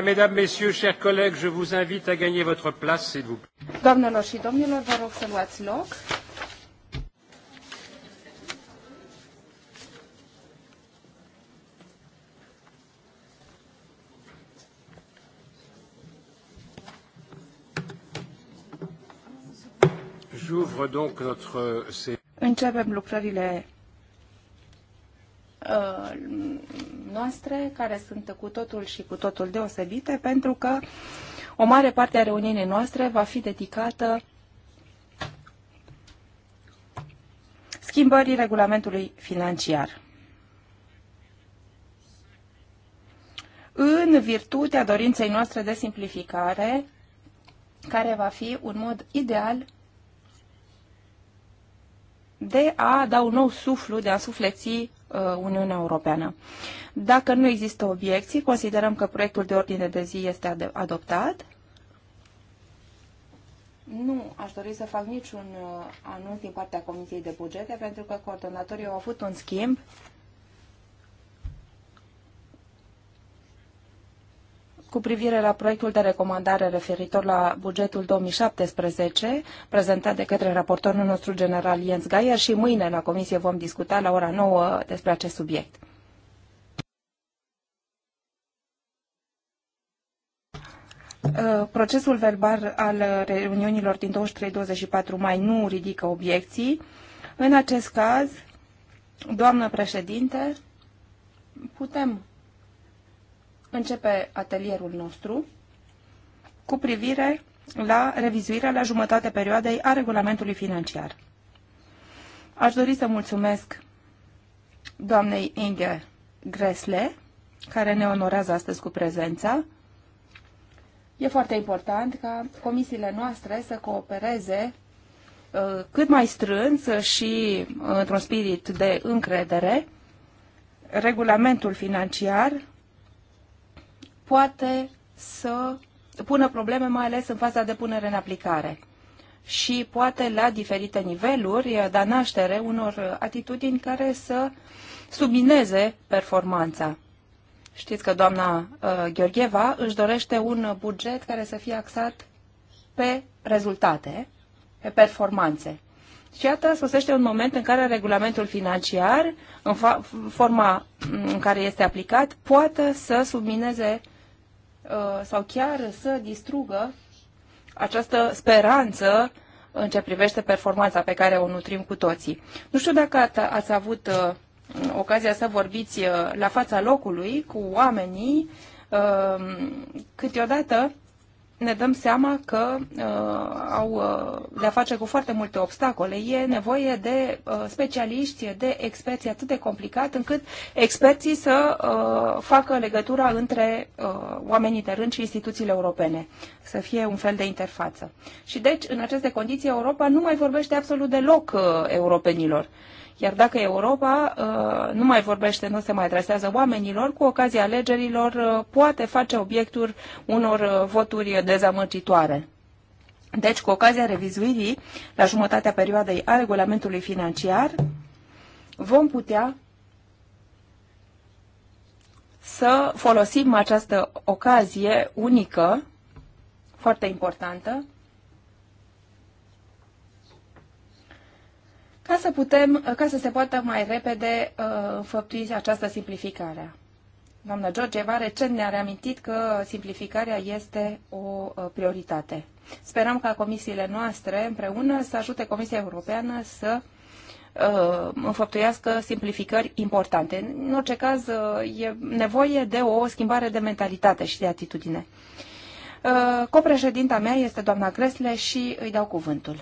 mesdames, messieurs, chers collègues, je vous invite à gagner votre place, s'il vous plaît. Doamnelor și domnilor, vă rog să luați loc. J'ouvre donc notre euh, Începem lucrările uh, noastre, care sunt cu totul și cu totul deosebite, pentru că o mare parte a reuniunii noastre va fi dedicată schimbării regulamentului financiar. În virtutea dorinței noastre de simplificare, care va fi un mod ideal de a da un nou suflu, de a sufleții Uh, Uniunea Europeană. Dacă nu există obiecții, considerăm că proiectul de ordine de zi este adoptat. Nu aș dori să fac niciun uh, anunț din partea Comisiei de Bugete, pentru că coordonatorii au avut un schimb cu privire la proiectul de recomandare referitor la bugetul 2017, prezentat de către raportorul nostru general Jens Geier și mâine la comisie vom discuta la ora 9 despre acest subiect. Uh, procesul verbal al reuniunilor din 23-24 mai nu ridică obiecții. În acest caz, doamnă președinte, putem începe atelierul nostru cu privire la revizuirea la jumătate perioadei a regulamentului financiar. Aș dori să mulțumesc doamnei Inge Gresle, care ne onorează astăzi cu prezența. E foarte important ca comisiile noastre să coopereze uh, cât mai strâns și într-un spirit de încredere. Regulamentul financiar poate să pună probleme, mai ales în faza de punere în aplicare și poate la diferite niveluri eh, da naștere unor atitudini care să submineze performanța. Știți că doamna eh, Gheorgheva își dorește un buget care să fie axat pe rezultate, pe performanțe. Și iată, sosește un moment în care regulamentul financiar, în fa- forma mm, în care este aplicat, poate să submineze Uh, sau chiar să distrugă această speranță în ce privește performanța pe care o nutrim cu toții. Nu știu dacă ați avut uh, ocazia să vorbiți uh, la fața locului cu oamenii, câteodată ne dăm seama că uh, au uh, de-a face cu foarte multe obstacole. E nevoie de uh, specialiști, de experți atât de complicat încât experții să uh, facă legătura între uh, oamenii de rând și instituțiile europene, să fie un fel de interfață. Și deci, în aceste condiții, Europa nu mai vorbește absolut deloc uh, europenilor. Uh, iar dacă Europa uh, nu mai vorbește, nu se mai adresează oamenilor, cu ocazia alegerilor uh, poate face obiectul unor uh, voturi dezamăgitoare. Deci, cu ocazia revizuirii la jumătatea perioadei a regulamentului financiar, vom putea să folosim această ocazie unică, foarte importantă, ca să, putem, ca să se poată mai repede uh, înfăptui această simplificare. Doamna Georgeva recent ne-a reamintit că simplificarea este o uh, prioritate. Sperăm ca comisiile noastre împreună să ajute Comisia Europeană să uh, înfăptuiască simplificări importante. În orice caz, e nevoie de o schimbare de mentalitate și de atitudine. Copreședinta mea este doamna Cresle și îi dau cuvântul.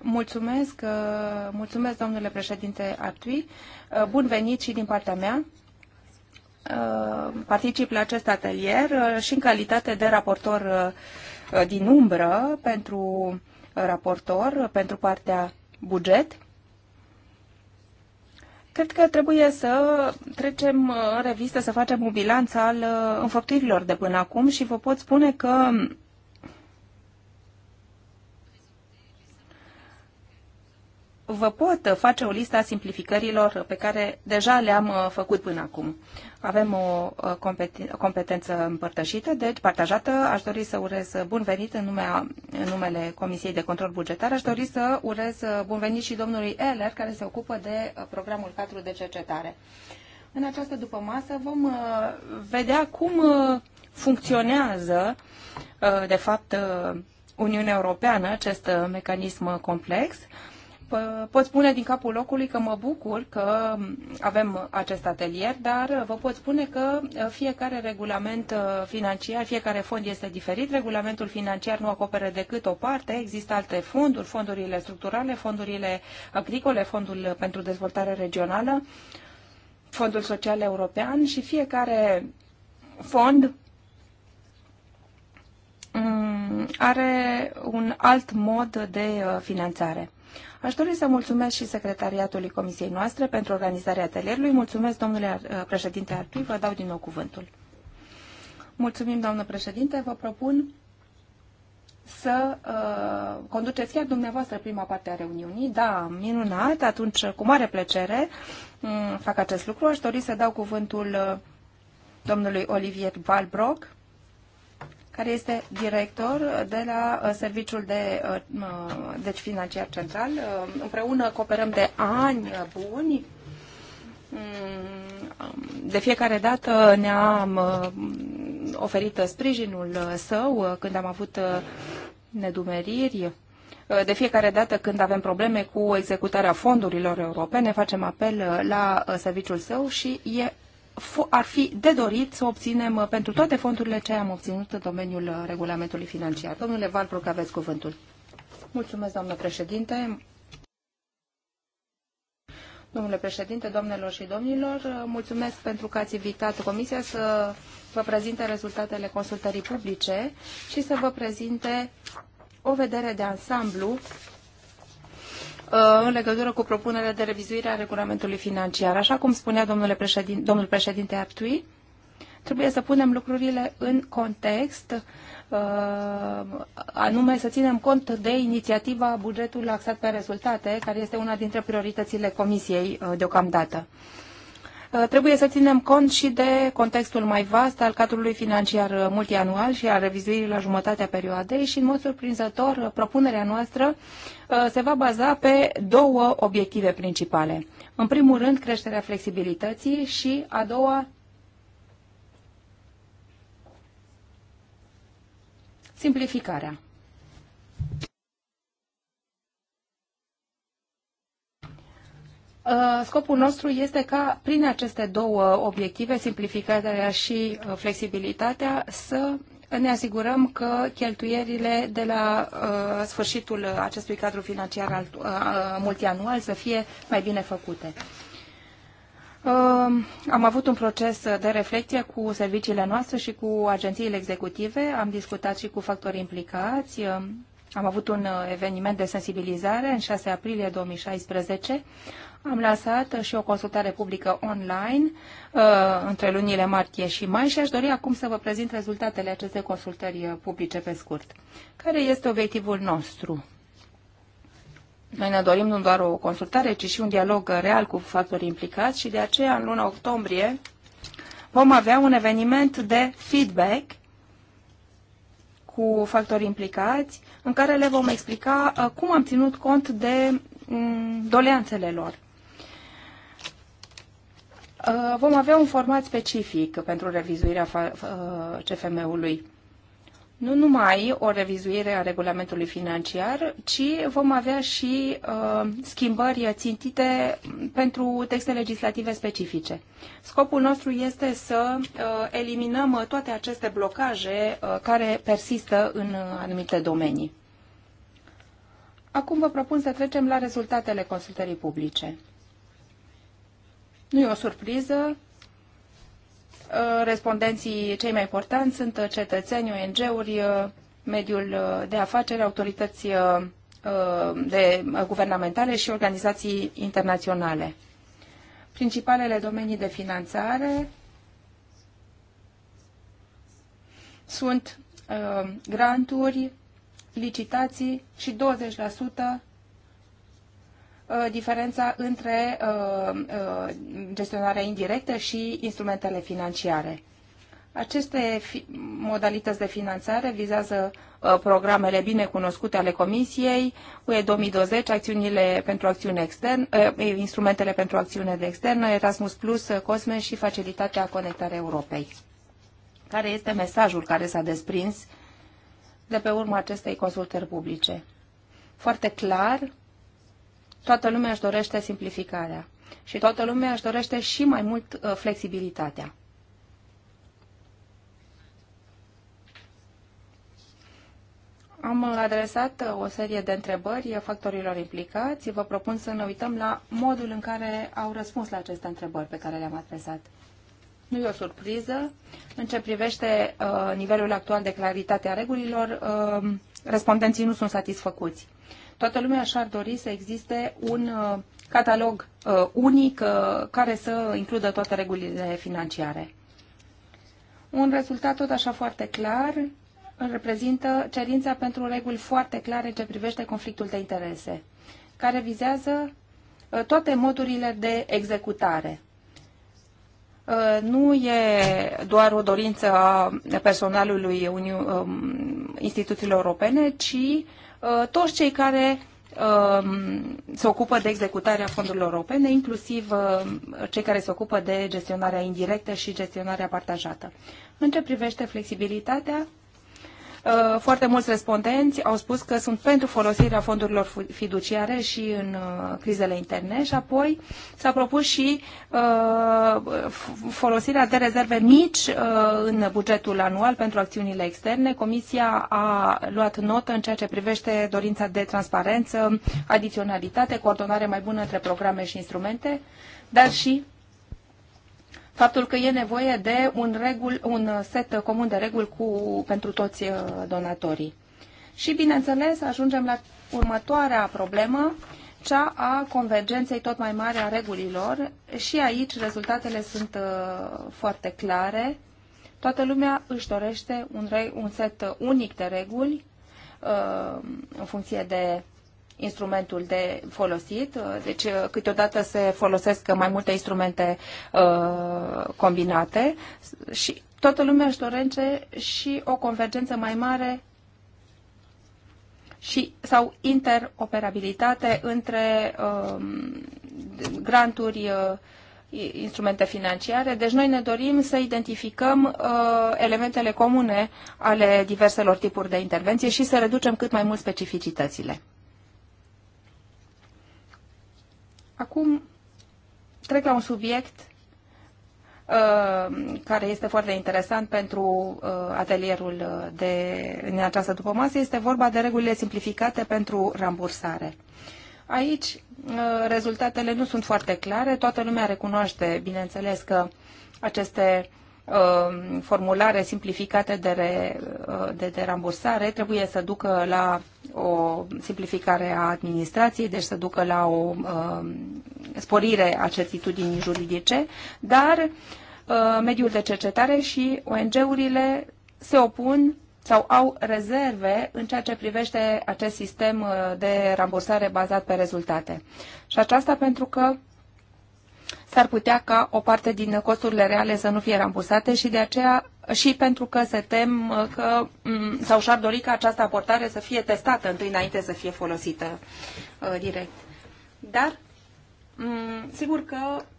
Mulțumesc, uh, mulțumesc domnule președinte Artui. Uh, bun venit și din partea mea. Uh, particip la acest atelier și în calitate de raportor din umbră pentru raportor, pentru partea buget. Cred că trebuie să trecem în revistă, să facem un bilanț al înfăptuirilor de până acum și vă pot spune că vă pot face o listă a simplificărilor pe care deja le-am uh, făcut până acum. Avem o uh, competență împărtășită, deci partajată. Aș dori să urez bun venit în, numea, în numele Comisiei de Control Bugetar. Aș dori să urez uh, bun venit și domnului Eller, care se ocupă de programul 4 de cercetare. În această dupămasă vom vedea cum funcționează, de fapt, Uniunea Europeană, acest mecanism complex pot spune din capul locului că mă bucur că avem acest atelier, dar vă pot spune că uh, fiecare regulament uh, financiar, fiecare fond este diferit. Regulamentul financiar nu acoperă decât o parte. Există alte fonduri, fondurile structurale, fondurile agricole, fondul pentru dezvoltare regională, fondul social european și fiecare fond mm, are un alt mod de uh, finanțare. Aș dori să mulțumesc și secretariatului comisiei noastre pentru organizarea atelierului. Mulțumesc, domnule uh, președinte Artui, vă dau din nou cuvântul. Mulțumim, doamnă președinte, vă propun să uh, conduceți chiar dumneavoastră prima parte a reuniunii. Da, minunat, atunci cu mare plăcere um, fac acest lucru. Aș dori să dau cuvântul uh, domnului Olivier Valbrock care este director de la uh, Serviciul de uh, uh, deci Financiar Central. Împreună cooperăm de ani buni. Mm, de fiecare dată ne-am oferit sprijinul său când am avut nedumeriri. De fiecare dată când avem probleme cu executarea fondurilor europene, facem apel la serviciul său și e ar fi de dorit să obținem uh, pentru toate fondurile ce am obținut în domeniul uh, regulamentului financiar. Domnule Valproc, aveți cuvântul. Mulțumesc, doamnă președinte. Domnule președinte, domnilor și domnilor, uh, mulțumesc pentru că ați invitat Comisia să vă prezinte rezultatele consultării publice și să vă prezinte o vedere de ansamblu Uh, în legătură cu propunerea de revizuire a regulamentului financiar. Așa cum spunea domnule președin, domnul președinte Artui, trebuie să punem lucrurile în context, uh, anume să ținem cont de inițiativa bugetului axat pe rezultate, care este una dintre prioritățile Comisiei uh, deocamdată. Uh, trebuie să ținem cont și de contextul mai vast al cadrului financiar uh, multianual și a revizuirii la jumătatea perioadei și, în mod surprinzător, uh, propunerea noastră se va baza pe două obiective principale. În primul rând, creșterea flexibilității și, a doua, simplificarea. Uh, scopul nostru este ca prin aceste două obiective, simplificarea și uh, flexibilitatea, să ne asigurăm că cheltuierile de la uh, sfârșitul acestui cadru financiar alt, uh, uh, multianual să fie mai bine făcute. Uh, am avut un proces de reflecție cu serviciile noastre și cu agențiile executive, am discutat și cu factorii implicați, uh, am avut un eveniment de sensibilizare în 6 aprilie 2016, am lansat și o consultare publică online uh, între lunile martie și mai și aș dori acum să vă prezint rezultatele acestei consultări uh, publice pe scurt. Care este obiectivul nostru? Noi ne dorim nu doar o consultare, ci și un dialog real cu factorii implicați și de aceea în luna octombrie vom avea un eveniment de feedback cu factorii implicați, în care le vom explica uh, cum am ținut cont de mm, doleanțele lor. Uh, vom avea un format specific pentru revizuirea uh, CFM-ului. Nu numai o revizuire a regulamentului financiar, ci vom avea și uh, schimbări țintite pentru texte legislative specifice. Scopul nostru este să uh, eliminăm toate aceste blocaje uh, care persistă în anumite domenii. Acum vă propun să trecem la rezultatele consultării publice. Nu e o surpriză. Uh, respondenții cei mai importanți sunt uh, cetățeni, ONG-uri, uh, mediul de afaceri, autorități de guvernamentale și organizații internaționale. Principalele domenii de finanțare sunt granturi, licitații și 20% Uh, diferența între uh, uh, gestionarea indirectă și instrumentele financiare. Aceste modalități de finanțare vizează programele bine cunoscute ale Comisiei, UE 2020, acțiunile pentru acțiune extern, eh, instrumentele pentru acțiune de externă, Erasmus Plus, Cosme și facilitatea conectării Europei. Care este mesajul care s-a desprins de pe urma acestei consultări publice? Foarte clar, Toată lumea își dorește simplificarea și toată lumea își dorește și mai mult uh, flexibilitatea. Am adresat uh, o serie de întrebări factorilor implicați. Vă propun să ne uităm la modul în care au răspuns la aceste întrebări pe care le-am adresat. Nu e o surpriză. În ce privește uh, nivelul actual de claritate a regulilor, uh, respondenții nu sunt satisfăcuți. Toată lumea și-ar dori să existe un uh, catalog uh, unic uh, care să includă toate regulile financiare. Un rezultat tot așa foarte clar reprezintă cerința pentru reguli foarte clare ce privește conflictul de interese, care vizează toate modurile de executare. Uh, nu e doar o dorință a personalului um, instituțiilor europene, ci uh, toți cei care um, se ocupă de executarea fondurilor europene, inclusiv uh, cei care se ocupă de gestionarea indirectă și gestionarea partajată. În ce privește flexibilitatea, Uh, foarte mulți respondenți au spus că sunt pentru folosirea fondurilor fiduciare și în uh, crizele interne și apoi s-a propus și uh, folosirea de rezerve mici în bugetul anual pentru acțiunile externe. Comisia a luat notă în ceea ce privește dorința de transparență, adiționalitate, coordonare mai bună între programe și instrumente, dar și faptul că e nevoie de un, regul, un set comun de reguli cu, pentru toți uh, donatorii. Și, bineînțeles, ajungem la următoarea problemă, cea a convergenței tot mai mare a regulilor și aici rezultatele sunt uh, foarte clare. Toată lumea își dorește un, un set unic de reguli uh, în funcție de instrumentul de folosit. Uh, deci, uh, câteodată se folosesc mai multe instrumente uh, combinate și toată lumea își dorește și o convergență mai mare și, sau interoperabilitate între um, granturi instrumente financiare. Deci noi ne dorim să identificăm uh, elementele comune ale diverselor tipuri de intervenție și să reducem cât mai mult specificitățile. Acum trec la un subiect uh, care este foarte interesant pentru uh, atelierul uh, de, în această dupămasă, este vorba de regulile simplificate pentru rambursare. Aici rezultatele nu sunt foarte clare, toată lumea recunoaște, bineînțeles, că aceste Uh, formulare simplificate de, re, uh, de, de rambursare trebuie să ducă la o simplificare a administrației, deci să ducă la o uh, sporire a certitudinii juridice, dar uh, mediul de cercetare și ONG-urile se opun sau au rezerve în ceea ce privește acest sistem uh, de rambursare bazat pe rezultate. Și aceasta pentru că s-ar putea ca o parte din costurile reale să nu fie rambursate și de aceea și pentru că se tem uh, că mm, sau și-ar dori ca această aportare să fie testată întâi înainte să fie folosită uh, direct. Dar Mm, sigur că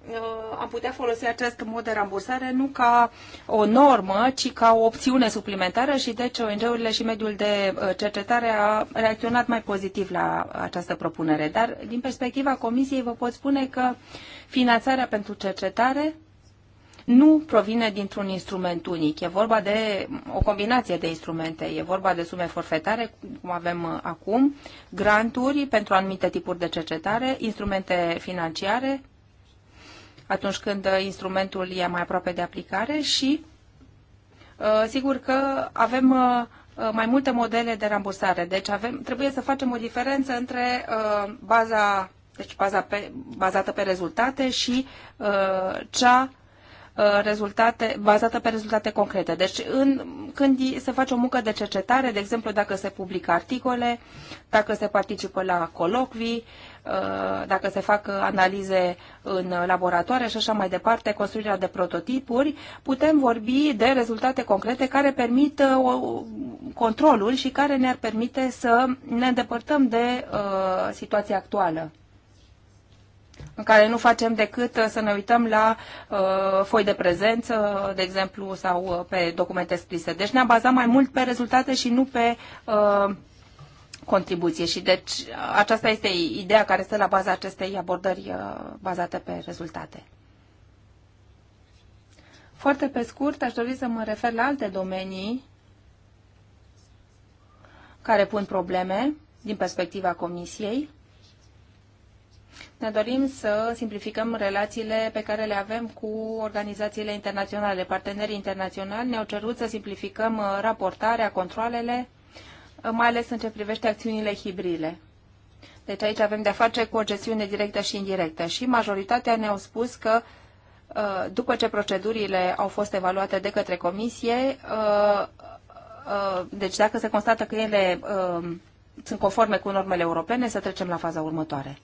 uh, am putea folosi acest mod de rambursare nu ca o normă, ci ca o opțiune suplimentară și deci ONG-urile și mediul de uh, cercetare a reacționat mai pozitiv la această propunere. Dar din perspectiva Comisiei vă pot spune că finanțarea pentru cercetare nu provine dintr-un instrument unic. E vorba de o combinație de instrumente. E vorba de sume forfetare, cum avem uh, acum, granturi pentru anumite tipuri de cercetare, instrumente financiare, atunci când uh, instrumentul e mai aproape de aplicare și uh, sigur că avem mai multe modele de rambursare. Deci avem, trebuie să facem o diferență între baza, deci baza pe, bazată pe rezultate și cea Uh, rezultate, bazată pe rezultate concrete. Deci în, când se face o muncă de cercetare, de exemplu dacă se publică articole, dacă se participă la colocvii, uh, dacă se fac analize în laboratoare și așa mai departe, construirea de prototipuri, putem vorbi de rezultate concrete care permit uh, controlul și care ne-ar permite să ne îndepărtăm de situația actuală în care nu facem decât uh, să ne uităm la uh, foi de prezență, de exemplu, sau uh, pe documente scrise. Deci ne-am bazat mai mult pe rezultate și nu pe uh, contribuție. Și deci uh, aceasta este ideea care stă la baza acestei abordări uh, bazate pe rezultate. Foarte pe scurt, aș dori să mă refer la alte domenii care pun probleme din perspectiva Comisiei ne dorim să simplificăm relațiile pe care le avem cu organizațiile internaționale. Partenerii internaționali ne-au cerut să simplificăm uh, raportarea, controlele, uh, mai ales în ce privește acțiunile hibride. Deci aici avem de-a face cu o gestiune directă și indirectă și majoritatea ne-au spus că uh, după ce procedurile au fost evaluate de către comisie, deci dacă se constată că ele sunt conforme cu normele europene, să trecem la faza următoare.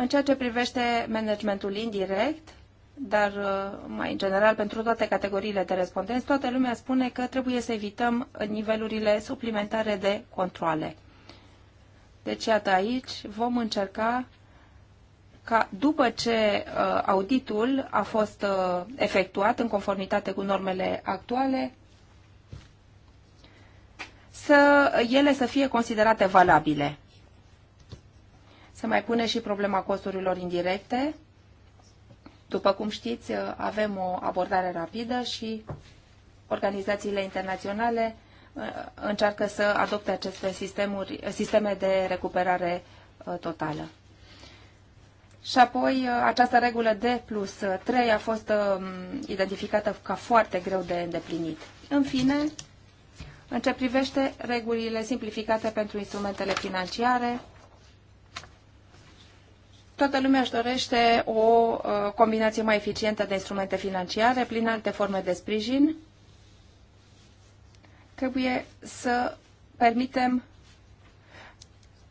În ceea ce privește managementul indirect, dar uh, mai în general pentru toate categoriile de respondenți, toată lumea spune că trebuie să evităm nivelurile suplimentare de controle. Deci, iată aici, vom încerca ca după ce uh, auditul a fost uh, efectuat în conformitate cu normele actuale, să ele să fie considerate valabile. Se mai pune și problema costurilor indirecte. După cum știți, avem o abordare rapidă și organizațiile internaționale uh, încearcă să adopte aceste sistemuri, sisteme de recuperare uh, totală. Și apoi uh, această regulă D plus 3 a fost um, identificată ca foarte greu de îndeplinit. În fine, în ce privește regulile simplificate pentru instrumentele financiare, Toată lumea își dorește o uh, combinație mai eficientă de instrumente financiare prin alte forme de sprijin. Trebuie să permitem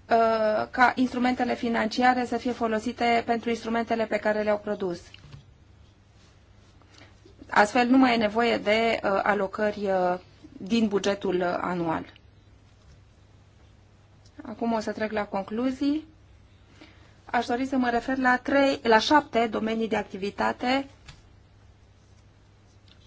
uh, ca instrumentele financiare să fie folosite pentru instrumentele pe care le-au produs. Astfel, nu mai e nevoie de uh, alocări din bugetul anual. Acum o să trec la concluzii aș dori să mă refer la, trei, la șapte domenii de activitate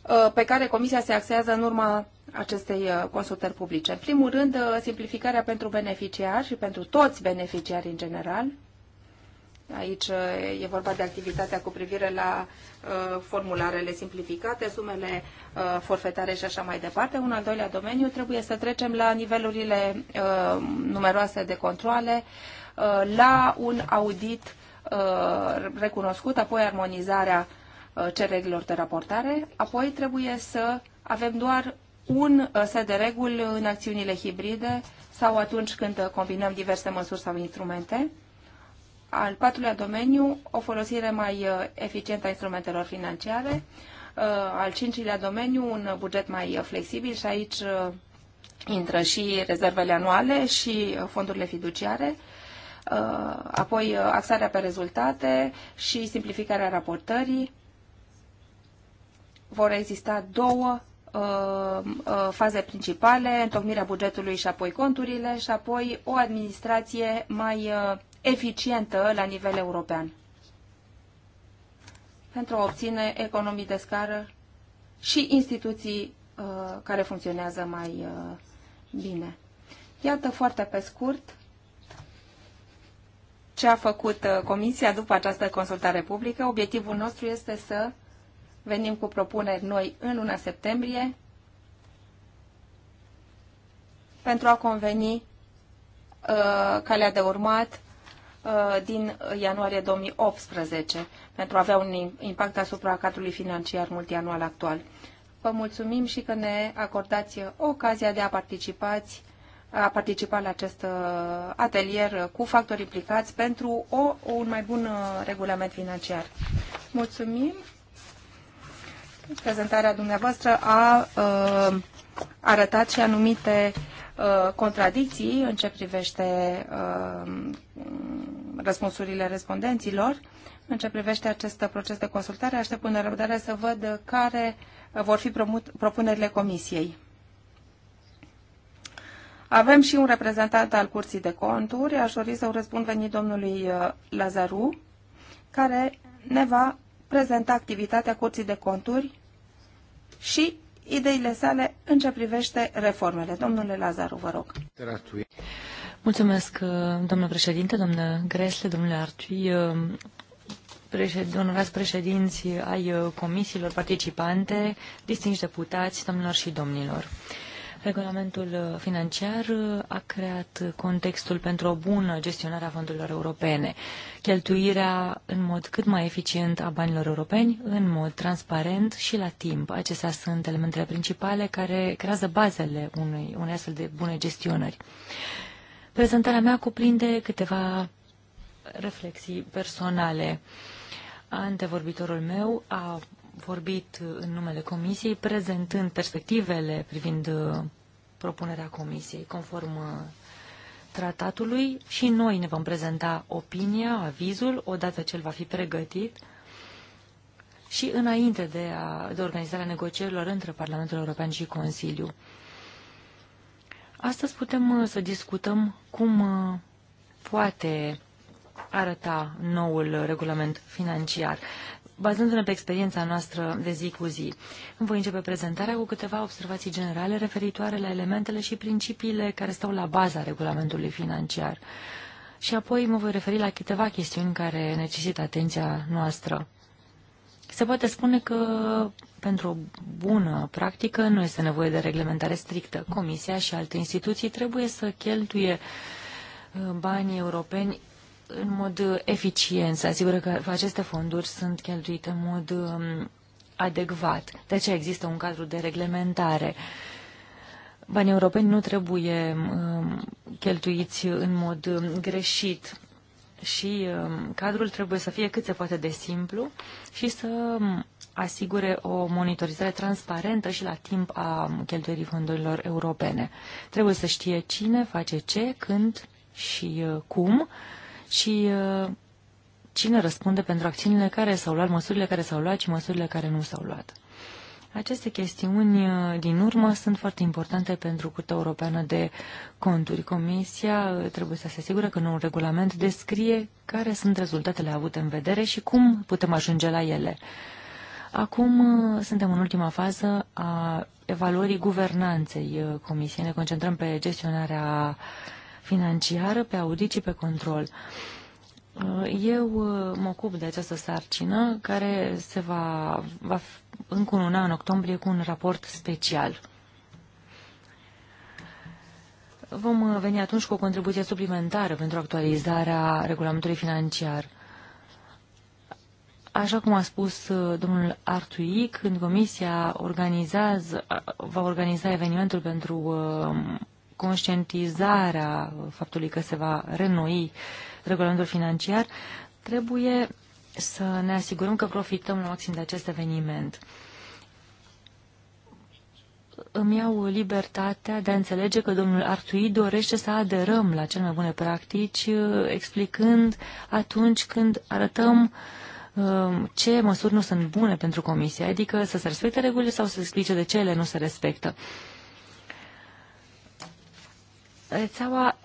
uh, pe care Comisia se axează în urma acestei uh, consultări publice. În primul rând, uh, simplificarea pentru beneficiari și pentru toți beneficiarii în general. Aici e vorba de activitatea cu privire la formularele simplificate, sumele forfetare și așa mai departe. Un al doilea domeniu trebuie să trecem la nivelurile numeroase de controle, uh, Uh, la un audit uh, recunoscut, apoi armonizarea uh, cererilor de raportare, apoi trebuie să avem doar un set de reguli în acțiunile hibride sau atunci când combinăm diverse măsuri sau instrumente. Al patrulea domeniu, o folosire mai eficientă a instrumentelor financiare. Al cincilea domeniu, un buget mai flexibil și aici intră și rezervele anuale și fondurile fiduciare. Uh, apoi uh, axarea pe rezultate și simplificarea raportării. Vor exista două uh, faze principale, întocmirea bugetului și apoi conturile și apoi o administrație mai eficientă la nivel european pentru a obține economii de scară și instituții care funcționează mai bine. Iată foarte pe scurt ce a făcut uh, Comisia după această consultare publică. Obiectivul nostru este să venim cu propuneri noi în luna septembrie pentru a conveni uh, calea de urmat uh, din ianuarie 2018 pentru a avea un impact asupra cadrului financiar multianual actual. Vă mulțumim și că ne acordați ocazia de a participați a participat la acest uh, atelier cu factori implicați pentru o, un mai bun uh, regulament financiar. Mulțumim! Prezentarea dumneavoastră a a uh, arătat și anumite a, contradicții în ce privește a, răspunsurile respondenților. În ce privește acest proces de consultare, aștept cu nerăbdare să văd care vor fi propunerile comisiei. Avem și un reprezentant al Curții de Conturi. Aș dori să răspund venit domnului uh, Lazaru, care ne va prezenta activitatea Curții de Conturi și ideile sale în ce privește reformele. Domnule Lazaru, vă rog. Mulțumesc, uh, domnule președinte, domnule Gresle, domnule Artui, uh, președ, onorați președinți ai comisiilor participante, distinși deputați, domnilor și domnilor. Regulamentul uh, financiar uh, a creat contextul pentru o bună gestionare a fondurilor europene, cheltuirea în mod cât mai eficient a banilor europeni, în mod transparent și la timp. Acestea sunt elementele principale care creează bazele unei, unei astfel de bune gestionări. Prezentarea mea cuprinde câteva reflexii personale. Antevorbitorul meu a vorbit în numele Comisiei, prezentând perspectivele privind uh, propunerea Comisiei conform uh, tratatului și noi ne vom prezenta opinia, avizul, odată ce el va fi pregătit și înainte de, a, de organizarea negocierilor între Parlamentul European și Consiliu. Astăzi putem uh, să discutăm cum poate arăta noul regulament financiar bazându-ne pe experiența noastră de zi cu zi. Îmi voi începe prezentarea cu câteva observații generale referitoare la elementele și principiile care stau la baza regulamentului financiar. Și apoi mă voi referi la câteva chestiuni care necesită atenția noastră. Se poate spune că pentru o bună practică nu este nevoie de reglementare strictă. Comisia și alte instituții trebuie să cheltuie uh, banii europeni în mod uh, eficient, să asigură că aceste fonduri sunt cheltuite în mod um, adecvat. De aceea există un cadru de reglementare. Banii europeni nu trebuie um, cheltuiți în mod um, greșit și cadrul trebuie să fie cât se poate de simplu și să asigure o monitorizare transparentă și la timp a cheltuierii fondurilor europene. Trebuie să știe cine face ce, când și uh, cum și uh, cine răspunde pentru acțiunile care s-au luat, măsurile care s-au luat și măsurile care nu s-au luat. Aceste chestiuni uh, din urmă sunt foarte importante pentru Curtea Europeană de Conturi. Comisia uh, trebuie să se asigure că noul regulament descrie care sunt rezultatele avute în vedere și cum putem ajunge la ele. Acum suntem în ultima fază a evaluării guvernanței Comisiei. Ne concentrăm pe gestionarea uh, financiară, pe audit și pe control. Uh, eu uh, mă ocup de această sarcină care se va, va încununa în octombrie cu un raport special. Vom uh, veni atunci cu o contribuție suplimentară pentru actualizarea regulamentului financiar. Așa cum a spus domnul Artui, când comisia organizează, va organiza evenimentul pentru conștientizarea faptului că se va renoi regulamentul financiar, trebuie să ne asigurăm că profităm la maxim de acest eveniment. Îmi iau libertatea de a înțelege că domnul Artui dorește să aderăm la cele mai bune practici, explicând atunci când arătăm um, ce măsuri nu sunt bune pentru comisie, adică să se respecte regulile sau să explice de ce ele nu se respectă rețeaua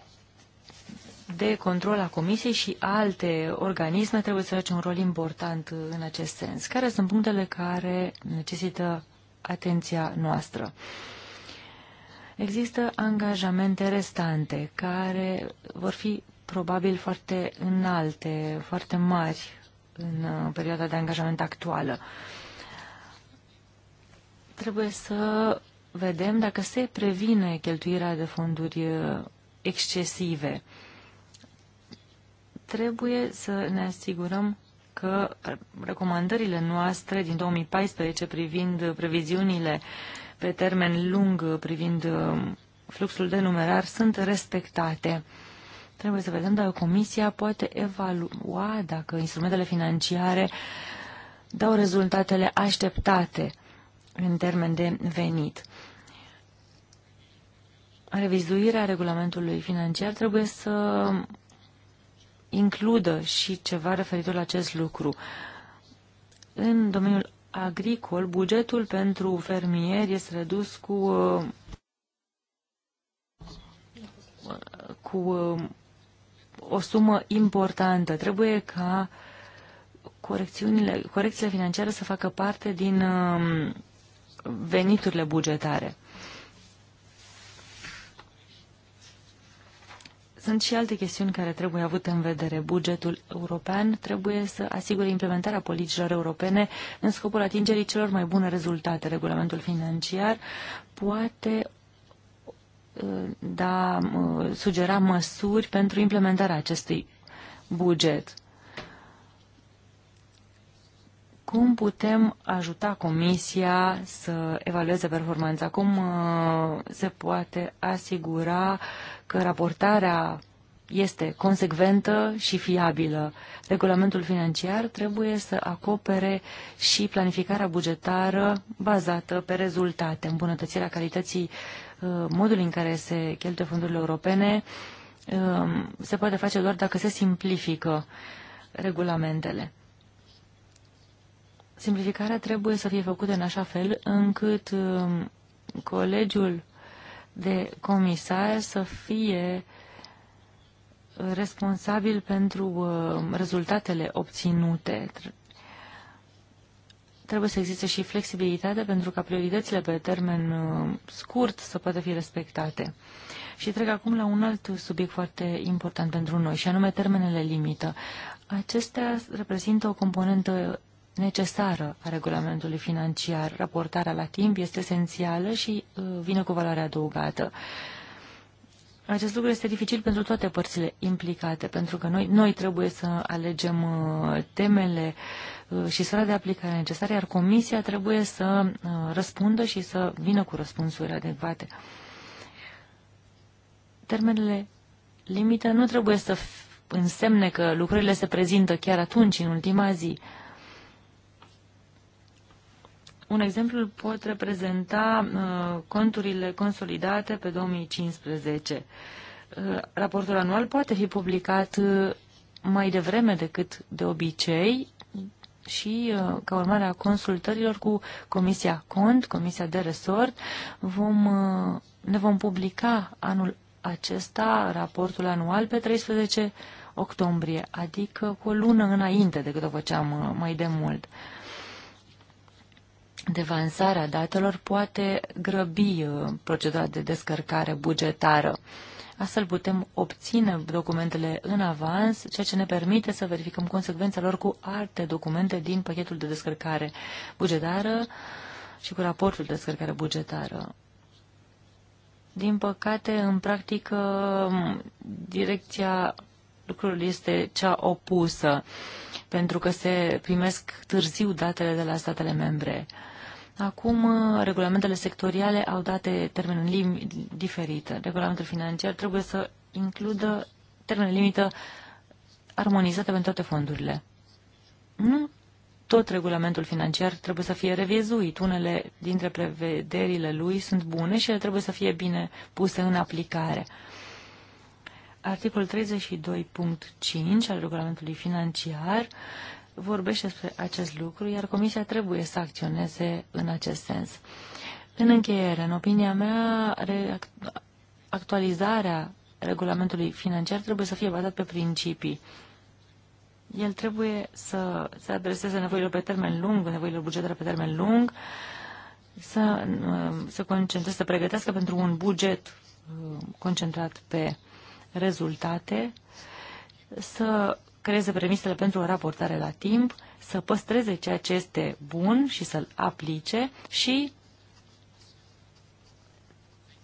de control a Comisiei și alte organisme trebuie să joace un rol important în acest sens. Care sunt punctele care necesită atenția noastră? Există angajamente restante care vor fi probabil foarte înalte, foarte mari în uh, perioada de angajament actuală. Trebuie să vedem dacă se previne cheltuirea de fonduri uh, excesive. Trebuie să ne asigurăm că recomandările noastre din 2014 privind previziunile pe termen lung, privind uh, fluxul de numerar, sunt respectate. Trebuie să vedem dacă Comisia poate evalua dacă instrumentele financiare dau rezultatele așteptate în termen de venit revizuirea regulamentului financiar trebuie să includă și ceva referitor la acest lucru. În domeniul agricol, bugetul pentru fermieri este redus cu cu o sumă importantă. Trebuie ca corecțiile financiare să facă parte din um, veniturile bugetare. Sunt și alte chestiuni care trebuie avute în vedere. Bugetul european trebuie să asigure implementarea politicilor europene în scopul atingerii celor mai bune rezultate. Regulamentul financiar poate uh, da, uh, sugera măsuri pentru implementarea acestui buget. Cum putem ajuta Comisia să evalueze performanța? Cum uh, se poate asigura uh, că raportarea este consecventă și fiabilă. Regulamentul financiar trebuie să acopere și planificarea bugetară bazată pe rezultate, îmbunătățirea calității uh, modul în care se cheltuie fondurile europene, um, se poate face doar dacă se simplifică regulamentele. Simplificarea trebuie să fie făcută în așa fel încât um, colegiul de comisar să fie responsabil pentru uh, rezultatele obținute. Trebuie să existe și flexibilitate pentru ca prioritățile pe termen uh, scurt să poată fi respectate. Și trec acum la un alt subiect foarte important pentru noi, și anume termenele limită. Acestea reprezintă o componentă necesară a regulamentului financiar. Raportarea la timp este esențială și uh, vine cu valoare adăugată. Acest lucru este dificil pentru toate părțile implicate, pentru că noi, noi trebuie să alegem uh, temele uh, și sfera de aplicare necesară, iar comisia trebuie să răspundă și să vină cu răspunsuri adecvate. Termenele limită nu trebuie să însemne că lucrurile se prezintă chiar atunci, în ultima zi. Un exemplu pot reprezenta uh, conturile consolidate pe 2015. Uh, raportul anual poate fi publicat uh, mai devreme decât de obicei și uh, ca urmare a consultărilor cu Comisia Cont, Comisia de Resort, vom, uh, ne vom publica anul acesta raportul anual pe 13 octombrie, adică cu o lună înainte decât o făceam mai de mult devansarea datelor poate grăbi uh, procedura de descărcare bugetară. Astfel putem obține documentele în avans, ceea ce ne permite să verificăm consecvența lor cu alte documente din pachetul de descărcare bugetară și cu raportul de descărcare bugetară. Din păcate, în practică, direcția lucrurilor este cea opusă, pentru că se primesc târziu datele de la statele membre. Acum, uh, regulamentele sectoriale au date termen diferit. Regulamentul financiar trebuie să includă termen limită armonizate pentru toate fondurile. Nu tot regulamentul financiar trebuie să fie revizuit. Unele dintre prevederile lui sunt bune și ele trebuie să fie bine puse în aplicare. Articolul 32.5 al regulamentului financiar vorbește despre acest lucru, iar Comisia trebuie să acționeze în acest sens. În încheiere, în opinia mea, actualizarea regulamentului financiar trebuie să fie bazat pe principii. El trebuie să se adreseze nevoilor pe termen lung, nevoilor bugetare pe termen lung, să um, se concentreze, să pregătească pentru un buget um, concentrat pe rezultate, să creeze premisele pentru o raportare la timp, să păstreze ceea ce este bun și să-l aplice și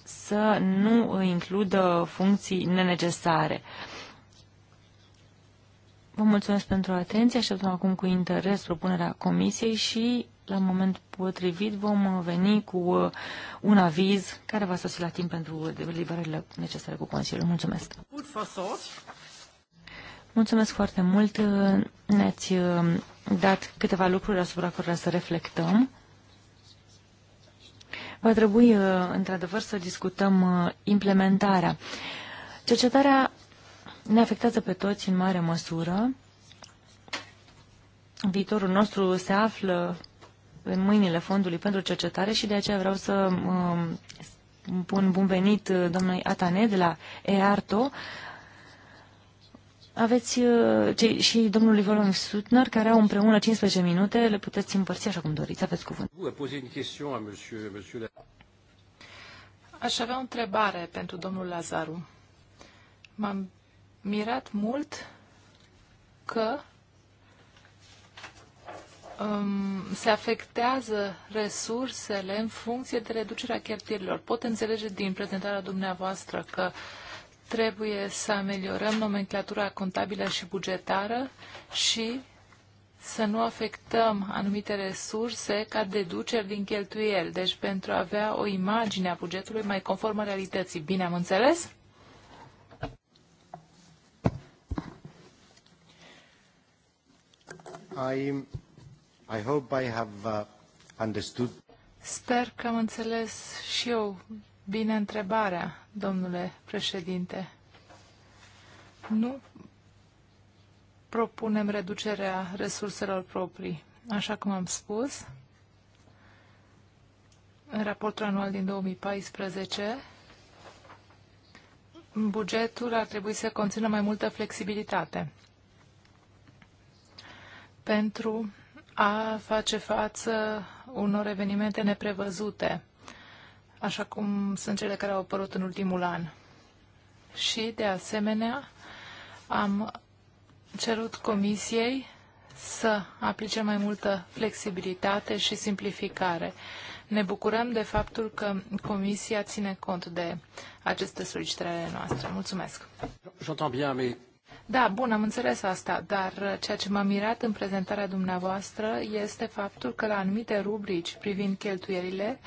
să nu includă funcții nenecesare. Vă mulțumesc pentru atenție, așteptăm acum cu interes propunerea comisiei și la moment potrivit vom veni cu uh, un aviz care va sosi la timp pentru deliberările necesare cu Consiliul. Mulțumesc! Mulțumesc foarte mult. Ne-ați uh, dat câteva lucruri asupra cărora să reflectăm. Va trebui, uh, într-adevăr, să discutăm uh, implementarea. Cercetarea ne afectează pe toți în mare măsură. Viitorul nostru se află în mâinile Fondului pentru Cercetare și de aceea vreau să pun bun venit domnului Atane de la EARTO, aveți uh, cei, și domnul Volon Sutner, care au împreună 15 minute, le puteți împărți așa cum doriți, aveți cuvânt. Aș avea o întrebare pentru domnul Lazaru. M-am mirat mult că um, se afectează resursele în funcție de reducerea cheltuielilor. Pot înțelege din prezentarea dumneavoastră că uh, Trebuie să ameliorăm nomenclatura contabilă și bugetară și să nu afectăm anumite resurse ca deduceri din cheltuieli, deci pentru a avea o imagine a bugetului mai conformă realității. Bine am înțeles? I, I hope I have uh, understood. Sper că am înțeles și eu bine întrebarea, domnule președinte. Nu propunem reducerea resurselor proprii, așa cum am spus. În raportul anual din 2014, bugetul ar trebui să conțină mai multă flexibilitate pentru a face față unor evenimente neprevăzute așa cum sunt cele care au apărut în ultimul an. Și, de asemenea, am cerut Comisiei să aplice mai multă flexibilitate și simplificare. Ne bucurăm de faptul că Comisia ține cont de aceste solicitări ale noastre. Mulțumesc! J'entends bien, mais da, bun, am înțeles asta, dar ceea ce m-a mirat în prezentarea dumneavoastră este faptul că la anumite rubrici privind cheltuielile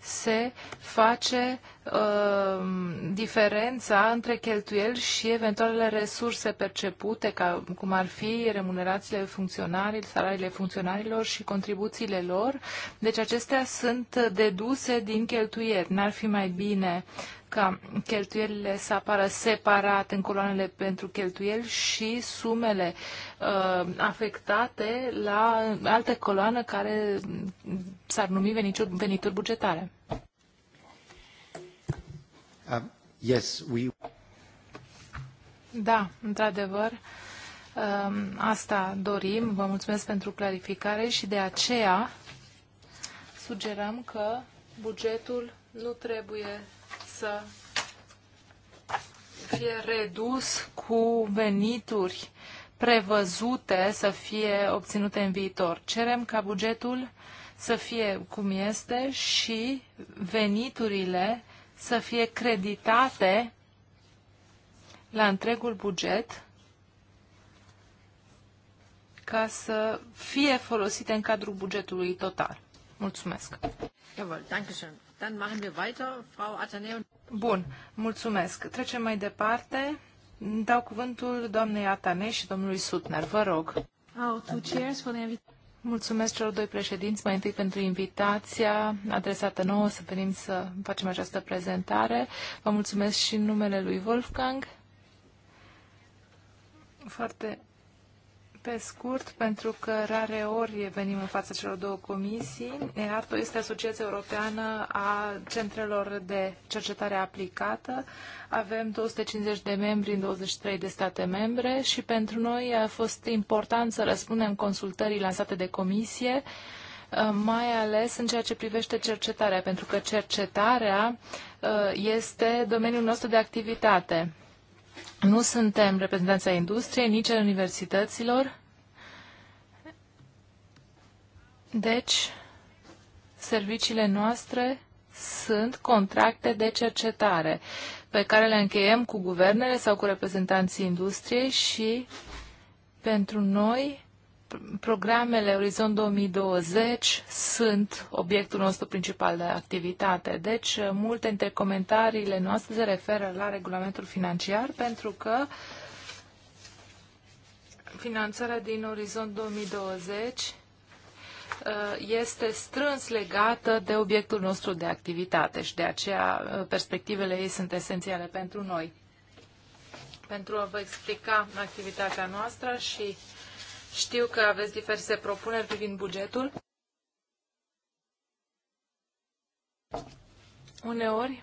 se face uh, diferența între cheltuieli și eventualele resurse percepute, ca, cum ar fi remunerațiile funcționarilor, salariile funcționarilor și contribuțiile lor. Deci acestea sunt deduse din cheltuieli. N-ar fi mai bine ca cheltuielile să apară separat în coloanele pentru cheltuieli și sumele uh, afectate la alte coloană care s-ar numi venituri, venituri bugetare. Uh, yes, we... Da, într-adevăr, uh, asta dorim. Vă mulțumesc pentru clarificare și de aceea sugerăm că bugetul nu trebuie să fie redus cu venituri prevăzute să fie obținute în viitor. Cerem ca bugetul să fie cum este și veniturile să fie creditate la întregul buget ca să fie folosite în cadrul bugetului total. Mulțumesc. Jawohl, danke schön. Bun, mulțumesc. Trecem mai departe. Dau cuvântul doamnei Atane și domnului Sutner. Vă rog. Mulțumesc celor doi președinți, mai întâi pentru invitația adresată nouă să venim să facem această prezentare. Vă mulțumesc și în numele lui Wolfgang. Foarte pe scurt, pentru că rare ori venim în fața celor două comisii, EARTO este Asociația Europeană a Centrelor de Cercetare Aplicată. Avem 250 de membri în 23 de state membre și pentru noi a fost important să răspundem consultării lansate de comisie, mai ales în ceea ce privește cercetarea, pentru că cercetarea este domeniul nostru de activitate. Nu suntem reprezentanța industriei, nici a universităților. Deci, serviciile noastre sunt contracte de cercetare pe care le încheiem cu guvernele sau cu reprezentanții industriei și pentru noi programele Orizont 2020 sunt obiectul nostru principal de activitate. Deci, multe dintre comentariile noastre se referă la regulamentul financiar, pentru că finanțarea din Orizont 2020 uh, este strâns legată de obiectul nostru de activitate și de aceea uh, perspectivele ei sunt esențiale pentru noi. Pentru a vă explica activitatea noastră și uh, știu că aveți diverse propuneri privind bugetul. Uneori,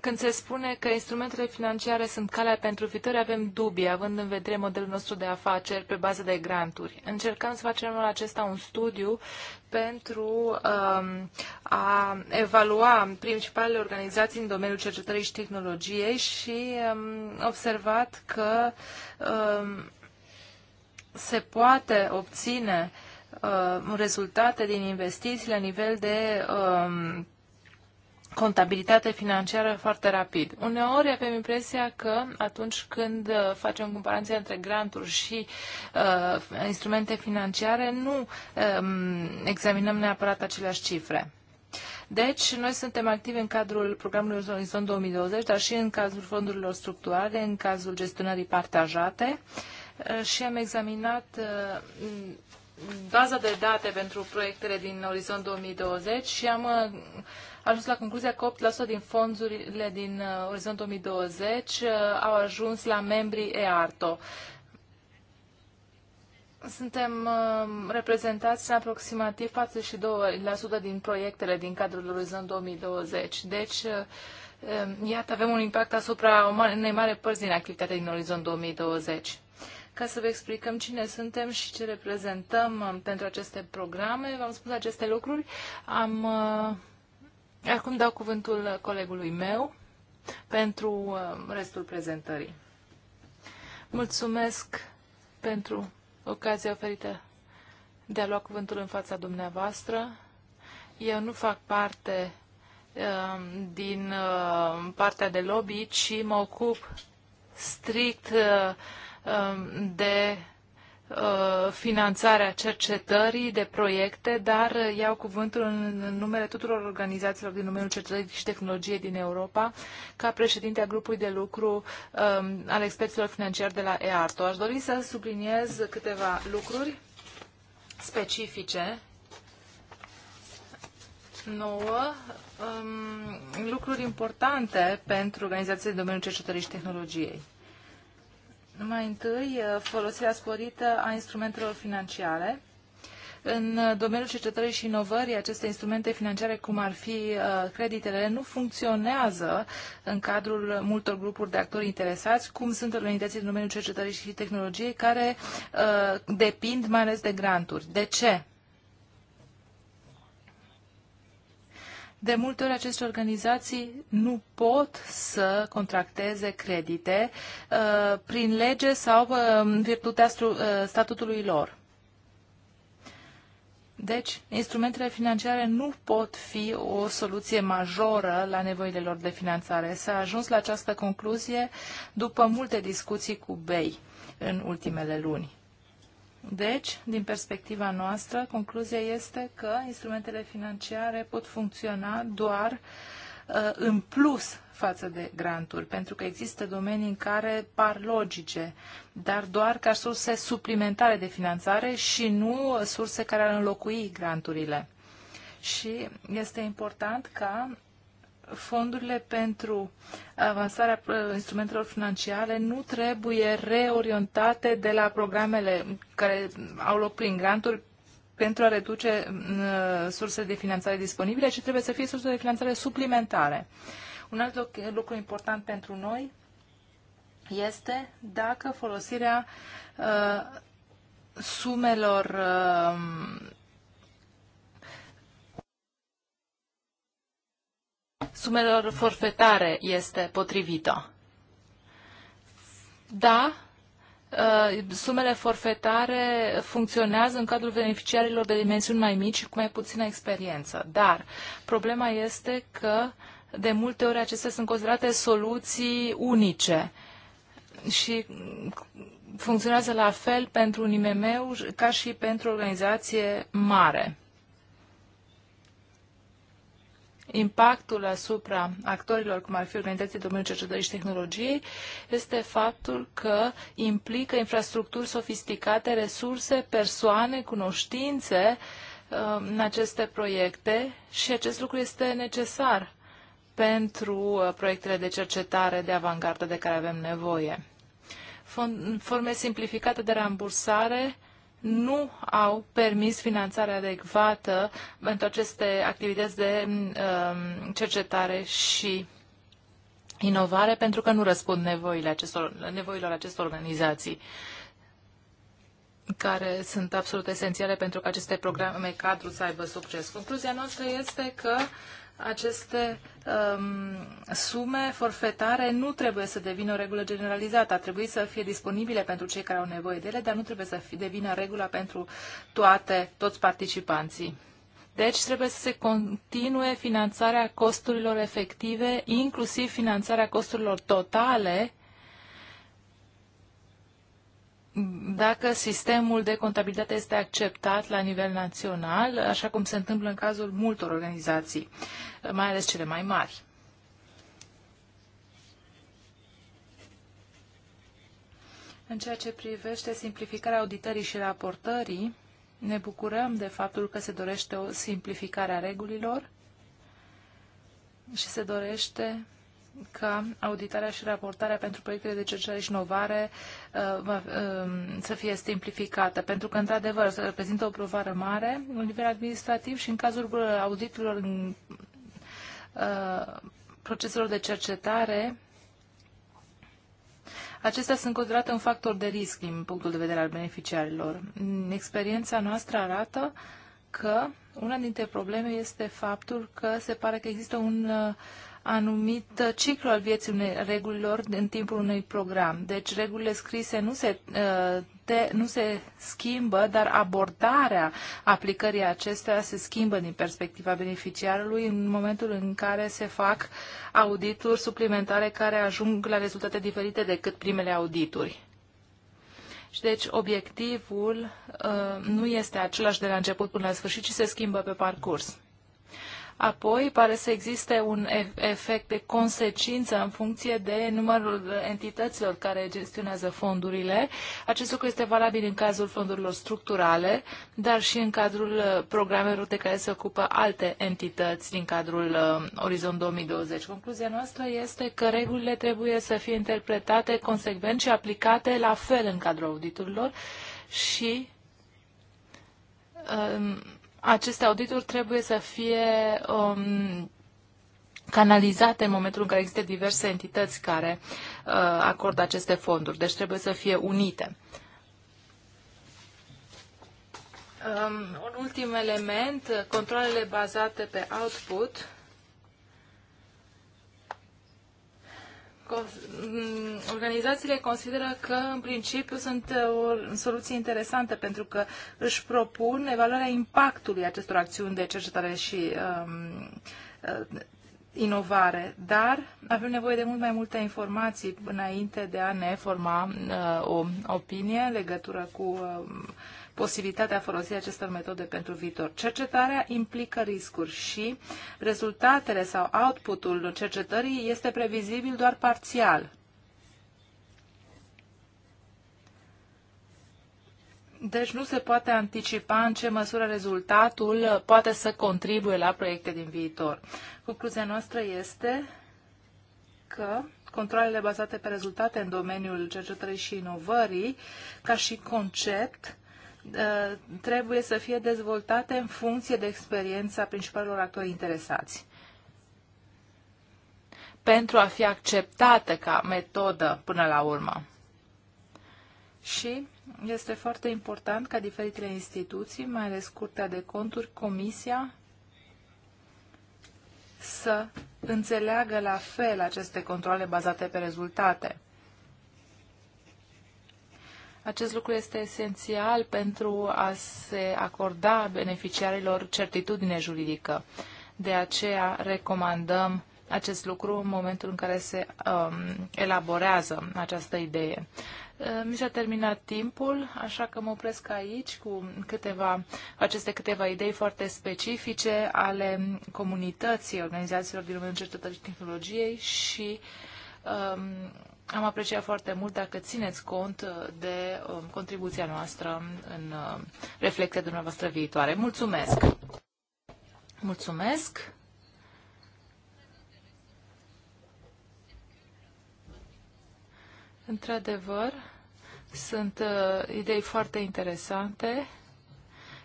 când se spune că instrumentele financiare sunt calea pentru viitor, avem dubii, având în vedere modelul nostru de afaceri pe bază de granturi. Încercăm să facem în acesta un studiu pentru um, a evalua principalele organizații în domeniul cercetării și tehnologiei și um, observat că um, se poate obține uh, rezultate din investiții la nivel de um, contabilitate financiară foarte rapid. Uneori avem impresia că atunci când uh, facem comparație între granturi și uh, instrumente financiare, nu um, examinăm neapărat aceleași cifre. Deci, noi suntem activi în cadrul programului Orizont 2020, dar și în cazul fondurilor structurale, în cazul gestionării partajate. Uh, Uh, și am examinat uh, baza de date pentru proiectele din Orizont 2020 și am uh, ajuns la concluzia că 8% din fondurile din Orizont 2020 au ajuns la membrii EARTO. Suntem reprezentați în aproximativ 42% din proiectele din cadrul Orizont 2020. Deci, iată, avem un impact asupra unei mare părți din activitatea din Orizont 2020 ca să vă explicăm cine suntem și ce reprezentăm uh, pentru aceste programe. V-am spus aceste lucruri. Am, uh, acum dau cuvântul colegului meu pentru uh, restul prezentării. Mulțumesc pentru ocazia oferită de a lua cuvântul în fața dumneavoastră. Eu nu fac parte din partea de lobby, ci mă ocup strict uh, Um, de uh, finanțarea cercetării, de proiecte, dar iau cuvântul în numele tuturor organizațiilor din numele cercetării și tehnologiei din Europa, ca președinte a grupului de lucru um, al experților financiari de la EARTO. Aș dori să subliniez câteva lucruri specifice nouă um, lucruri importante pentru organizațiile din domeniul cercetării și tehnologiei. Mai întâi, uh, folosirea sporită a instrumentelor financiare. În uh, domeniul cercetării și inovării, aceste instrumente financiare, cum ar fi uh, creditele, nu funcționează în cadrul multor grupuri de actori interesați, cum sunt organizații din domeniul cercetării și tehnologiei, care depind mai ales de granturi. De ce? De multe ori aceste organizații nu pot să contracteze credite uh, prin lege sau uh, în uh, virtutea statutului lor. Deci, instrumentele financiare nu pot fi o soluție majoră la nevoile lor de finanțare. S-a ajuns la această concluzie după multe discuții cu BEI în ultimele luni. Deci, din perspectiva noastră, concluzia este că instrumentele financiare pot funcționa doar uh, în plus față de granturi, pentru că există domenii în care par logice, dar doar ca surse suplimentare de finanțare și nu surse care ar înlocui granturile. Și este important ca fondurile pentru avansarea uh, instrumentelor financiare nu trebuie reorientate de la programele care au loc prin granturi pentru a reduce uh, surse de finanțare disponibile, ci trebuie să fie surse de finanțare suplimentare. Un alt lucru important pentru noi este dacă folosirea uh, sumelor uh, sumelor forfetare este potrivită. Da, uh, sumele forfetare funcționează în cadrul beneficiarilor de dimensiuni mai mici și cu mai puțină experiență. Dar problema este că de multe ori acestea sunt considerate soluții unice și funcționează la fel pentru un IMM ca și pentru o organizație mare impactul asupra actorilor, cum ar fi organizații domeniului cercetării și tehnologiei, este faptul că implică infrastructuri sofisticate, resurse, persoane, cunoștințe um, în aceste proiecte și acest lucru este necesar pentru uh, proiectele de cercetare de avangardă de care avem nevoie. Forme simplificate de rambursare nu au permis finanțarea adecvată pentru aceste activități de um, cercetare și inovare pentru că nu răspund nevoile acestor, nevoilor acestor organizații care sunt absolut esențiale pentru că aceste programe cadru să aibă succes. Concluzia noastră este că uh, aceste um, sume forfetare nu trebuie să devină o regulă generalizată. Ar trebui să fie disponibile pentru cei care au nevoie de ele, dar nu trebuie să fie, devină regula pentru toate, toți participanții. Deci trebuie să se continue finanțarea costurilor efective, inclusiv finanțarea costurilor totale uh, dacă sistemul de contabilitate este acceptat la nivel național, așa cum se întâmplă în cazul multor organizații, mai ales cele mai mari. În ceea ce privește simplificarea auditării și raportării, ne bucurăm de faptul că se dorește o simplificare a regulilor și se dorește ca auditarea și raportarea pentru proiectele de cercetare și inovare uh, um, să fie simplificată, pentru că, într-adevăr, se reprezintă o provare mare la nivel administrativ și în cazul uh, auditurilor în uh, proceselor de cercetare, Acestea sunt considerate un factor de risc din punctul de vedere al beneficiarilor. Experiența noastră arată că una dintre probleme este faptul că se pare că există un anumit ciclu al vieții unei regulilor în timpul unui program. Deci regulile scrise nu se, uh, te, nu se schimbă, dar abordarea aplicării acestea se schimbă din perspectiva beneficiarului în momentul în care se fac audituri suplimentare care ajung la rezultate diferite decât primele audituri. Și deci obiectivul uh, nu este același de la început până la sfârșit, ci se schimbă pe parcurs. Apoi, pare să existe un efect de consecință în funcție de numărul entităților care gestionează fondurile. Acest lucru este valabil în cazul fondurilor structurale, dar și în cadrul uh, programelor de care se ocupă alte entități din cadrul uh, Orizont 2020. Concluzia noastră este că regulile trebuie să fie interpretate consecvent și aplicate la fel în cadrul auditurilor și um, aceste audituri trebuie să fie um, canalizate în momentul în care există diverse entități care uh, acordă aceste fonduri. Deci trebuie să fie unite. Um, un ultim element, controlele bazate pe output. Mm, organizațiile consideră că, în principiu, sunt uh, o soluție interesantă pentru că își propun evaluarea impactului acestor acțiuni de cercetare și um, uh, inovare, dar avem nevoie de mult mai multe informații înainte de a ne forma uh, o opinie în legătură cu uh, posibilitatea folosirii acestor metode pentru viitor. Cercetarea implică riscuri și rezultatele sau outputul cercetării este previzibil doar parțial. Deci nu se poate anticipa în ce măsură rezultatul poate să contribuie la proiecte din viitor. Concluzia noastră este că controlele bazate pe rezultate în domeniul cercetării și inovării, ca și concept, Uh, trebuie să fie dezvoltate în funcție de experiența principalilor actori interesați. Pentru a fi acceptată ca metodă până la urmă. Și este foarte important ca diferitele instituții, mai ales Curtea de Conturi, Comisia, să înțeleagă la fel aceste controle bazate pe rezultate. Acest lucru este esențial pentru a se acorda beneficiarilor certitudine juridică. De aceea recomandăm acest lucru în momentul în care se um, elaborează această idee. Uh, mi s-a terminat timpul, așa că mă opresc aici cu câteva, aceste câteva idei foarte specifice ale comunității organizațiilor din domeniul cercetării tehnologiei și um, am apreciat foarte mult dacă țineți cont uh, de um, contribuția noastră în uh, reflecția dumneavoastră viitoare. Mulțumesc! Mulțumesc! Într-adevăr, sunt uh, idei foarte interesante.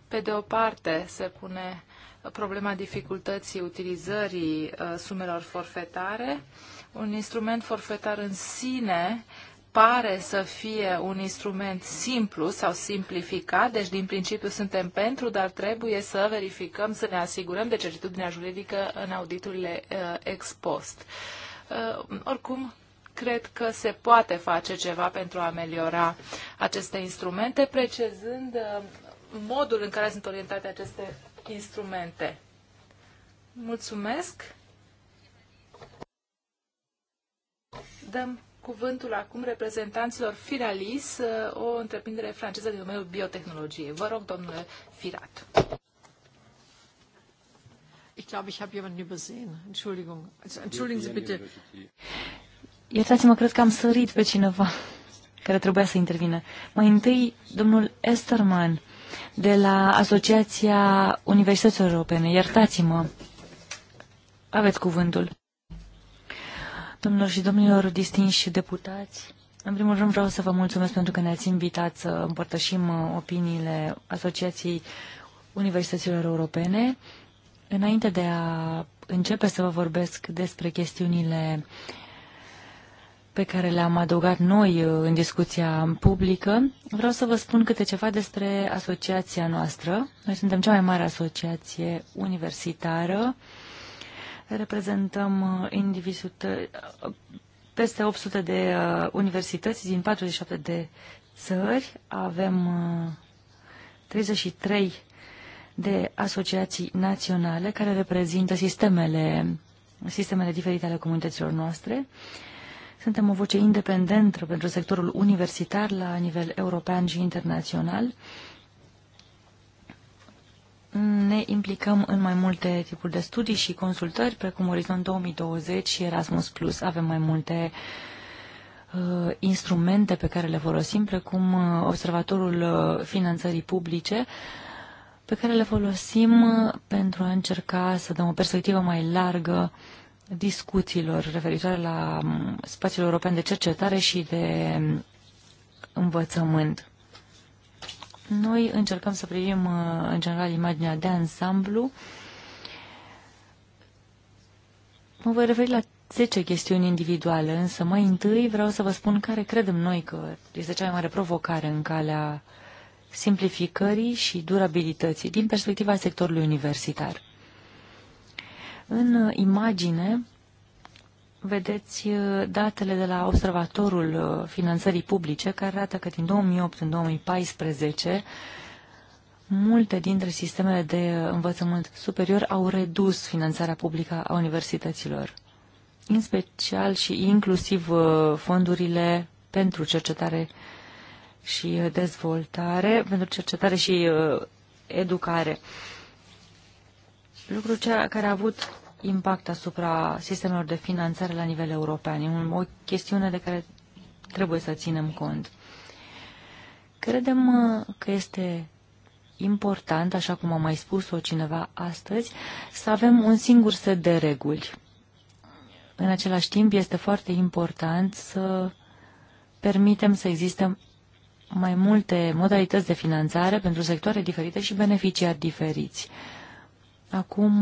Pe de o parte se pune problema dificultății utilizării uh, sumelor forfetare. Uh, un instrument forfetar în sine pare să fie un instrument simplu sau simplificat, deci din principiu suntem pentru, dar trebuie să verificăm, să ne asigurăm de certitudinea juridică în auditurile uh, ex post. Uh, oricum, cred că se poate face ceva pentru a ameliora aceste instrumente, precizând uh, modul în care sunt orientate aceste instrumente. Mulțumesc! Dăm cuvântul acum reprezentanților Firalis, o întreprindere franceză din domeniul biotehnologiei. Vă rog, domnule Firat. Ich glaube, ich habe jemanden übersehen. Entschuldigung. Entschuldigen Sie bitte. Iertați-mă, cred că am sărit pe cineva care trebuia să intervină. Mai întâi, domnul Esterman, de la Asociația Universităților Europene. Iertați-mă. Aveți cuvântul. Domnilor și domnilor distinși deputați, în primul rând vreau să vă mulțumesc pentru că ne-ați invitat să împărtășim uh, opiniile Asociației Universităților Europene. Înainte de a începe să vă vorbesc despre chestiunile pe care le-am adăugat noi uh, în discuția publică, vreau să vă spun câte ceva despre asociația noastră. Noi suntem cea mai mare asociație universitară Reprezentăm uh, indivizut uh, peste 800 de uh, universități din 47 de țări. Avem 33 de asociații naționale care reprezintă sistemele, sistemele diferite ale comunităților noastre. Suntem o voce independentă pentru sectorul universitar la nivel european și internațional ne implicăm în mai multe tipuri de studii și consultări, precum Orizont 2020 și Erasmus+. Avem mai multe uh, instrumente pe care le folosim, precum uh, Observatorul uh, Finanțării Publice, pe care le folosim uh, pentru a încerca să dăm o perspectivă mai largă discuțiilor referitoare la um, spațiul european de cercetare și de um, învățământ. Noi încercăm să privim, uh, în general, imaginea de ansamblu. Mă voi referi la 10 chestiuni individuale, însă mai întâi vreau să vă spun care credem noi că este cea mai mare provocare în calea simplificării și durabilității din perspectiva sectorului universitar. În uh, imagine vedeți uh, datele de la Observatorul uh, Finanțării Publice, care arată că din 2008 în 2014 multe dintre sistemele de uh, învățământ superior au redus finanțarea publică a universităților, în special și inclusiv fondurile pentru cercetare și dezvoltare, pentru cercetare și educare. Lucru cea care a avut impact asupra sistemelor de finanțare la nivel european. E o chestiune de care trebuie să ținem cont. Credem uh, că este important, așa cum a mai spus-o cineva astăzi, să avem un singur set de reguli. În același timp, este foarte important să permitem să existe mai multe modalități de finanțare pentru sectoare diferite și beneficiari diferiți. Acum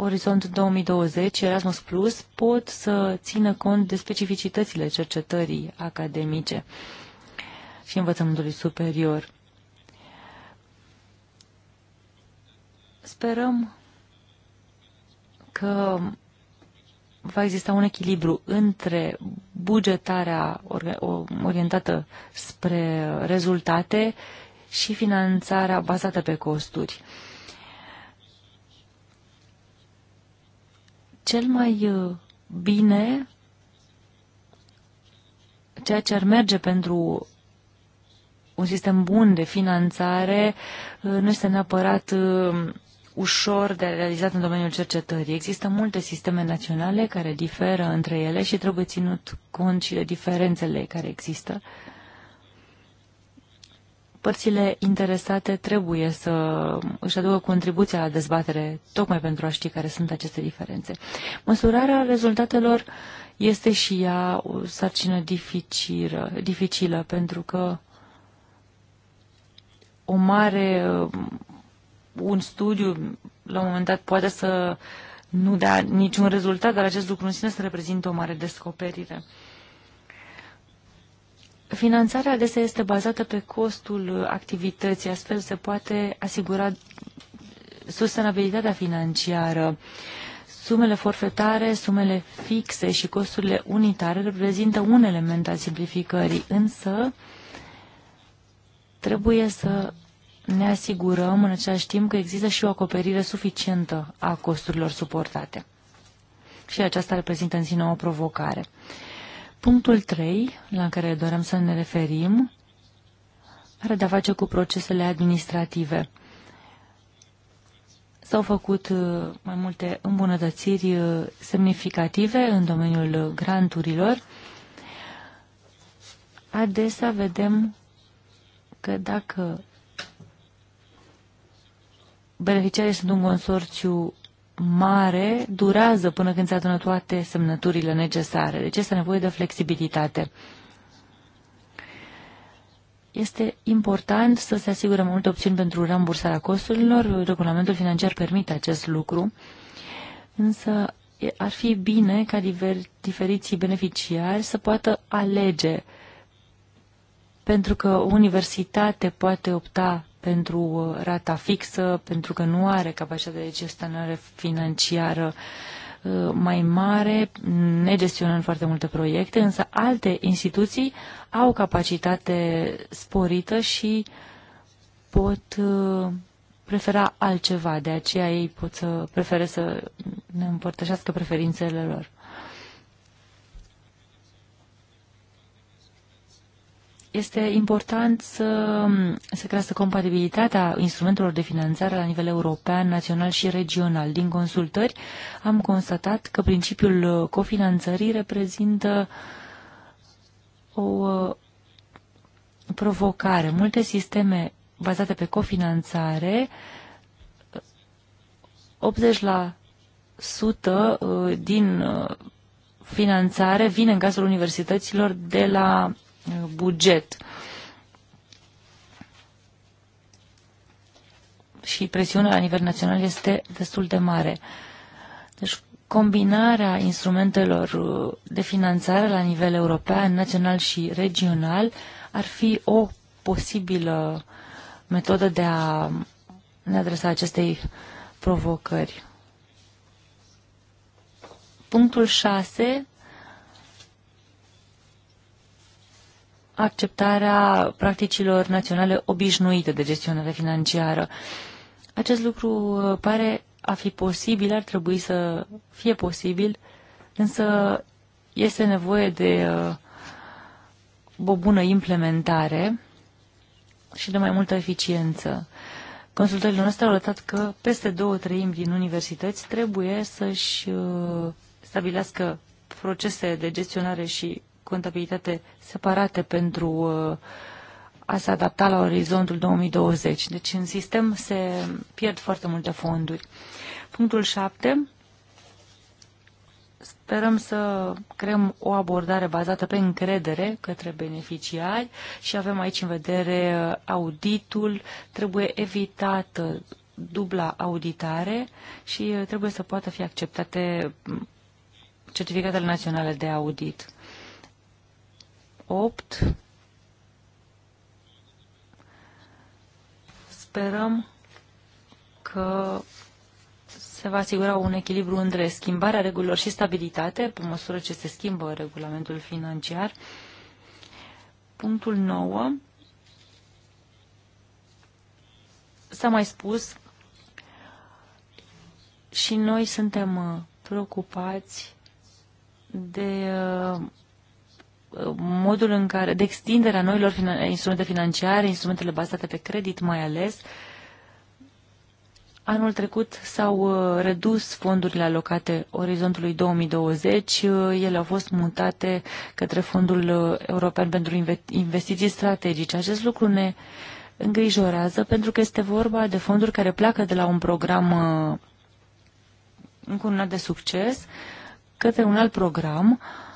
Orizont 2020, Erasmus Plus, pot să țină cont de specificitățile cercetării academice și învățământului superior. Sperăm că va exista un echilibru între bugetarea orientată spre rezultate și finanțarea bazată pe costuri. Cel mai uh, bine, ceea ce ar merge pentru un sistem bun de finanțare uh, nu este neapărat uh, ușor de realizat în domeniul cercetării. Există multe sisteme naționale care diferă între ele și trebuie ținut cont și de diferențele care există. Uh, părțile interesate trebuie să își aducă contribuția la dezbatere, tocmai pentru a ști care sunt aceste diferențe. Măsurarea rezultatelor este și ea o sarcină dificilă, dificilă pentru că o mare, un studiu, la un moment dat, poate să nu dea niciun rezultat, dar acest lucru în sine să reprezintă o mare descoperire. Finanțarea adesea este bazată pe costul activității, astfel se poate asigura sustenabilitatea financiară. Sumele forfetare, sumele fixe și costurile unitare reprezintă un element al simplificării, însă trebuie să ne asigurăm în același timp că există și o acoperire suficientă a costurilor suportate. Și aceasta reprezintă în sine o provocare. Punctul 3, la care doream să ne referim, are de-a face cu procesele administrative. S-au făcut uh, mai multe îmbunătățiri uh, semnificative în domeniul granturilor. Adesea vedem că dacă beneficiarii sunt un consorțiu mare durează până când se adună toate semnăturile necesare. Deci este nevoie de flexibilitate. Este important să se asigure multe opțiuni pentru rambursarea costurilor. Regulamentul financiar permite acest lucru, însă ar fi bine ca diferiții beneficiari să poată alege pentru că o universitate poate opta pentru uh, rata fixă, pentru că nu are capacitatea de gestionare financiară uh, mai mare, ne gestionăm foarte multe proiecte, însă alte instituții au capacitate sporită și pot uh, prefera altceva, de aceea ei pot să prefere să ne împărtășească preferințele lor. este important să se crească compatibilitatea instrumentelor de finanțare la nivel european, național și regional. Din consultări am constatat că principiul cofinanțării reprezintă o uh, provocare. Multe sisteme bazate pe cofinanțare, 80% uh, din uh, finanțare vine în cazul universităților de la buget. Și presiunea la nivel național este destul de mare. Deci combinarea instrumentelor de finanțare la nivel european, național și regional ar fi o posibilă metodă de a ne adresa acestei provocări. Punctul 6 acceptarea practicilor naționale obișnuite de gestionare financiară. Acest lucru uh, pare a fi posibil, ar trebui să fie posibil, însă este nevoie de uh, o bună implementare și de mai multă eficiență. Consultările noastre au arătat că peste două treimi din universități trebuie să-și uh, stabilească procese de gestionare și contabilitate separate pentru uh, a se adapta la orizontul 2020. Deci în sistem se pierd foarte multe fonduri. Punctul 7. Sperăm să creăm o abordare bazată pe încredere către beneficiari și avem aici în vedere uh, auditul. Trebuie evitată dubla auditare și uh, trebuie să poată fi acceptate mm, certificatele naționale de audit. 8. Sperăm că se va asigura un echilibru între schimbarea regulilor și stabilitate, pe măsură ce se schimbă regulamentul financiar. Punctul 9. S-a mai spus și noi suntem uh, preocupați de uh, modul în care, de extinderea noilor finan instrumente financiare, instrumentele bazate pe credit mai ales, Anul trecut s-au uh, redus fondurile alocate orizontului 2020, uh, ele au fost mutate către Fondul uh, European pentru Investiții Strategice. Acest lucru ne îngrijorează pentru că este vorba de fonduri care pleacă de la un program încununat de succes către un alt program uh,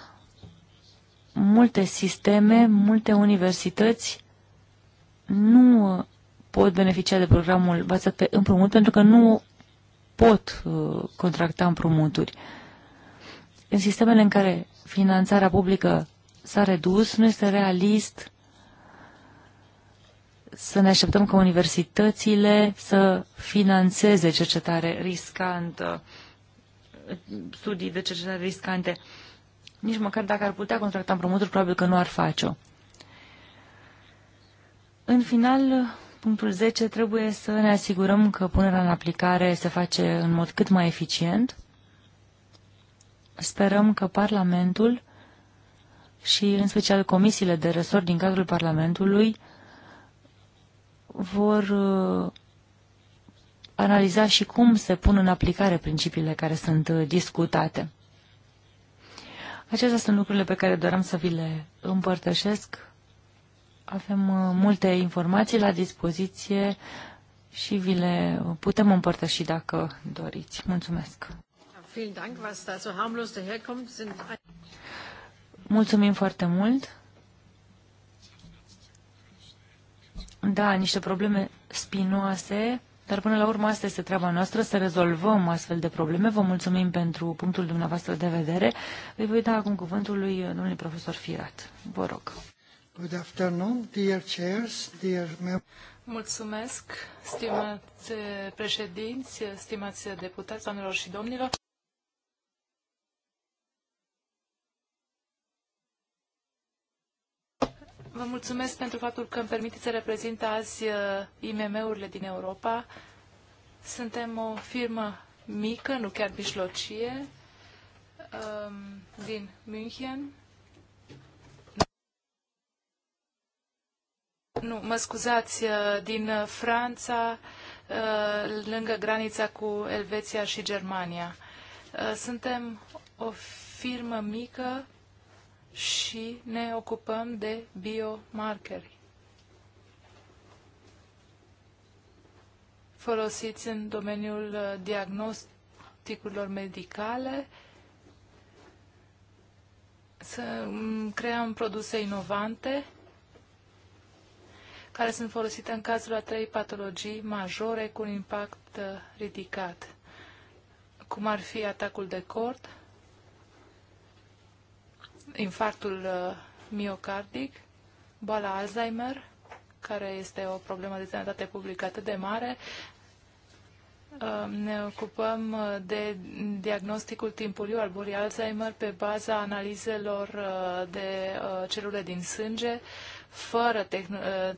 multe sisteme, multe universități nu pot beneficia de programul bazat pe împrumut pentru că nu pot uh, contracta împrumuturi. În sistemele în care finanțarea publică s-a redus, nu este realist să ne așteptăm ca universitățile să financeze cercetare riscantă, studii de cercetare riscante. Uh, nici măcar dacă ar putea contracta împrumuturi, probabil că nu ar face-o. În final, punctul 10, trebuie să ne asigurăm că punerea în aplicare se face în mod cât mai eficient. Sperăm că Parlamentul și în special comisiile de resort din cadrul Parlamentului vor uh, analiza și cum se pun în aplicare principiile care sunt uh, discutate. Acestea sunt lucrurile pe care doream să vi le împărtășesc. Avem uh, multe informații la dispoziție și vi le putem împărtăși dacă doriți. Mulțumesc! Da Mulțumim foarte mult! Da, niște probleme spinoase dar până la urmă asta este treaba noastră, să rezolvăm astfel de probleme. Vă mulțumim pentru punctul dumneavoastră de vedere. Îi voi da acum cuvântul lui domnului profesor Firat. Vă rog. Good afternoon, dear chairs, dear Mulțumesc, stimați președinți, stimați deputați, doamnelor și domnilor. Vă mulțumesc pentru faptul că îmi permiteți să reprezint azi uh, IMM-urile din Europa. Suntem o firmă mică, nu chiar mijlocie, um, din München. Nu, mă scuzați, uh, din Franța, uh, lângă granița cu Elveția și Germania. Suntem o firmă mică și ne ocupăm de biomarkeri folosiți în domeniul uh, diagnosticurilor medicale. Să mm, creăm produse inovante care sunt folosite în cazul a trei patologii majore cu un impact uh, ridicat, cum ar fi atacul de cord, infarctul uh, miocardic, boala Alzheimer, care este o problemă de sănătate publică atât de mare, uh, ne ocupăm uh, de diagnosticul timpuriu al bolii Alzheimer pe baza analizelor de celule din sânge, fără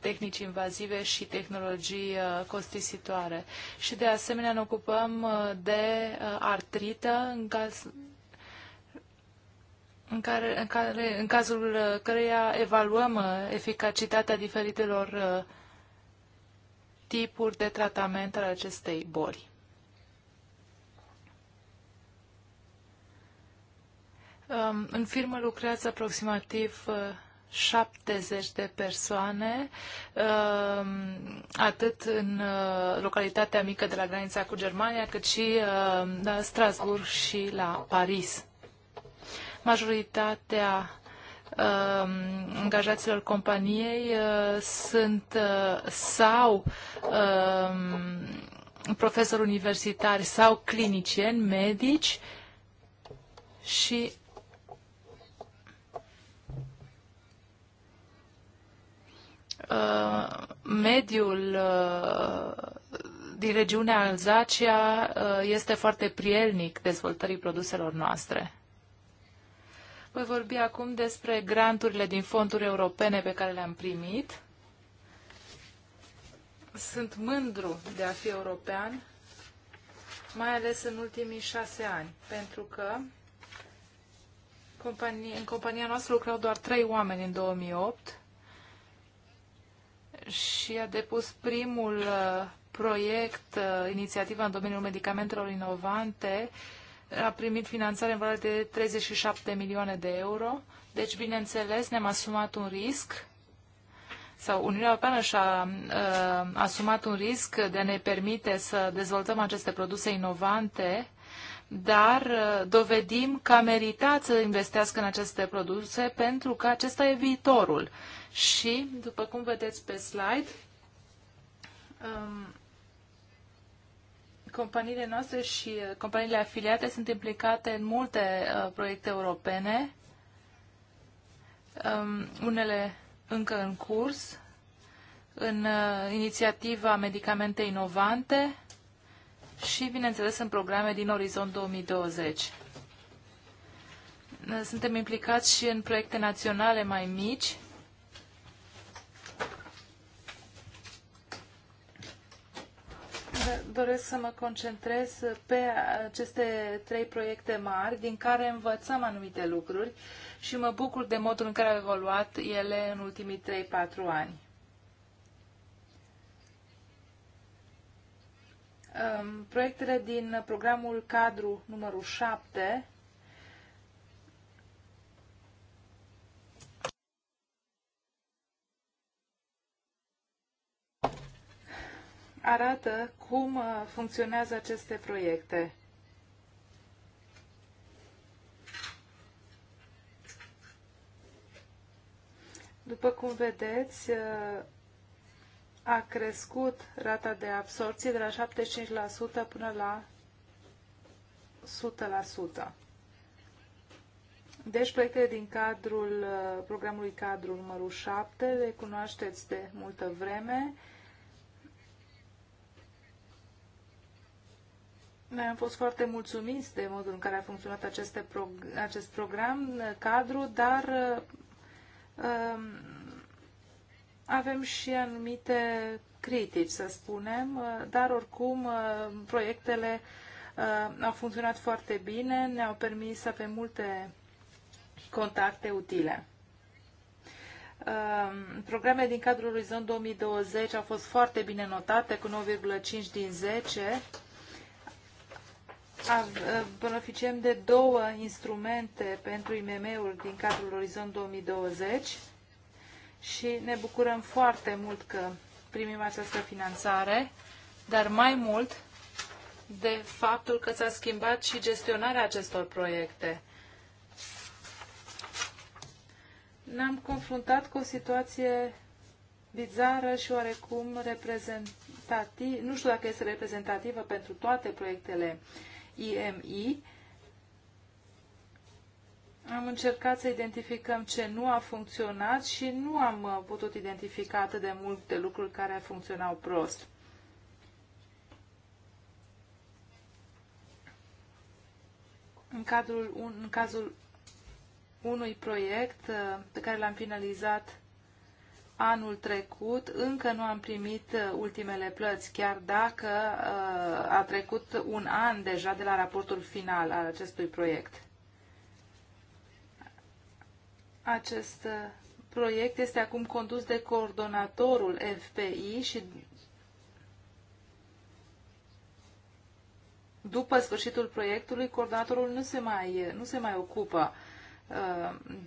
tehnici invazive și tehnologii costisitoare. Și de asemenea ne ocupăm de artrită în caz în, care, în, care, în cazul uh, căreia evaluăm uh, eficacitatea diferitelor uh, tipuri de tratament al acestei boli. Um, în firmă lucrează aproximativ 70 de persoane, um, atât în localitatea mică de la granița cu Germania, cât și la Strasbourg și la Paris. Majoritatea uh, angajaților companiei uh, sunt uh, sau um, profesori universitari sau clinicieni, medici și uh, mediul uh, din regiunea Alzacia uh, este foarte prielnic dezvoltării produselor noastre. Voi vorbi acum despre granturile din fonduri europene pe care le-am primit. Sunt mândru de a fi european, mai ales în ultimii șase ani, pentru că companie, în compania noastră lucrau doar trei oameni în 2008 și a depus primul uh, proiect, uh, inițiativa în domeniul medicamentelor inovante, uh, a primit finanțare în valoare de 37 milioane de euro. Deci, bineînțeles, ne-am asumat un risc sau Uniunea Europeană și-a uh, asumat un risc de a ne permite să dezvoltăm aceste produse inovante, dar uh, dovedim că a meritat să investească în aceste produse pentru că acesta e viitorul. Și, după cum vedeți pe slide, um, Companiile noastre și uh, companiile afiliate sunt implicate în multe uh, proiecte europene, um, unele încă în curs, în uh, inițiativa Medicamente Inovante și, bineînțeles, în programe din Orizont 2020. Suntem implicați și în proiecte naționale mai mici, doresc să mă concentrez pe aceste trei proiecte mari din care învățăm anumite lucruri și mă bucur de modul în care au evoluat ele în ultimii 3-4 ani. Proiectele din programul cadru numărul 7 arată cum uh, funcționează aceste proiecte. După cum vedeți, uh, a crescut rata de absorție de la 75% până la 100%. Deci, proiectele din cadrul uh, programului cadru numărul 7 le cunoașteți de multă vreme. Noi am fost foarte mulțumiți de modul în care a funcționat aceste prog- acest program, cadru, dar uh, avem și anumite critici, să spunem, dar oricum uh, proiectele uh, au funcționat foarte bine, ne-au permis să avem multe contacte utile. Um, programe din cadrul Orizont 2020 au fost foarte bine notate, cu 9,5 din 10 Eh, beneficiem de două instrumente pentru imm ul din cadrul Orizont 2020 și ne bucurăm foarte mult că primim această finanțare, dar mai mult de faptul că s-a schimbat și gestionarea acestor proiecte. Ne-am confruntat cu o situație bizară și oarecum reprezentativă, nu știu dacă este reprezentativă pentru toate proiectele uh, IMI. Am încercat să identificăm ce nu a funcționat și nu am uh, putut identifica atât de multe lucruri care funcționau prost. În, cadrul, în cazul unui proiect uh, pe care l-am finalizat anul trecut încă nu am primit uh, ultimele plăți, chiar dacă uh, a trecut un an deja de la raportul final al acestui proiect. Acest uh, proiect este acum condus de coordonatorul FPI și după sfârșitul proiectului, coordonatorul nu se mai, nu se mai ocupă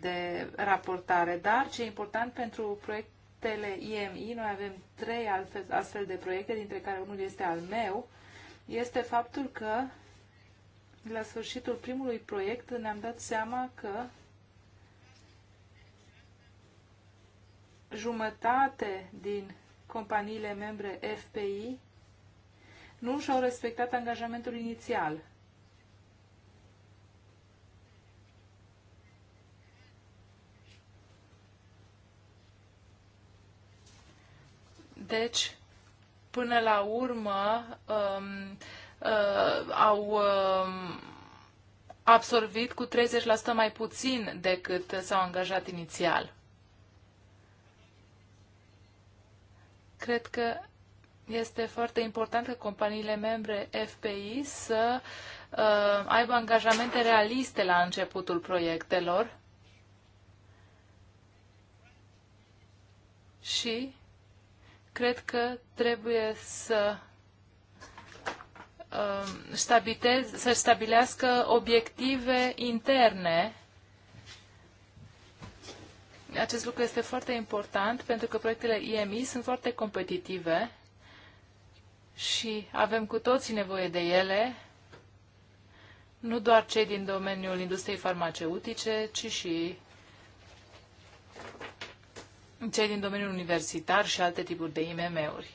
de raportare, dar ce e important pentru proiect IMI, noi avem trei astfel de proiecte, dintre care unul este al meu, este faptul că la sfârșitul primului proiect ne-am dat seama că jumătate din companiile membre FPI nu și-au respectat angajamentul inițial Deci, până la urmă, um, uh, au um, absorbit cu 30% mai puțin decât s-au angajat inițial. Cred că este foarte important că companiile membre FPI să uh, aibă angajamente realiste la începutul proiectelor și cred că trebuie să um, stabilez, să stabilească obiective interne. Acest lucru este foarte important pentru că proiectele IMI sunt foarte competitive și avem cu toții nevoie de ele, nu doar cei din domeniul industriei farmaceutice, ci și cei din domeniul universitar și alte tipuri de IMM-uri.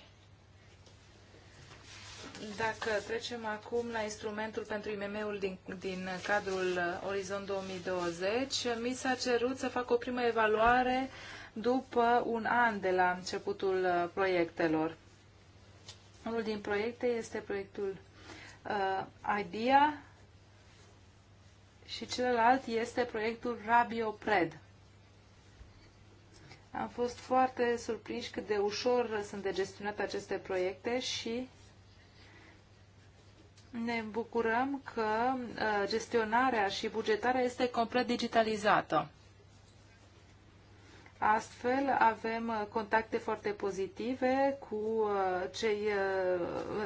Dacă trecem acum la instrumentul pentru IMM-ul din, din cadrul Orizont 2020, mi s-a cerut să fac o primă evaluare după un an de la începutul uh, proiectelor. Unul din proiecte este proiectul uh, IDEA și celălalt este proiectul RabioPred. Am fost foarte surprinși cât de ușor sunt de gestionat aceste proiecte și ne bucurăm că uh, gestionarea și bugetarea este complet digitalizată. Astfel avem uh, contacte foarte pozitive cu uh, cei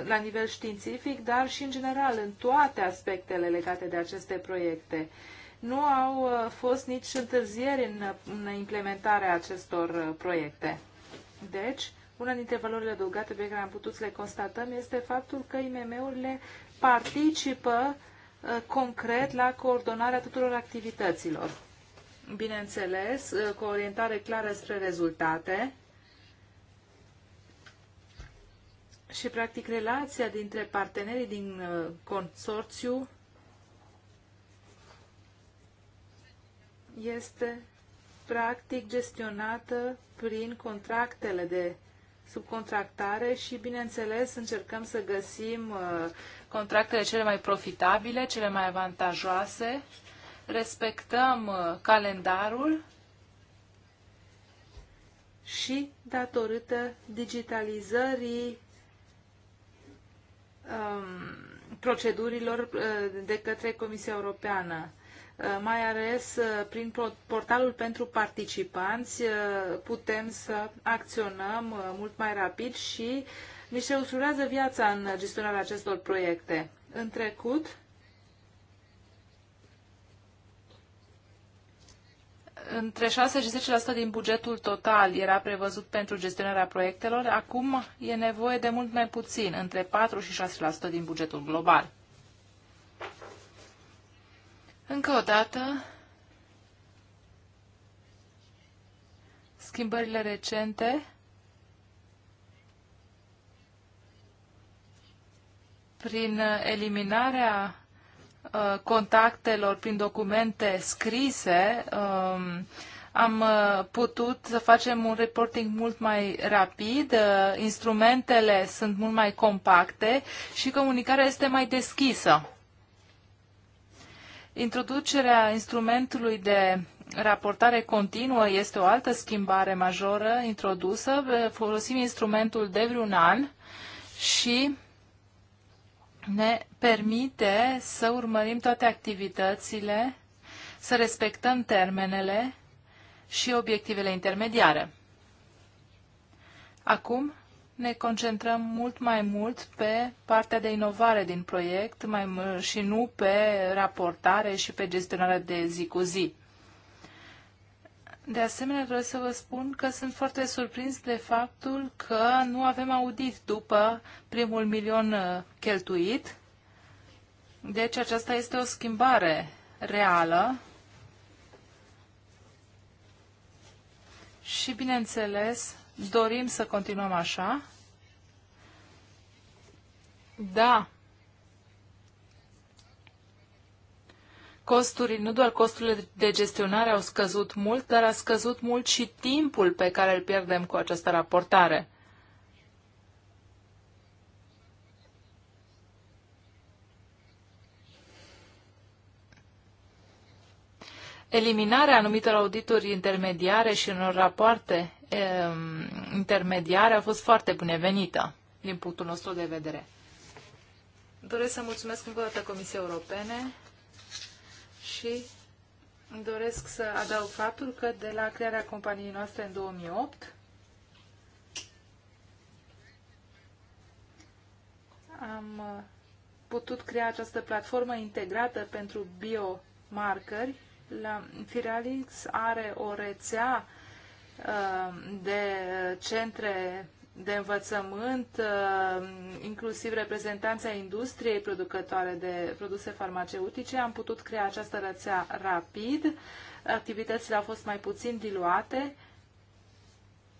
la nivel științific, dar și în general în toate aspectele legate de aceste proiecte nu au uh, fost nici întârzieri în, în implementarea acestor uh, proiecte. Deci, una dintre valorile adăugate pe care am putut să le constatăm este faptul că IMM-urile participă uh, concret la coordonarea tuturor activităților. Bineînțeles, cu orientare clară spre rezultate și, practic, relația dintre partenerii din consorțiu este practic gestionată prin contractele de subcontractare și, bineînțeles, încercăm să găsim uh, contractele cele mai profitabile, cele mai avantajoase, respectăm uh, calendarul și, datorită digitalizării um, procedurilor uh, de către Comisia Europeană, Eh, mai ales eh, prin portalul pentru participanți eh, putem să acționăm mult mai rapid și ni se ușurează viața în gestionarea acestor proiecte. În trecut, între 6 și 10% din bugetul total era prevăzut pentru gestionarea proiectelor, acum e nevoie de mult mai puțin, între 4 și 6% din bugetul global. Încă o dată, schimbările recente prin uh, eliminarea uh, contactelor prin documente scrise, um, am uh, putut să facem un reporting mult mai rapid, instrumentele sunt mult mai compacte și comunicarea este mai deschisă. Introducerea instrumentului de raportare continuă este o altă schimbare majoră introdusă. Folosim instrumentul de vreun an și ne permite să urmărim toate activitățile, să respectăm termenele și obiectivele intermediare. Acum ne concentrăm mult mai mult pe partea de inovare din proiect mai, și nu pe raportare și pe gestionarea de zi cu zi. De asemenea, vreau să vă spun că sunt foarte surprins de faptul că nu avem audit după primul milion uh, cheltuit. Deci aceasta este o schimbare reală. Și, bineînțeles, dorim să continuăm așa. Da. Costurile, nu doar costurile de gestionare au scăzut mult, dar a scăzut mult și timpul pe care îl pierdem cu această raportare. eliminarea anumitor audituri intermediare și unor rapoarte e, intermediare a fost foarte binevenită din punctul nostru de vedere. Doresc să mulțumesc încă o dată Comisiei Europene și doresc să adaug faptul că de la crearea companiei noastre în 2008 am putut crea această platformă integrată pentru biomarcări la Firalix are o rețea uh, de centre de învățământ, uh, inclusiv reprezentanța industriei producătoare de produse farmaceutice. Am putut crea această rețea rapid, activitățile au fost mai puțin diluate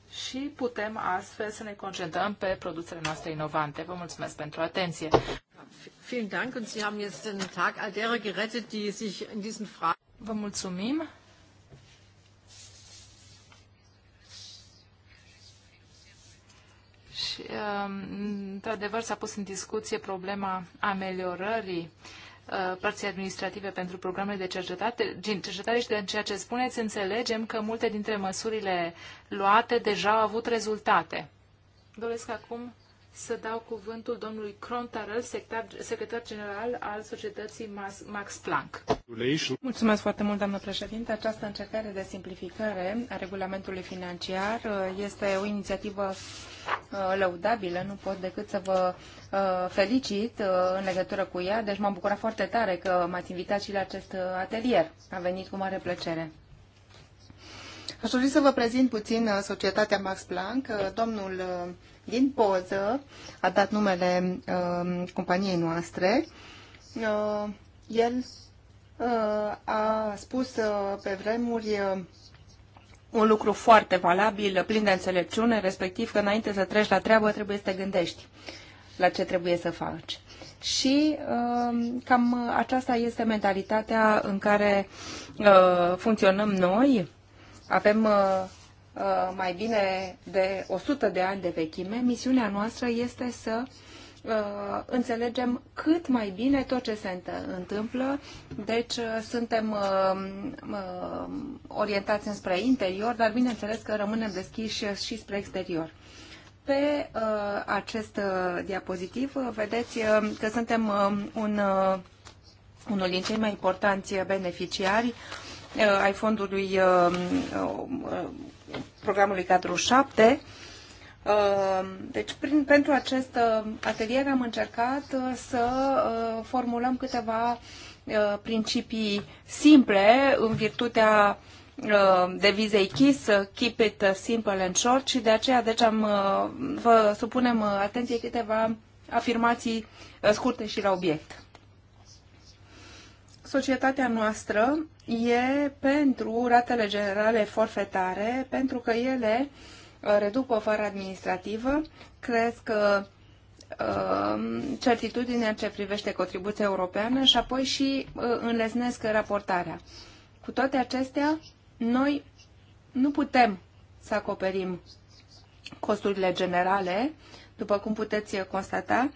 și putem astfel să ne concentrăm pe produsele noastre inovante. Vă mulțumesc pentru atenție. Vielen Dank und Sie haben jetzt den Tag all derer gerettet, die sich in diesen Fragen Vă mulțumim. Și, um, într-adevăr, s-a pus în discuție problema ameliorării uh, părții administrative pentru programele de cercetare, cercetare și de ceea ce spuneți, înțelegem că multe dintre măsurile luate deja au avut rezultate. Doresc acum să dau cuvântul domnului Crontarel, secretar, general al societății Max Planck. Mulțumesc foarte mult, doamnă președinte. Această încercare de simplificare a regulamentului financiar uh, este o inițiativă uh, lăudabilă, nu pot decât să vă uh, felicit în legătură cu ea, deci m-am bucurat foarte tare că m-ați invitat și la acest atelier. Am venit cu mare plăcere. Aș dori să vă prezint puțin uh, societatea Max Planck. Uh, domnul din uh, poză a dat numele um, companiei noastre. El a spus pe vremuri un lucru foarte valabil, plin de înțelepciune, respectiv că înainte să treci la treabă trebuie să te gândești la ce trebuie să faci. Și uh, cam aceasta este mentalitatea în care uh, funcționăm noi avem uh, uh, mai bine de 100 de ani de vechime, misiunea noastră este să uh, înțelegem cât mai bine tot ce se întâmplă. Deci suntem orientați înspre interior, dar bineînțeles că rămânem deschiși și spre exterior. Pe acest diapozitiv vedeți că suntem un, unul din cei mai importanți beneficiari Uh, ai fondului uh, uh, programului cadru 7. Deci, prin, pentru acest atelier am încercat să formulăm câteva principii simple în virtutea devizei KISS, Keep it simple and short și de aceea deci am, vă supunem atenție câteva afirmații scurte și la obiect societatea noastră e pentru ratele generale forfetare, pentru că ele uh, reduc povara administrativă, cresc uh, uh, certitudinea ce privește contribuția europeană și apoi și înlesnesc raportarea. Cu toate acestea, noi nu putem să acoperim costurile generale, după cum puteți constata,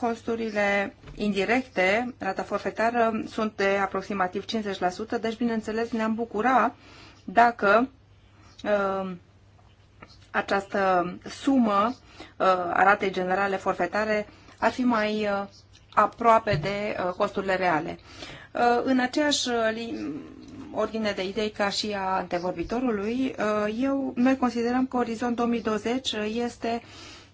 costurile indirecte, rata forfetară, sunt de aproximativ 50%, deci, bineînțeles, ne-am bucura dacă uh, această sumă uh, a ratei generale forfetare ar fi mai uh, aproape de uh, costurile reale. Uh, în aceeași uh, ordine de idei ca și a antevorbitorului, uh, eu, noi considerăm că Orizont 2020 este uh,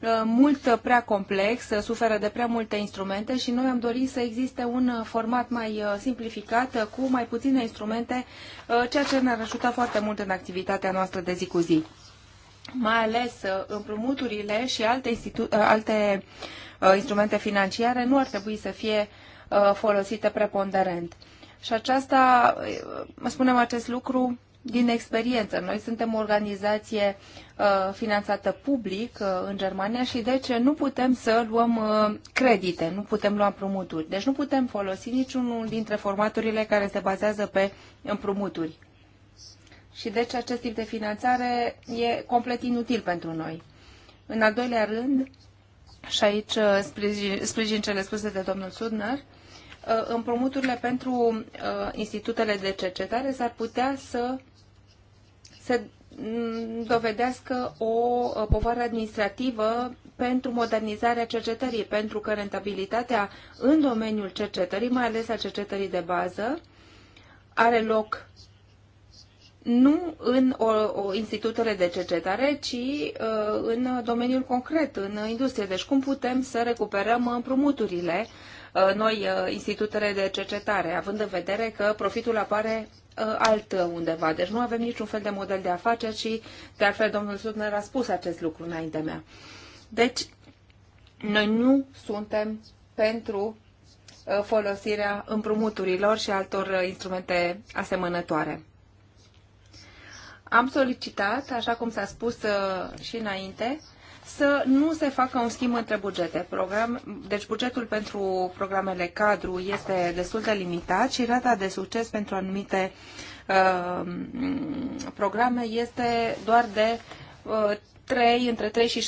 Uh, mult prea complex, uh, suferă de prea multe instrumente și noi am dorit să existe un uh, format mai simplificat, cu mai puține instrumente, ceea ce ne-ar ajuta foarte mult în activitatea noastră de zi cu zi. Mai ales împrumuturile și alte, institu- alte instrumente financiare nu ar trebui să fie folosite preponderent. Și aceasta, spunem acest lucru, din experiență. Noi suntem o organizație uh, finanțată public uh, în Germania și deci nu putem să luăm uh, credite, nu putem lua împrumuturi. Deci nu putem folosi niciunul dintre formaturile care se bazează pe împrumuturi. Și deci acest tip de finanțare e complet inutil pentru noi. În al doilea rând, și aici sprijin, sprijin cele spuse de domnul Sudner, împrumuturile pentru institutele de cercetare s-ar putea să să mm, dovedească o povară administrativă pentru modernizarea cercetării, pentru că rentabilitatea în domeniul cercetării, mai ales a cercetării de bază, are loc nu în o, o, institutele de cercetare, ci uh, în domeniul concret, în industrie. Deci cum putem să recuperăm împrumuturile uh, noi, uh, institutele de cercetare, având în vedere că profitul apare Uh, alt uh, undeva. Deci nu avem niciun fel de model de afaceri și, de altfel, domnul Sutner a spus acest lucru înainte mea. Deci, noi nu suntem pentru uh, folosirea împrumuturilor și altor instrumente asemănătoare. Am solicitat, așa cum s-a spus și înainte, să nu se facă un schimb între bugete. Program, deci bugetul pentru programele cadru este destul de limitat și rata de succes pentru anumite uh, programe este doar de uh, 3, între 3 și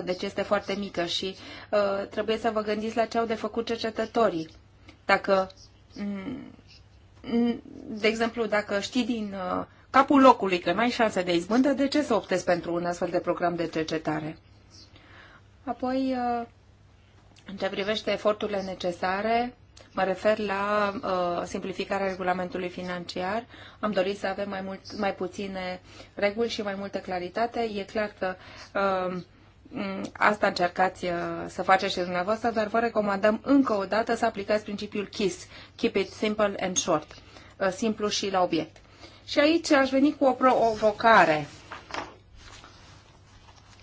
7%, deci este foarte mică și uh, trebuie să vă gândiți la ce au de făcut cercetătorii. Dacă, mm, mm, de exemplu, dacă știi din uh, capul locului, că n-ai șanse de izbândă, de ce să optezi pentru un astfel de program de cercetare? Apoi, uh, în ce privește eforturile necesare, mă refer la uh, simplificarea regulamentului financiar. Am dorit să avem mai, mult, mai puține reguli și mai multă claritate. E clar că uh, asta încercați să faceți și dumneavoastră, dar vă recomandăm încă o dată să aplicați principiul KISS, Keep it simple and short, simplu și la obiect. Și aici aș veni cu o provocare.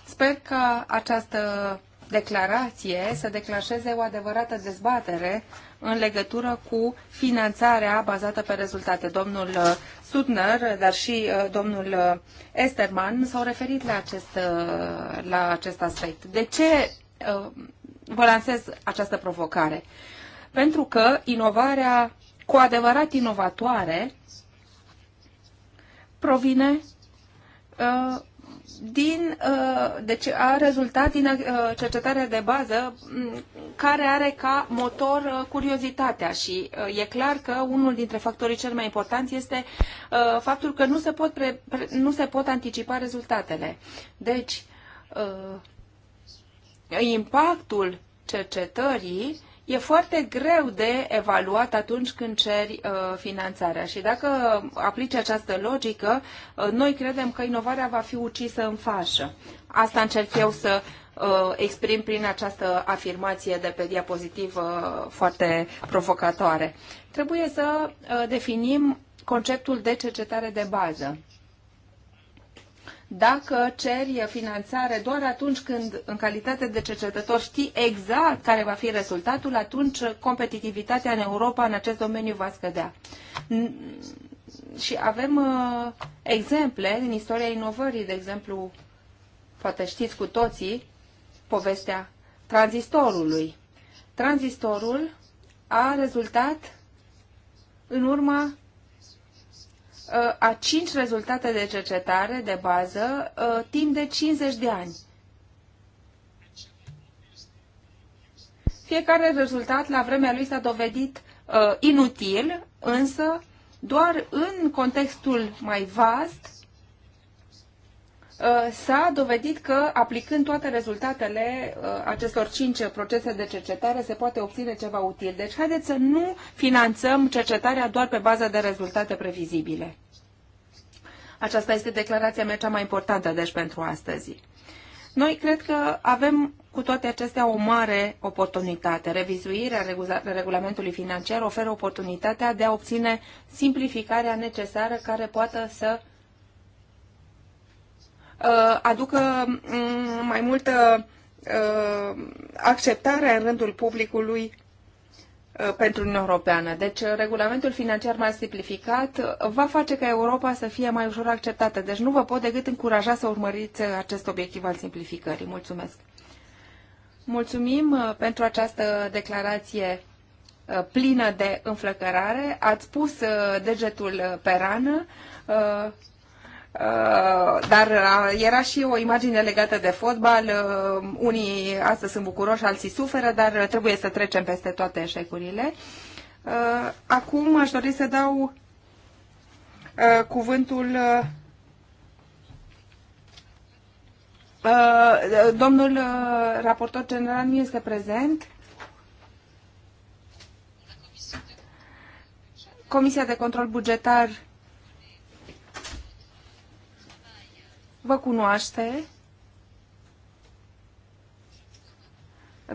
Sper că această declarație să declanșeze o adevărată dezbatere în legătură cu finanțarea bazată pe rezultate. Domnul uh, Sudner, dar și uh, domnul uh, Esterman s-au referit la acest, la acest aspect. De ce vă lansez această provocare? Pentru că inovarea cu adevărat inovatoare provine uh, din, uh, deci a rezultat din uh, cercetarea de bază mm, care are ca motor uh, curiozitatea și e clar că unul dintre factorii cel mai important este faptul că nu se pot, pre, nu se pot anticipa rezultatele. Deci, impactul cercetării e foarte greu de evaluat atunci când ceri uh, finanțarea. Și dacă aplici această logică, uh, noi credem că inovarea va fi ucisă în fașă. Asta încerc eu să uh, exprim prin această afirmație de pe diapozitiv uh, foarte provocatoare. Trebuie să uh, definim conceptul de cercetare de bază dacă ceri finanțare doar atunci când, în calitate de cercetător, știi exact care va fi rezultatul, atunci competitivitatea în Europa în acest domeniu va scădea. Și avem uh, exemple din istoria inovării, de exemplu, poate știți cu toții povestea tranzistorului. Tranzistorul a rezultat în urma Uh, a cinci rezultate de cercetare de bază uh, timp de 50 de ani. Fiecare rezultat la vremea lui s-a dovedit uh, inutil, însă doar în contextul mai vast Uh, s-a dovedit că aplicând toate rezultatele uh, acestor cinci procese de cercetare se poate obține ceva util. Deci haideți să nu finanțăm cercetarea doar pe bază de rezultate previzibile. Aceasta este declarația mea cea mai importantă, deci, pentru astăzi. Noi cred că avem cu toate acestea o mare oportunitate. Revizuirea regulamentului financiar oferă oportunitatea de a obține simplificarea necesară care poate să Uh, aducă mm, mai multă uh, acceptare în rândul publicului uh, pentru Uniunea Europeană. Deci, regulamentul financiar mai simplificat va face ca Europa să fie mai ușor acceptată. Deci, nu vă pot decât încuraja să urmăriți acest obiectiv al simplificării. Mulțumesc! Mulțumim pentru această declarație plină de înflăcărare. Ați pus degetul pe rană Uh, dar uh, era și o imagine legată de fotbal. Uh, unii astăzi sunt bucuroși, alții suferă, dar trebuie să trecem peste toate eșecurile. Acum aș dori să dau cuvântul Domnul raportor general nu este prezent. Comisia de control bugetar vă cunoaște.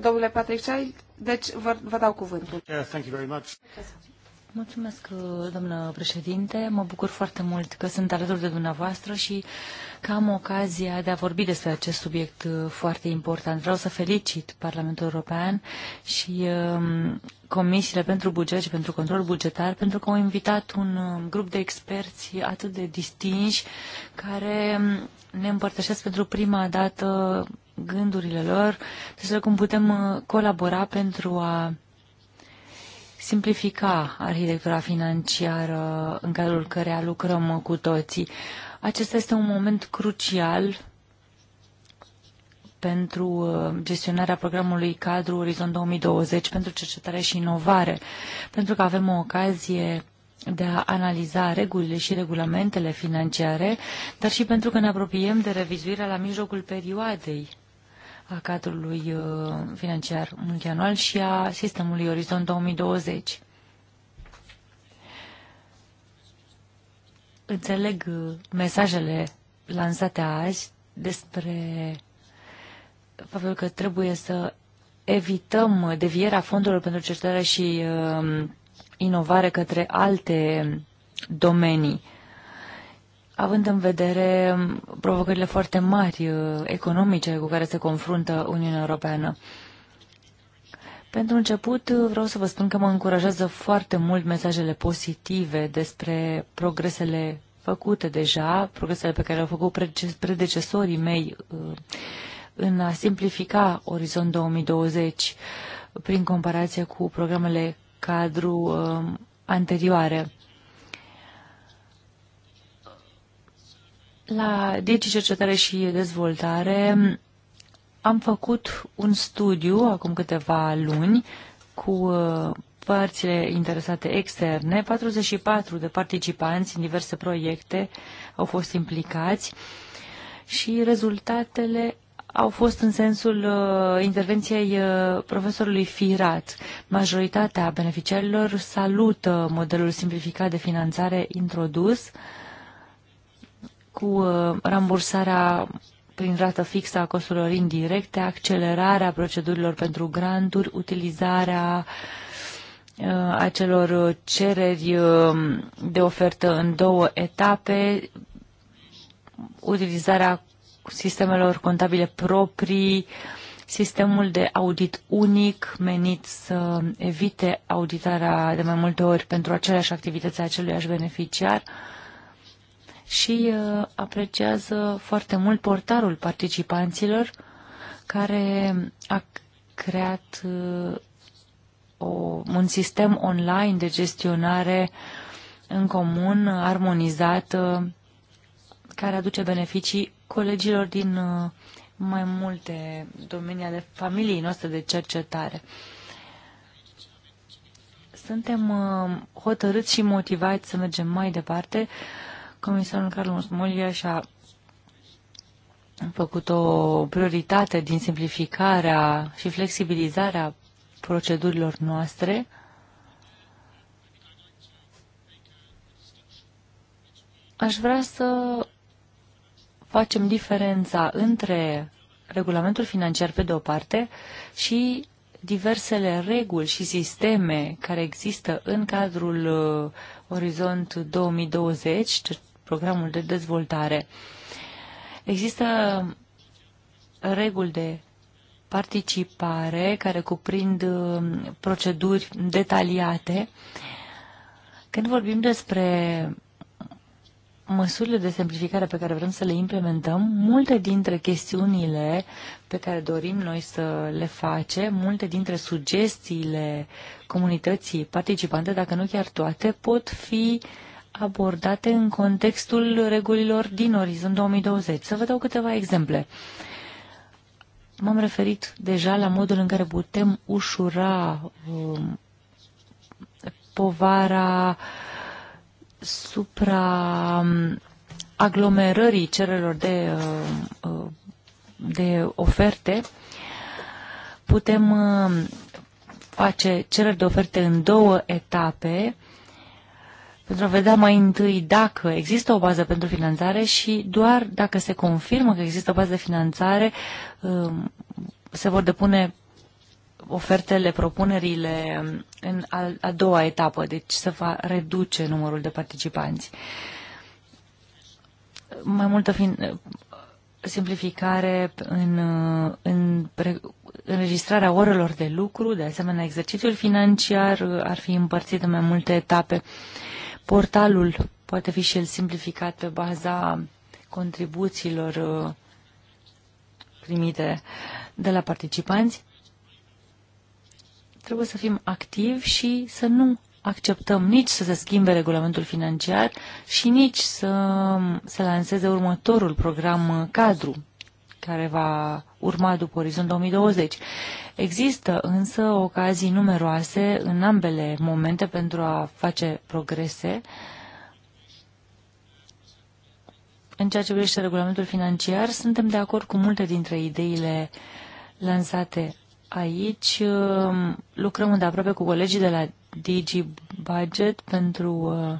Domnule Patrick Child, deci vă, vă dau cuvântul. Yeah, thank you very much. Mulțumesc, doamnă președinte. Mă bucur foarte mult că sunt alături de dumneavoastră și că am ocazia de a vorbi despre acest subiect uh, foarte important. Vreau să felicit Parlamentul European și um, comisiile pentru buget și pentru control bugetar pentru că au invitat un um, grup de experți atât de distinși care um, ne împărtășesc pentru prima dată gândurile lor despre cum putem uh, colabora pentru a simplifica arhitectura financiară în cadrul căreia lucrăm cu toții. Acesta este un moment crucial pentru uh, gestionarea programului cadru Orizont 2020 pentru cercetare și inovare, pentru că avem o ocazie de a analiza regulile și regulamentele financiare, dar și pentru că ne apropiem de revizuirea la mijlocul perioadei a cadrului uh, financiar multianual și a sistemului Orizont 2020. Înțeleg uh, mesajele lansate azi despre faptul că trebuie să evităm devierea fondurilor pentru cercetare și uh, inovare către alte domenii având în vedere um, provocările foarte mari uh, economice cu care se confruntă Uniunea Europeană. Pentru început, uh, vreau să vă spun că mă încurajează foarte mult mesajele pozitive despre progresele făcute deja, progresele pe care le-au făcut predecesorii mei uh, în a simplifica Orizont 2020 prin comparație cu programele cadru um, anterioare. La Digi deci Cercetare și Dezvoltare am făcut un studiu acum câteva luni cu uh, părțile interesate externe. 44 de participanți în diverse proiecte au fost implicați și rezultatele au fost în sensul uh, intervenției uh, profesorului Firat. Majoritatea beneficiarilor salută modelul simplificat de finanțare introdus uh, cu uh, rambursarea prin rată fixă a costurilor indirecte, accelerarea procedurilor pentru granturi, utilizarea uh, acelor cereri um, de ofertă în două etape, utilizarea sistemelor contabile proprii, sistemul de audit unic menit să evite auditarea de mai multe ori pentru aceleași activități a aceluiași beneficiar, uh, și uh, apreciază foarte mult portarul participanților care a creat uh, o, un sistem online de gestionare în comun, armonizat, care aduce beneficii colegilor din uh, mai multe domenii ale familiei noastre de cercetare. Suntem hotărâți și motivați să mergem mai departe Comisarul Carlos Mulia și-a făcut o prioritate din simplificarea și flexibilizarea procedurilor noastre. Aș vrea să facem diferența între regulamentul financiar pe de o parte și diversele reguli și sisteme care există în cadrul uh, Orizont 2020, programul de dezvoltare. Există reguli de participare care cuprind uh, proceduri detaliate. Când vorbim despre măsurile de simplificare pe care vrem să le implementăm, multe dintre chestiunile pe care dorim noi să le facem, multe dintre sugestiile comunității participante, dacă nu chiar toate, pot fi uh, abordate în contextul regulilor din Orizont 2020. Să vă dau câteva exemple. M-am referit deja la modul în care putem ușura um, povara supra um, aglomerării cererilor de, uh, uh, de oferte. Putem um, face cereri de oferte în două etape, pentru a vedea mai întâi dacă există o bază pentru finanțare și doar dacă se confirmă că există o bază de finanțare, um, se vor depune ofertele, propunerile în a doua etapă, deci se va reduce numărul de participanți. Mai multă fin simplificare în, în înregistrarea orelor de lucru, de asemenea exercițiul financiar ar fi împărțit în mai multe etape. Uh, Portalul poate fi și el simplificat pe baza contribuțiilor uh, primite de la participanți. Trebuie să fim activi și să nu acceptăm nici să se schimbe regulamentul financiar și nici să se lanseze următorul program uh, cadru care va urma după orizont 2020. Există însă ocazii numeroase în ambele momente pentru a face progrese în ceea ce privește regulamentul financiar, suntem de acord cu multe dintre ideile lansate aici. Ehm, lucrăm îndeaproape cu colegii de la DG Budget pentru uh,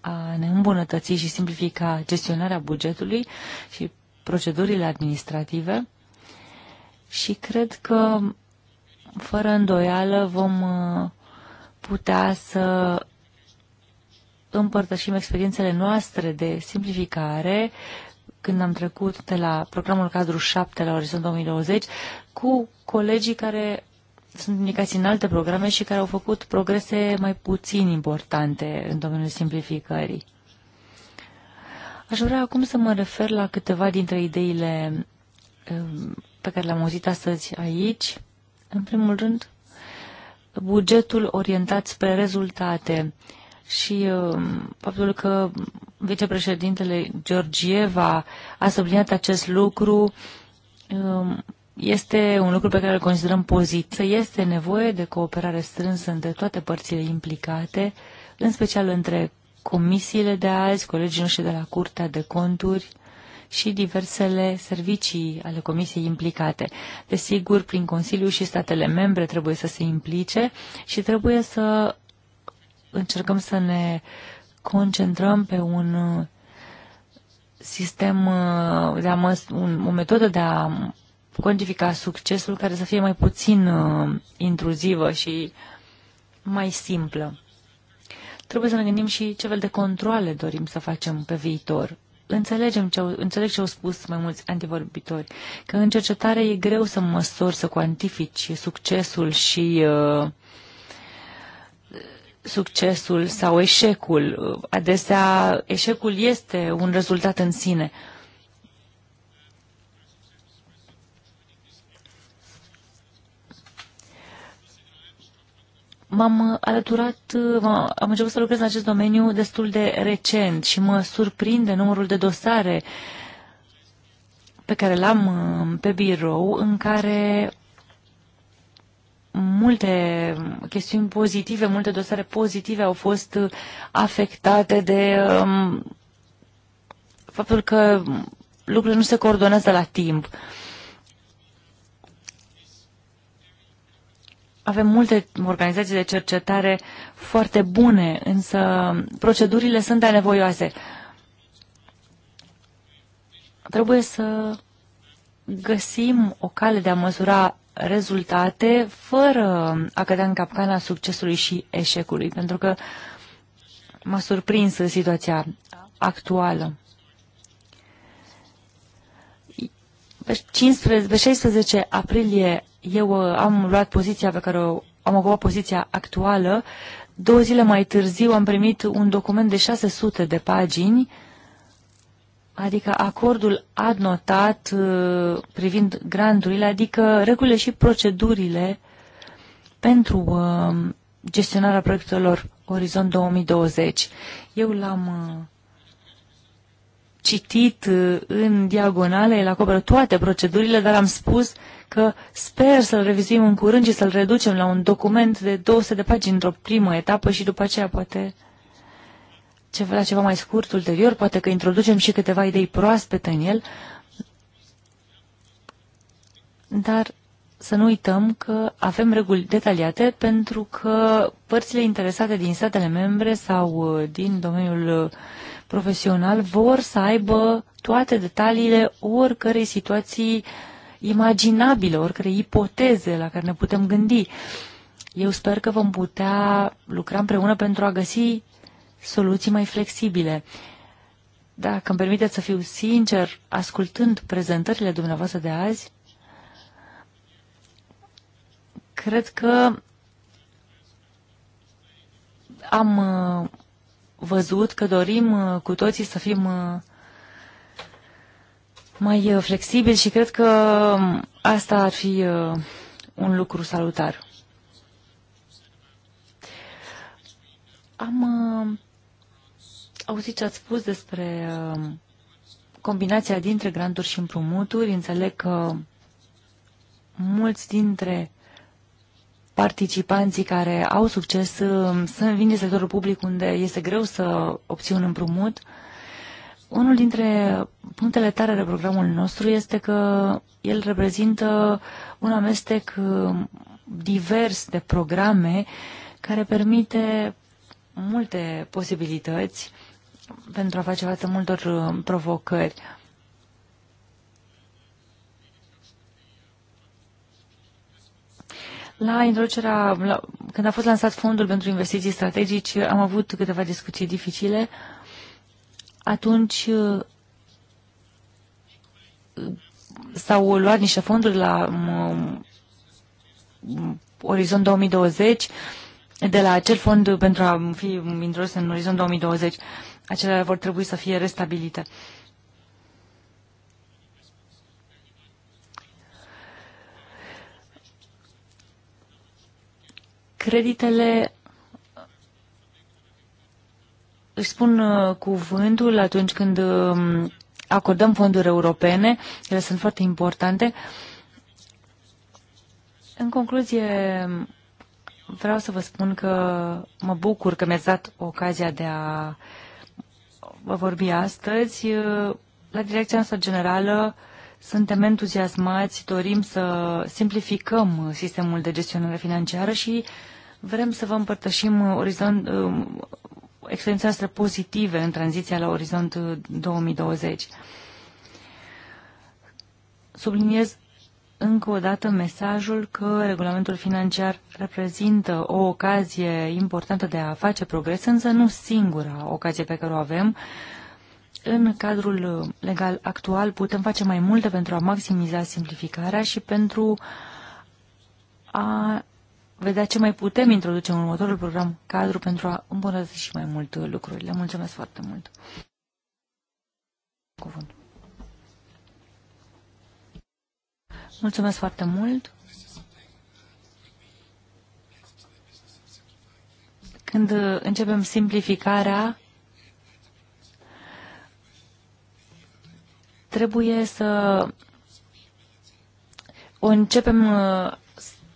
a ne îmbunătăți și simplifica gestionarea bugetului și procedurile administrative și cred că, fără îndoială, vom uh, putea să împărtășim experiențele noastre de simplificare când am trecut de la programul cadru 7 la Orizont 2020 cu colegii care sunt indicați în alte programe și care au făcut progrese mai puțin importante în domeniul simplificării. Aș vrea acum să mă refer la câteva dintre ideile pe care l am auzit astăzi aici. În primul rând, bugetul orientat spre rezultate și faptul că vicepreședintele Georgieva a subliniat acest lucru este un lucru pe care îl considerăm pozitiv. Este nevoie de cooperare strânsă între toate părțile implicate, în special între comisiile de azi, colegii noștri de la Curtea de Conturi, și diversele servicii ale Comisiei implicate. Desigur, prin Consiliu și statele membre trebuie să se implice și trebuie să încercăm să ne concentrăm pe un uh, sistem, uh, de a un, o metodă de a cuantifica succesul care să fie mai puțin uh, intruzivă și mai simplă. Trebuie să ne gândim și ce fel de controle dorim să facem pe viitor înțelegem ce au, înțeleg ce au spus mai mulți antivorbitori, că în cercetare e greu să măsori, să cuantifici succesul și uh, succesul sau eșecul. Adesea eșecul este un rezultat în sine. Uh, M-am alăturat, am început să lucrez în acest domeniu destul de recent și mă surprinde numărul de dosare pe care l-am uh, pe birou, în care multe chestiuni pozitive, multe dosare pozitive au fost afectate de um, faptul că lucrurile nu se coordonează la timp. Uh, Avem multe organizații de cercetare foarte bune, însă procedurile sunt anevoioase. Trebuie să găsim o cale de a măsura rezultate fără a cădea în capcana succesului și eșecului, pentru că m-a surprins situația actuală. Pe, 15, 16 aprilie eu uh, am luat poziția pe care o, am ocupat poziția actuală. Două zile mai târziu am primit un document de 600 de pagini, adică acordul adnotat uh, privind grandurile, adică regulile și procedurile pentru uh, gestionarea proiectelor Orizont 2020. Eu l-am citit uh, în diagonale, el acoperă toate procedurile, dar am spus că sper să-l revizuim în curând și să-l reducem la un document de 200 de pagini într-o primă etapă și după aceea poate ceva, la ceva mai scurt ulterior, poate că introducem și câteva idei proaspete în el, dar să nu uităm că avem reguli detaliate pentru că părțile interesate din statele membre sau uh, din domeniul uh, profesional vor să aibă toate detaliile oricărei situații imaginabile, oricărei ipoteze la care ne putem gândi. Eu sper că vom putea lucra împreună pentru a găsi soluții mai flexibile. Dacă îmi permiteți să fiu sincer, ascultând prezentările dumneavoastră de azi, cred că am uh, văzut că dorim uh, cu toții să fim uh, mai uh, flexibili și cred că um, asta ar fi un lucru salutar. Am auzit ce ați spus despre um, combinația dintre granturi și împrumuturi. Înțeleg că mulți dintre participanții care au succes um, să din sectorul public unde este greu să obții un împrumut. Unul dintre punctele tare ale programului nostru este că el reprezintă un amestec um, divers de programe care permite multe posibilități pentru a face față multor um, provocări. La introducerea, la, când a fost lansat fondul pentru investiții strategice, am avut câteva discuții dificile. Atunci uh, s-au luat niște fonduri la m, um, Orizont 2020, de la acel fond pentru a fi introdus în Orizont 2020. Acelea vor trebui să fie restabilite. Uh, Creditele își spun uh, cuvântul atunci când um, acordăm fonduri europene, ele sunt foarte importante. În concluzie, vreau să vă spun că mă bucur că mi-ați dat ocazia de a vă vorbi astăzi. Uh, la direcția noastră generală suntem entuziasmați, dorim să simplificăm sistemul de gestionare financiară și vrem să vă împărtășim orizont, um, experiența noastră pozitive în tranziția la orizont 2020. Uh, Subliniez încă o dată mesajul că regulamentul financiar reprezintă o ocazie importantă de a face progres, însă nu singura ocazie pe care o avem. Uh, în cadrul legal actual putem face mai multe pentru a maximiza simplificarea și pentru a vedea ce mai putem introduce în următorul program cadru pentru a îmbunătăți și mai mult lucrurile. Mulțumesc foarte mult! Cuvânt. Mulțumesc foarte mult! Când începem simplificarea, trebuie să o începem uh,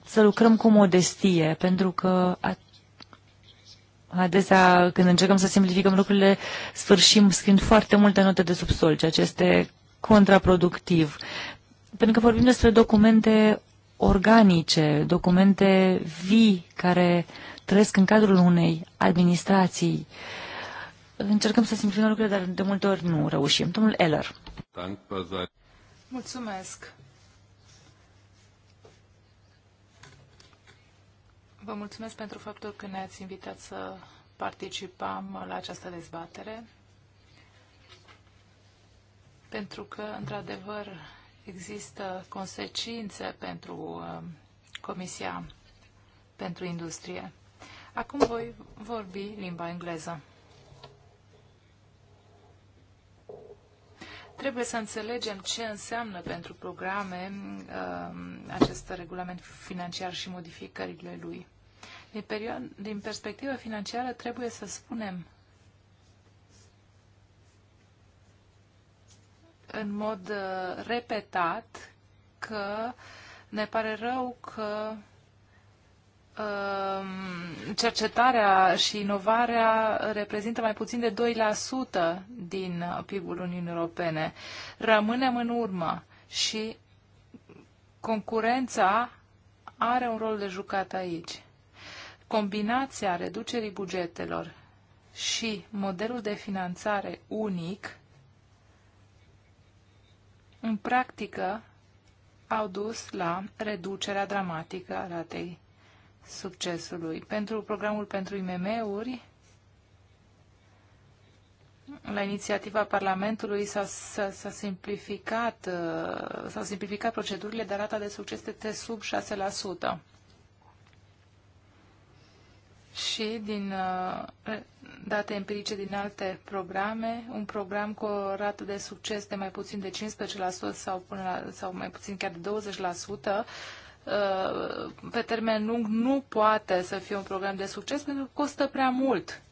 să lucrăm cu modestie, pentru că adesea când încercăm să simplificăm lucrurile, sfârșim scriind foarte multe note de subsol, ceea ce este contraproductiv. Pentru că vorbim despre documente organice, documente vii care trăiesc în cadrul unei administrații. Uh, încercăm să simplificăm lucrurile, dar de multe ori nu reușim. Domnul Eller. Mulțumesc. Vă mulțumesc pentru faptul că ne-ați invitat să participăm la această dezbatere, pentru că, într-adevăr, există consecințe pentru uh, Comisia pentru Industrie. Acum voi vorbi limba engleză. Trebuie să înțelegem ce înseamnă pentru programe um, acest regulament financiar și modificările lui. Din, perioadă, din perspectivă financiară trebuie să spunem în mod uh, repetat că ne pare rău că Ehm, cercetarea și inovarea reprezintă mai puțin de 2% din PIB-ul Uniunii Europene. Rămânem în urmă și concurența are un rol de jucat aici. Combinația reducerii bugetelor și modelul de finanțare unic în practică au dus la reducerea dramatică a ratei succesului. Pentru programul pentru IMM-uri, la inițiativa Parlamentului s-a simplificat, uh, s a simplificat procedurile, dar rata de succes este sub 6%. Și din uh, date empirice din alte programe, un program cu o rată de succes de mai puțin de 15% sau, până la, sau mai puțin chiar de 20% Uh, pe termen lung nu poate să fie un program de succes pentru că costă prea mult.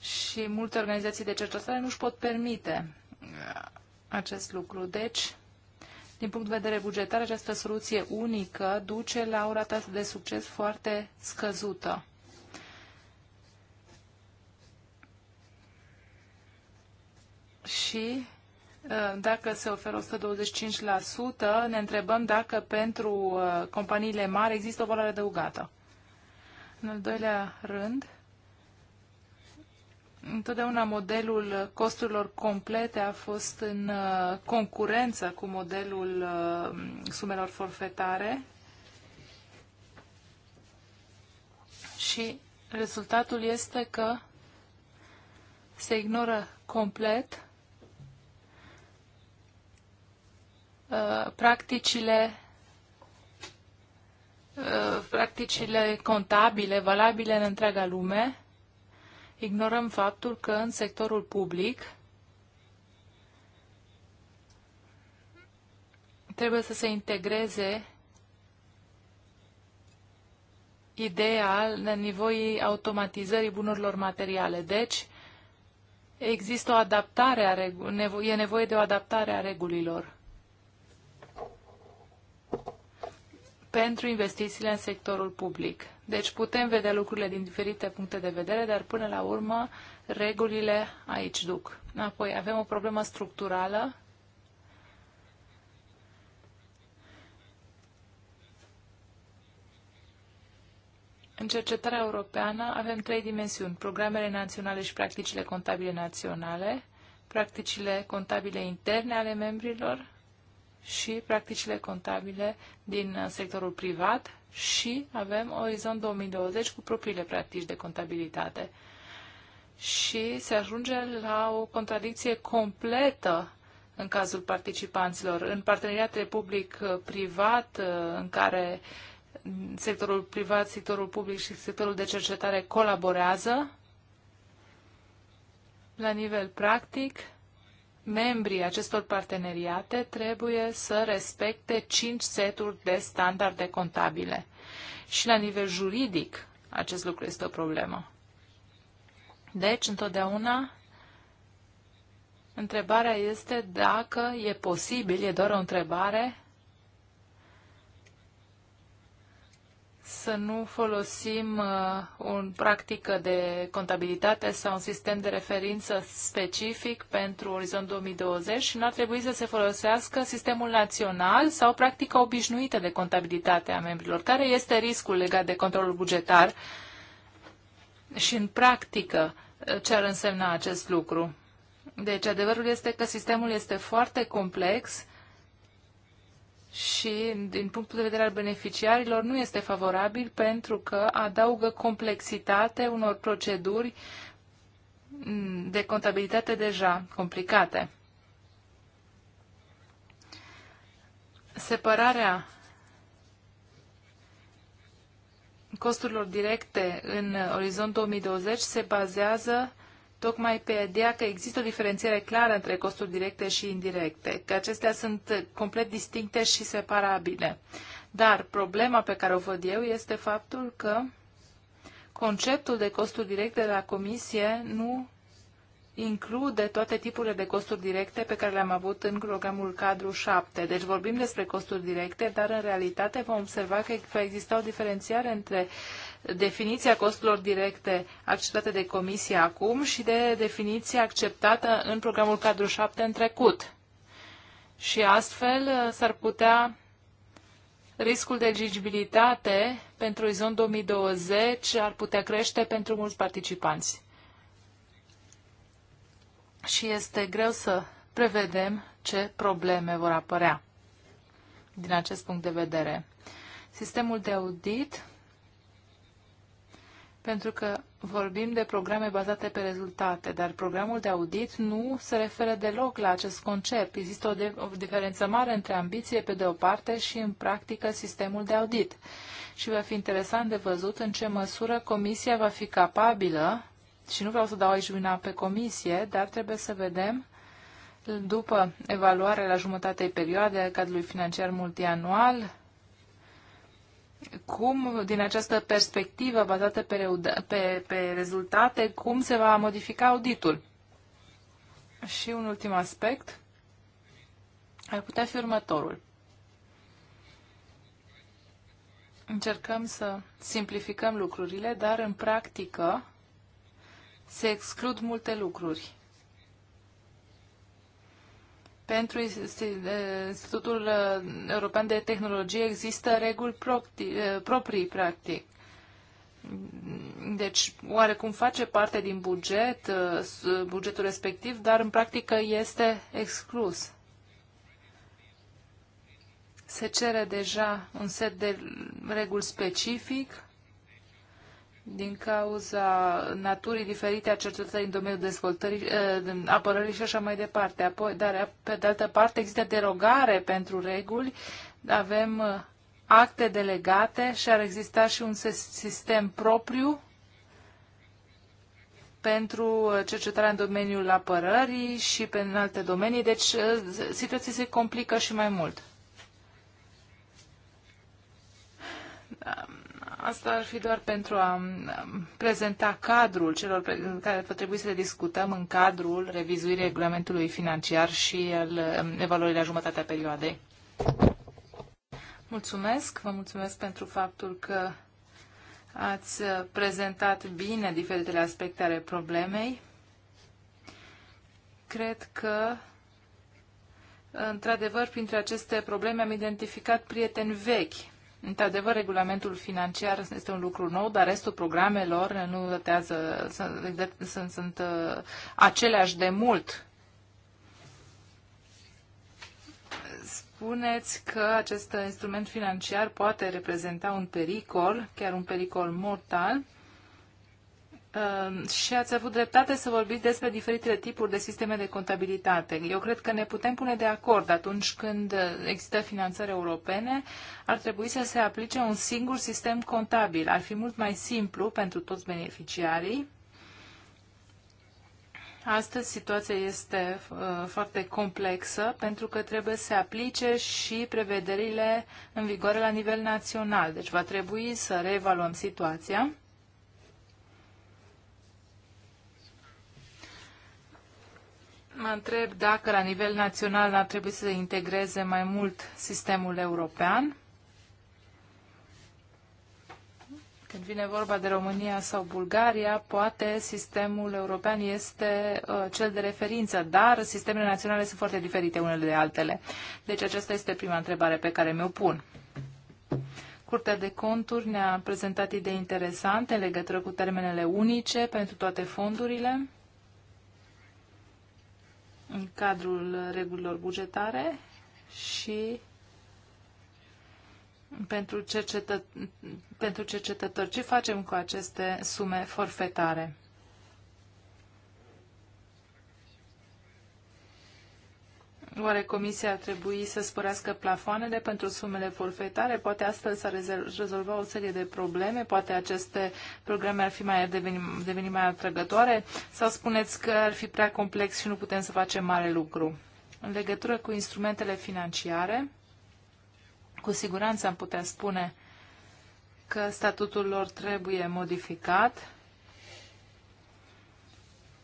Și multe organizații de cercetare nu își pot permite uh, acest lucru. Deci, din punct de vedere bugetar, această soluție unică duce la o rată de succes foarte scăzută. Și Uh, dacă se oferă 125%, ne întrebăm dacă pentru uh, companiile mari există o valoare adăugată. În al doilea rând, întotdeauna modelul costurilor complete a fost în uh, concurență cu modelul sumelor forfetare și rezultatul este că se ignoră complet Uh, practicile uh, practicile contabile valabile în întreaga lume, ignorăm faptul că în sectorul public trebuie să se integreze ideea la nivoii automatizării bunurilor materiale. Deci, există o adaptare a regu- nevo- e nevoie de o adaptare a regulilor. pentru investițiile în sectorul public. Deci putem vedea lucrurile din diferite puncte de vedere, dar până la urmă regulile aici duc. Apoi avem o problemă structurală. În cercetarea europeană avem trei dimensiuni, programele naționale și practicile contabile naționale, practicile contabile interne ale membrilor și practicile contabile din uh, sectorul privat și avem Orizont 2020 cu propriile practici de contabilitate. Și se ajunge la o contradicție completă în cazul participanților. În parteneriatul public-privat, uh, în care sectorul privat, sectorul public și sectorul de cercetare colaborează la nivel practic, membrii acestor parteneriate trebuie să respecte cinci seturi de standarde contabile. Și la nivel juridic acest lucru este o problemă. Deci, întotdeauna, întrebarea este dacă e posibil, e doar o întrebare, să nu folosim o uh, practică de contabilitate sau un sistem de referință specific pentru Orizont 2020 și nu ar trebui să se folosească sistemul național sau practica obișnuită de contabilitate a membrilor. Care este riscul legat de controlul bugetar și în practică uh, ce ar însemna acest lucru? Deci adevărul este că sistemul este foarte complex și, din punctul de vedere al beneficiarilor, nu este favorabil pentru că adaugă complexitate unor proceduri de contabilitate deja complicate. Separarea costurilor directe în orizont 2020 se bazează tocmai pe ideea că există o diferențiere clară între costuri directe și indirecte, că acestea sunt complet distincte și separabile. Dar problema pe care o văd eu este faptul că conceptul de costuri directe de la Comisie nu include toate tipurile de costuri directe pe care le-am avut în programul cadru 7. Deci vorbim despre costuri directe, dar în realitate vom observa că va exista o diferențiare între uh, definiția costurilor directe acceptată de Comisie acum și de definiția acceptată în programul cadru 7 în trecut. Și astfel uh, s-ar putea riscul de eligibilitate pentru izon 2020 ar putea crește pentru mulți participanți. Și este greu să prevedem ce probleme vor apărea din acest punct de vedere. Sistemul de audit pentru că vorbim de programe bazate pe rezultate, dar programul de audit nu se referă deloc la acest concept. Există o, de- o diferență mare între ambiție pe de o parte și în practică sistemul de audit. Și va fi interesant de văzut în ce măsură comisia va fi capabilă, și nu vreau să dau aici vina pe comisie, dar trebuie să vedem după evaluarea la jumătatea perioadei a cadrului financiar multianual, cum, din această perspectivă bazată pe, pe, pe rezultate, cum se va modifica auditul. Și un ultim aspect ar putea fi următorul. Încercăm să simplificăm lucrurile, dar în practică se exclud multe lucruri pentru Institutul uh, European de Tehnologie există reguli uh, proprii, practic. Deci, oarecum face parte din buget, uh, bugetul respectiv, dar în practică este exclus. Se cere deja un set de reguli specific din cauza naturii diferite a cercetării în domeniul dezvoltării, eh, apărării și așa mai departe. Apoi, dar, pe de altă parte, există derogare pentru reguli. Avem eh, acte delegate și ar exista și un sistem propriu pentru eh, cercetarea în domeniul apărării și pe în alte domenii, deci situația se complică și mai mult. Da. Asta ar fi doar pentru a um, prezenta cadrul celor pe care va trebui să le discutăm în cadrul revizuirii regulamentului financiar și al um, evaluării la jumătatea perioadei. Mulțumesc, vă mulțumesc pentru faptul că ați prezentat bine diferitele aspecte ale problemei. Cred că, într-adevăr, printre aceste probleme am identificat prieteni vechi Într-adevăr, regulamentul financiar este un lucru nou, dar restul programelor nu datează, sunt, sunt, sunt uh, aceleași de mult. Spuneți că acest instrument financiar poate reprezenta un pericol, chiar un pericol mortal, Ehm, și ați avut dreptate să vorbiți despre diferitele tipuri de sisteme de contabilitate. Eu cred că ne putem pune de acord atunci când există finanțări europene, ar trebui să se aplice un singur sistem contabil. Ar fi mult mai simplu pentru toți beneficiarii. Astăzi situația este uh, foarte complexă pentru că trebuie să se aplice și prevederile în vigoare la nivel național. Deci va trebui să reevaluăm situația mă întreb dacă la nivel național ar trebui să integreze mai mult sistemul european. Când vine vorba de România sau Bulgaria, poate sistemul european este uh, cel de referință, dar sistemele naționale sunt foarte diferite unele de altele. Deci aceasta este prima întrebare pe care mi-o pun. Curtea de conturi ne-a prezentat idei interesante în legătură cu termenele unice pentru toate fondurile în cadrul regulilor bugetare și pentru, pentru cercetători. Ce facem cu aceste sume forfetare? Oare Comisia ar trebui să spărească plafoanele pentru sumele forfetare? Poate astfel s-ar rezolva o serie de probleme? Poate aceste programe ar fi mai deveni, deveni mai atrăgătoare? Sau spuneți că ar fi prea complex și nu putem să facem mare lucru? În legătură cu instrumentele financiare, cu siguranță am putea spune că statutul lor trebuie modificat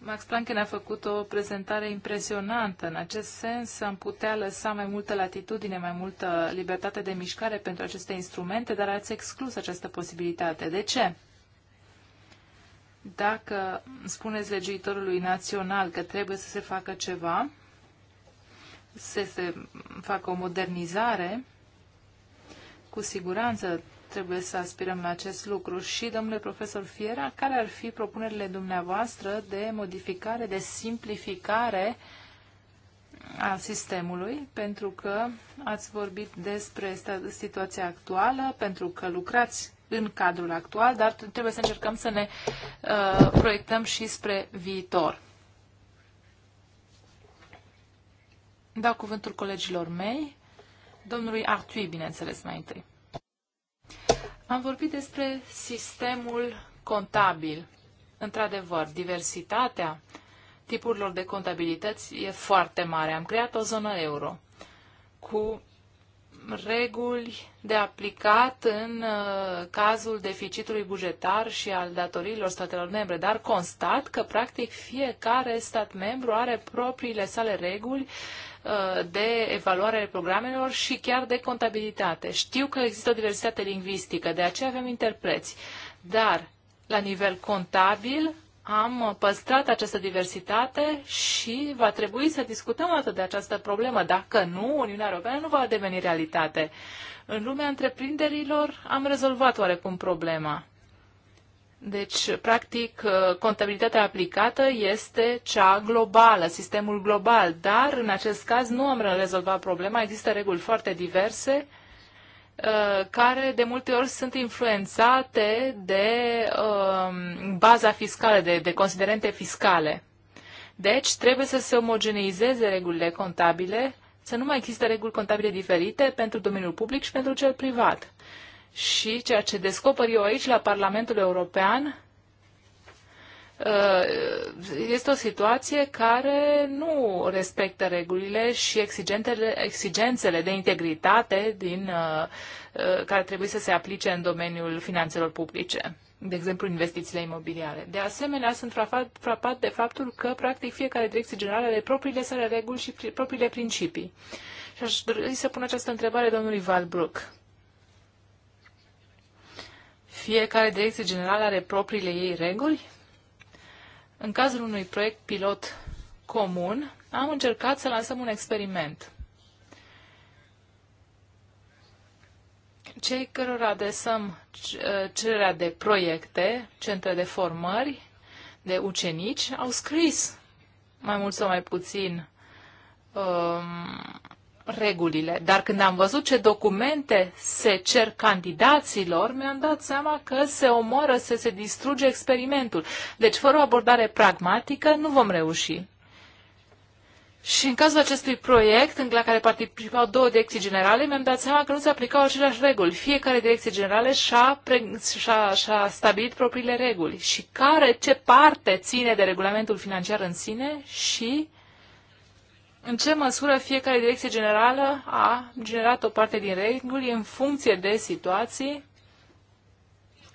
Max Planck ne-a făcut o prezentare impresionantă. În acest sens, am putea lăsa mai multă latitudine, mai multă libertate de mișcare pentru aceste instrumente, dar ați exclus această posibilitate. De ce? Dacă spuneți legiuitorului național că trebuie să se facă ceva, să se facă o modernizare, cu siguranță trebuie să aspirăm la acest lucru. Și, domnule profesor Fiera, care ar fi propunerile dumneavoastră de modificare, de simplificare a sistemului? Pentru că ați vorbit despre situația actuală, pentru că lucrați în cadrul actual, dar trebuie să încercăm să ne uh, proiectăm și spre viitor. Dau cuvântul colegilor mei, domnului Artui, bineînțeles, mai întâi. Am vorbit despre sistemul contabil. Într-adevăr, diversitatea tipurilor de contabilități e foarte mare. Am creat o zonă euro cu reguli de aplicat în uh, cazul deficitului bugetar și al datoriilor statelor membre, dar constat că practic fiecare stat membru are propriile sale reguli Uh, de evaluare ale programelor și chiar de contabilitate. Știu că există o diversitate lingvistică, de aceea avem interpreți, dar la nivel contabil am păstrat această diversitate și va trebui să discutăm atât de această problemă. Dacă nu, Uniunea Europeană nu va deveni realitate. În lumea întreprinderilor am rezolvat oarecum problema. Deci, practic, uh, contabilitatea aplicată este cea globală, sistemul global, dar în acest caz nu am rezolvat problema, există reguli foarte diverse uh, care de multe ori sunt influențate de um, baza fiscală, de, de considerente fiscale. Deci trebuie să se omogeneizeze regulile contabile, să nu mai există reguli contabile diferite pentru domeniul public și pentru cel privat. Și ceea ce descoper eu aici la Parlamentul European uh, este o situație care nu respectă regulile și exigențele de integritate din, uh, uh, care trebuie să se aplice în domeniul finanțelor publice, de exemplu investițiile imobiliare. De asemenea, sunt frapat, de faptul că, practic, fiecare direcție generală are propriile sale reguli și propriile principii. Și aș dori să pun această întrebare domnului Valbrook fiecare direcție generală are propriile ei reguli. În cazul unui proiect pilot comun, am încercat să lansăm un experiment. Cei cărora adresăm uh, cererea de proiecte, centre de formări, de ucenici, au scris mai mult sau mai puțin um, regulile. Dar când am văzut ce documente se cer candidaților, mi-am dat seama că se omoră, să se distruge experimentul. Deci, fără o abordare pragmatică, nu vom reuși. Și în cazul acestui proiect, în la care participau două direcții generale, mi-am dat seama că nu se aplicau aceleași reguli. Fiecare direcție generală și-a, și-a, și-a stabilit propriile reguli. Și care, ce parte ține de regulamentul financiar în sine și în ce măsură fiecare direcție generală a generat o parte din reguli în funcție de situații,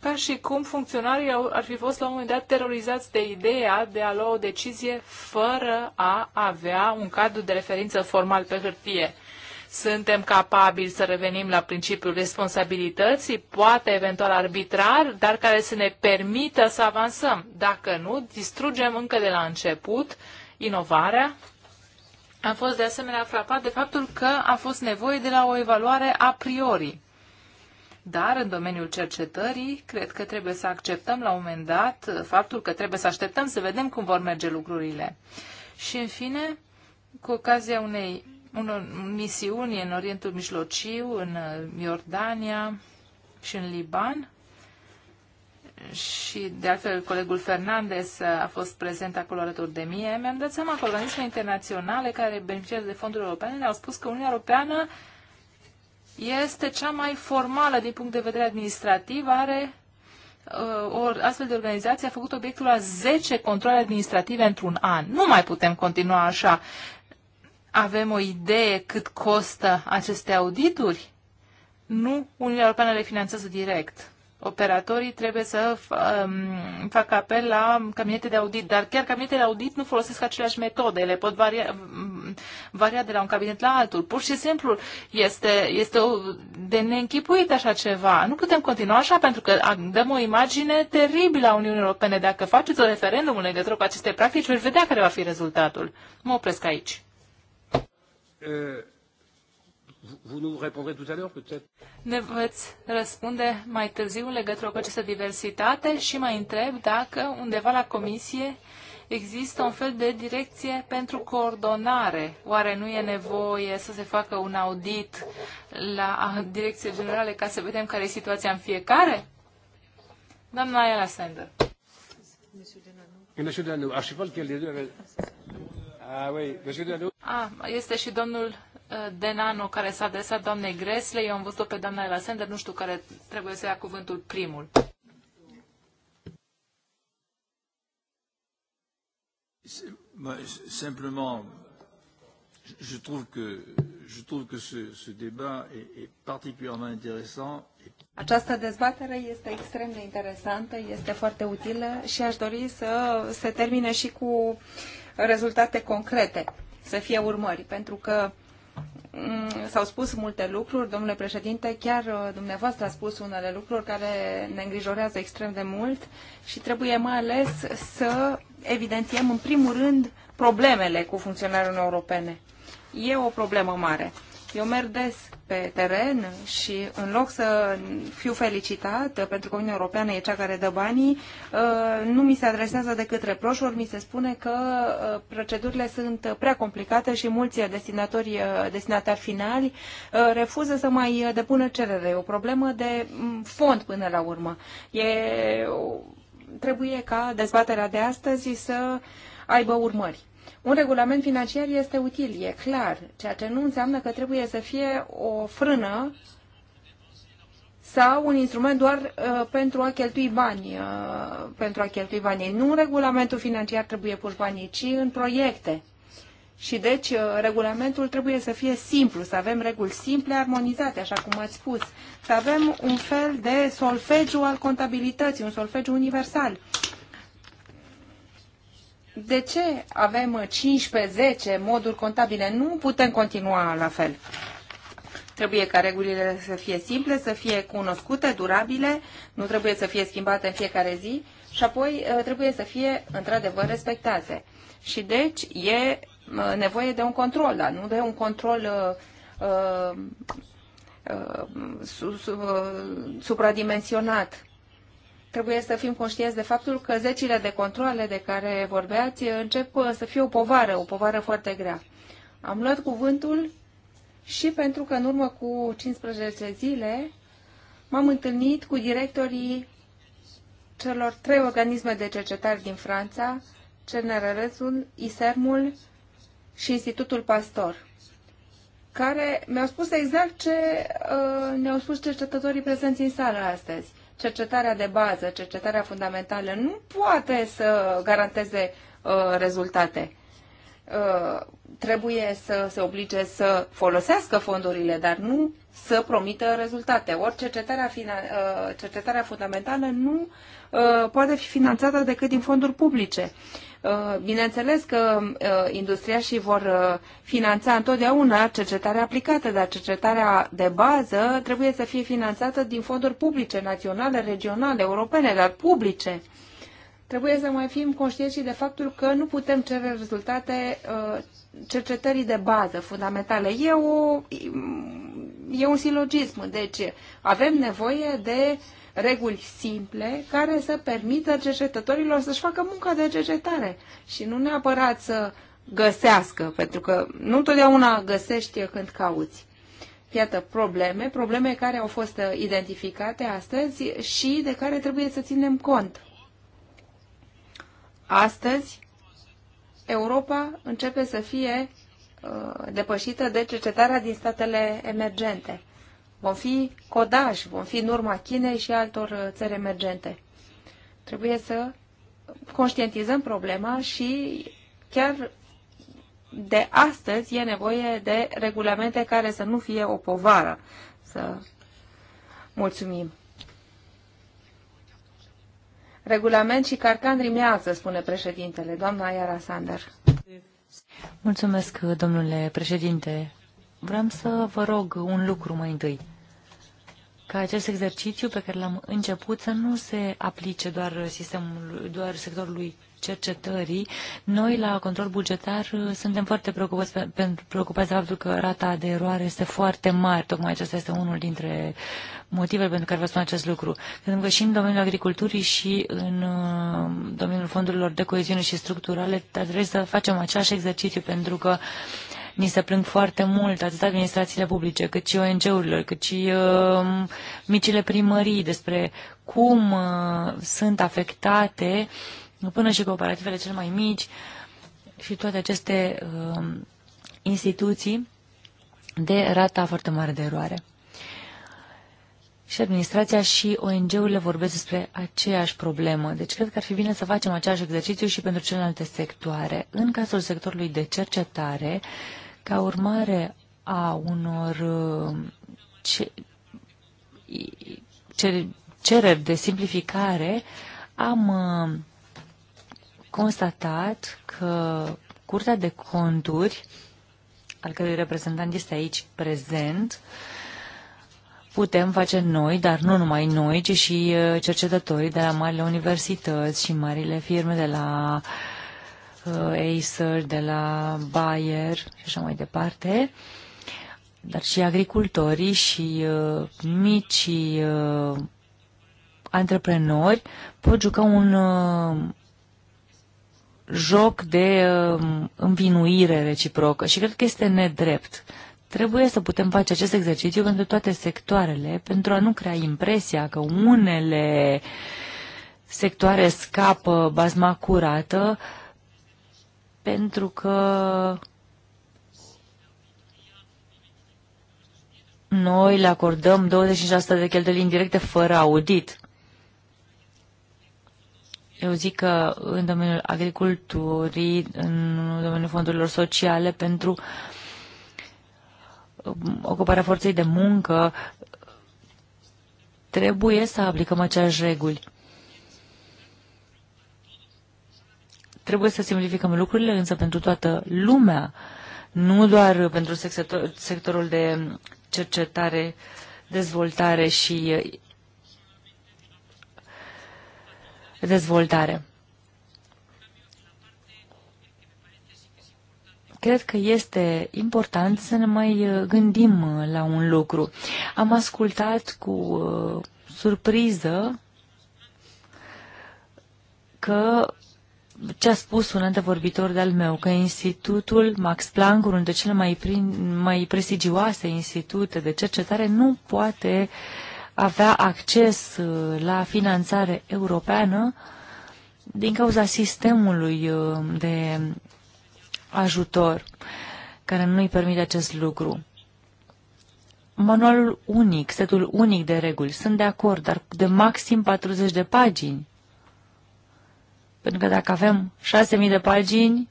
ca și cum funcționarii ar fi fost la un moment dat terorizați de ideea de a lua o decizie fără a avea un cadru de referință formal pe hârtie. Suntem capabili să revenim la principiul responsabilității, poate eventual arbitrar, dar care să ne permită să avansăm. Dacă nu, distrugem încă de la început inovarea am fost de asemenea frapat de faptul că a fost nevoie de la o evaluare a priori. Dar în domeniul cercetării, cred că trebuie să acceptăm la un moment dat faptul că trebuie să așteptăm să vedem cum vor merge lucrurile. Și în fine, cu ocazia unei unor misiuni în Orientul Mijlociu, în Iordania și în Liban, și de altfel colegul Fernandez a fost prezent acolo alături de mine, mi-am dat seama că organismele internaționale care beneficiază de fonduri europene ne-au spus că Uniunea Europeană este cea mai formală din punct de vedere administrativ, are uh, o astfel de organizație a făcut obiectul a 10 controle administrative într-un an. Nu mai putem continua așa. Avem o idee cât costă aceste audituri? Nu, Uniunea Europeană le finanțează direct. Operatorii trebuie să um, facă apel la cabinete de audit, dar chiar cabinetele de audit nu folosesc aceleași metode, ele pot varia, varia de la un cabinet la altul. Pur și simplu este, este o, de neînchipuit așa ceva. Nu putem continua așa pentru că dăm o imagine teribilă a Uniunii Europene. Dacă faceți o referendum în legătură cu aceste practici, veți vedea care va fi rezultatul. Mă opresc aici. Uh. Vous nous répondrez tout à l'heure, peut-être? Ne veți răspunde mai târziu în legătură cu această diversitate și mai întreb dacă undeva la comisie există un fel de direcție pentru coordonare. Oare nu e nevoie să se facă un audit la direcție generale ca să vedem care e situația în fiecare? Doamna Ayala Sender. Monsieur Danou. Ah, oui. Monsieur Danou. Ah, este și domnul de Nano care s-a adresat doamnei Gresle. Eu am văzut-o pe doamna Ela Sender, nu știu care trebuie să ia cuvântul primul. Simplement, je trouve que, je trouve que ce, ce débat est, est particulièrement intéressant. Această dezbatere este extrem de interesantă, este foarte utilă și aș dori să se termine și cu rezultate concrete, să fie urmări, pentru că Mm, s-au spus multe lucruri, domnule președinte, chiar uh, dumneavoastră a spus unele lucruri care ne îngrijorează extrem de mult și trebuie mai ales să evidențiem în primul rând problemele cu funcționarii europeni. Europene. E o problemă mare. Eu merg des pe teren și în loc să fiu felicitat pentru că Uniunea Europeană e cea care dă banii, uh, nu mi se adresează decât reproșuri, mi se spune că uh, procedurile sunt prea complicate și mulți destinatori, uh, destinatari finali refuză să mai depună cerere. E o problemă de mm, fond până la urmă. E, trebuie ca dezbaterea de astăzi să aibă urmări. Un regulament financiar este util, e clar, ceea ce nu înseamnă că trebuie să fie o frână sau un instrument doar uh, pentru a cheltui bani, uh, pentru a cheltui banii. Nu în regulamentul financiar trebuie pus banii, ci în proiecte. Și deci uh, regulamentul trebuie să fie simplu, să avem reguli simple, armonizate, așa cum ați spus, să avem un fel de solfegiu al contabilității, un solfegiu universal de ce avem 15-10 moduri contabile? Nu putem continua la fel. Trebuie ca regulile să fie simple, să fie cunoscute, durabile, nu trebuie să fie schimbate în fiecare zi și apoi uh, trebuie să fie într-adevăr respectate. Și deci e uh, nevoie de un control, dar nu de un control uh, uh, uh su, uh, supradimensionat trebuie să fim conștienți de faptul că zecile de controle de care vorbeați încep să fie o povară, o povară foarte grea. Am luat cuvântul și pentru că în urmă cu 15 zile m-am întâlnit cu directorii celor trei organisme de cercetare din Franța, CNRS-ul, ISERM-ul și Institutul Pastor, care mi-au spus exact ce uh, ne-au spus cercetătorii prezenți în sală astăzi cercetarea de bază, cercetarea fundamentală nu poate să garanteze uh, rezultate. Uh, trebuie să se oblige să folosească fondurile, dar nu să promită rezultate. Ori cercetarea, uh, cercetarea fundamentală nu uh, poate fi finanțată decât din fonduri publice. Uh, bineînțeles că uh, industria și vor uh, finanța întotdeauna cercetarea aplicată, dar cercetarea de bază trebuie să fie finanțată din fonduri publice, naționale, regionale, europene, dar publice. Trebuie să mai fim conștienți și de faptul că nu putem cere rezultate cercetării de bază, fundamentale. E, o, e un silogism, deci avem nevoie de uh, reguli simple care să permită cercetătorilor să-și facă munca de cercetare și nu neapărat să găsească, pentru că nu întotdeauna găsești când cauți. Iată, probleme, probleme care au fost identificate astăzi și de care trebuie să ținem cont. Astăzi, Europa începe să fie uh, depășită de cercetarea din statele emergente. Vom fi codași, vom fi în urma Chinei și altor uh, țări emergente. Trebuie să conștientizăm problema și chiar de astăzi e nevoie de regulamente care să nu fie o povară. Să mulțumim. Regulament și carcan rimează, spune președintele, doamna Iara Sander. Mulțumesc, domnule președinte vreau să vă rog un lucru mai întâi. Ca acest exercițiu pe care l-am început să nu se aplice doar, sistemul, doar sectorului cercetării. Noi, la control bugetar, uh, suntem foarte preocupați, pentru, preocupați de faptul că rata de eroare este foarte mare. Tocmai acesta este unul dintre motivele pentru care vă spun acest lucru. Pentru că și în domeniul agriculturii și în uh, domeniul fondurilor de coeziune și structurale trebuie să facem același exercițiu, pentru că uh, Ni se plâng foarte mult atât administrațiile publice, cât și ONG-urilor, cât și uh, micile primării despre cum uh, sunt afectate până și cooperativele cele mai mici și toate aceste uh, instituții de rata foarte mare de eroare. Și administrația și ONG-urile vorbesc despre aceeași problemă, deci cred că ar fi bine să facem același exercițiu și pentru celelalte sectoare. În cazul sectorului de cercetare, uh, ca urmare a unor uh, cereri de simplificare, am uh, constatat că Curtea de Conturi, al cărui reprezentant este aici prezent, putem face noi, dar nu numai noi, ci și uh, cercetătorii de la marile universități și marile firme de la uh, Uh, Acer, de la Bayer și așa mai departe, dar și agricultorii și uh, micii uh, antreprenori pot juca un uh, joc de uh, învinuire reciprocă și cred că este nedrept. Trebuie să putem face acest exercițiu pentru toate sectoarele, pentru a nu crea impresia că unele sectoare scapă bazma curată, pentru că noi le acordăm 25% de cheltuieli indirecte fără audit. Eu zic că în domeniul agriculturii, în domeniul fondurilor sociale, pentru ocuparea forței de muncă, trebuie să aplicăm aceleași reguli. Trebuie să simplificăm lucrurile, însă pentru toată lumea, nu doar pentru sector, sectorul de cercetare, dezvoltare și dezvoltare. Cred că este important să ne mai gândim la un lucru. Am ascultat cu surpriză că ce a spus un antevorbitor de-al meu, că Institutul Max Planck, unul dintre cele mai, prin, mai prestigioase institute de cercetare, nu poate avea acces uh, la finanțare europeană din cauza sistemului uh, de ajutor care nu îi permite acest lucru. Manualul unic, setul unic de reguli, sunt de acord, dar de maxim 40 de pagini pentru că dacă avem 6.000 de pagini,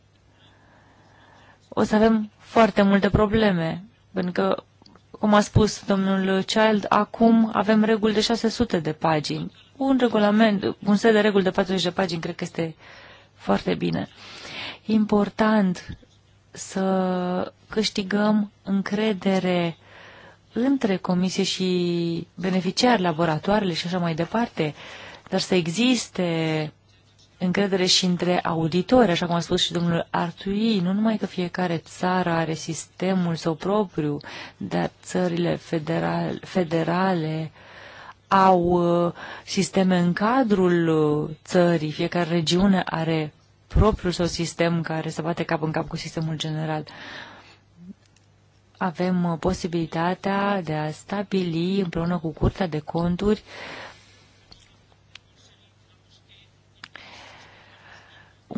o să avem foarte multe probleme. Pentru că, cum a spus domnul Child, acum avem reguli de 600 de pagini. Un regulament, un set de reguli de 40 de pagini, cred că este foarte bine. Important să câștigăm încredere între comisie și beneficiari, laboratoarele și așa mai departe, dar să existe încredere și între auditori, așa cum a spus și domnul Artui, nu numai că fiecare țară are sistemul său propriu, dar țările federal, federale au uh, sisteme în cadrul uh, țării, fiecare regiune are propriul său sistem care se bate cap în cap cu sistemul general. Avem uh, posibilitatea de a stabili împreună cu Curtea de Conturi uh,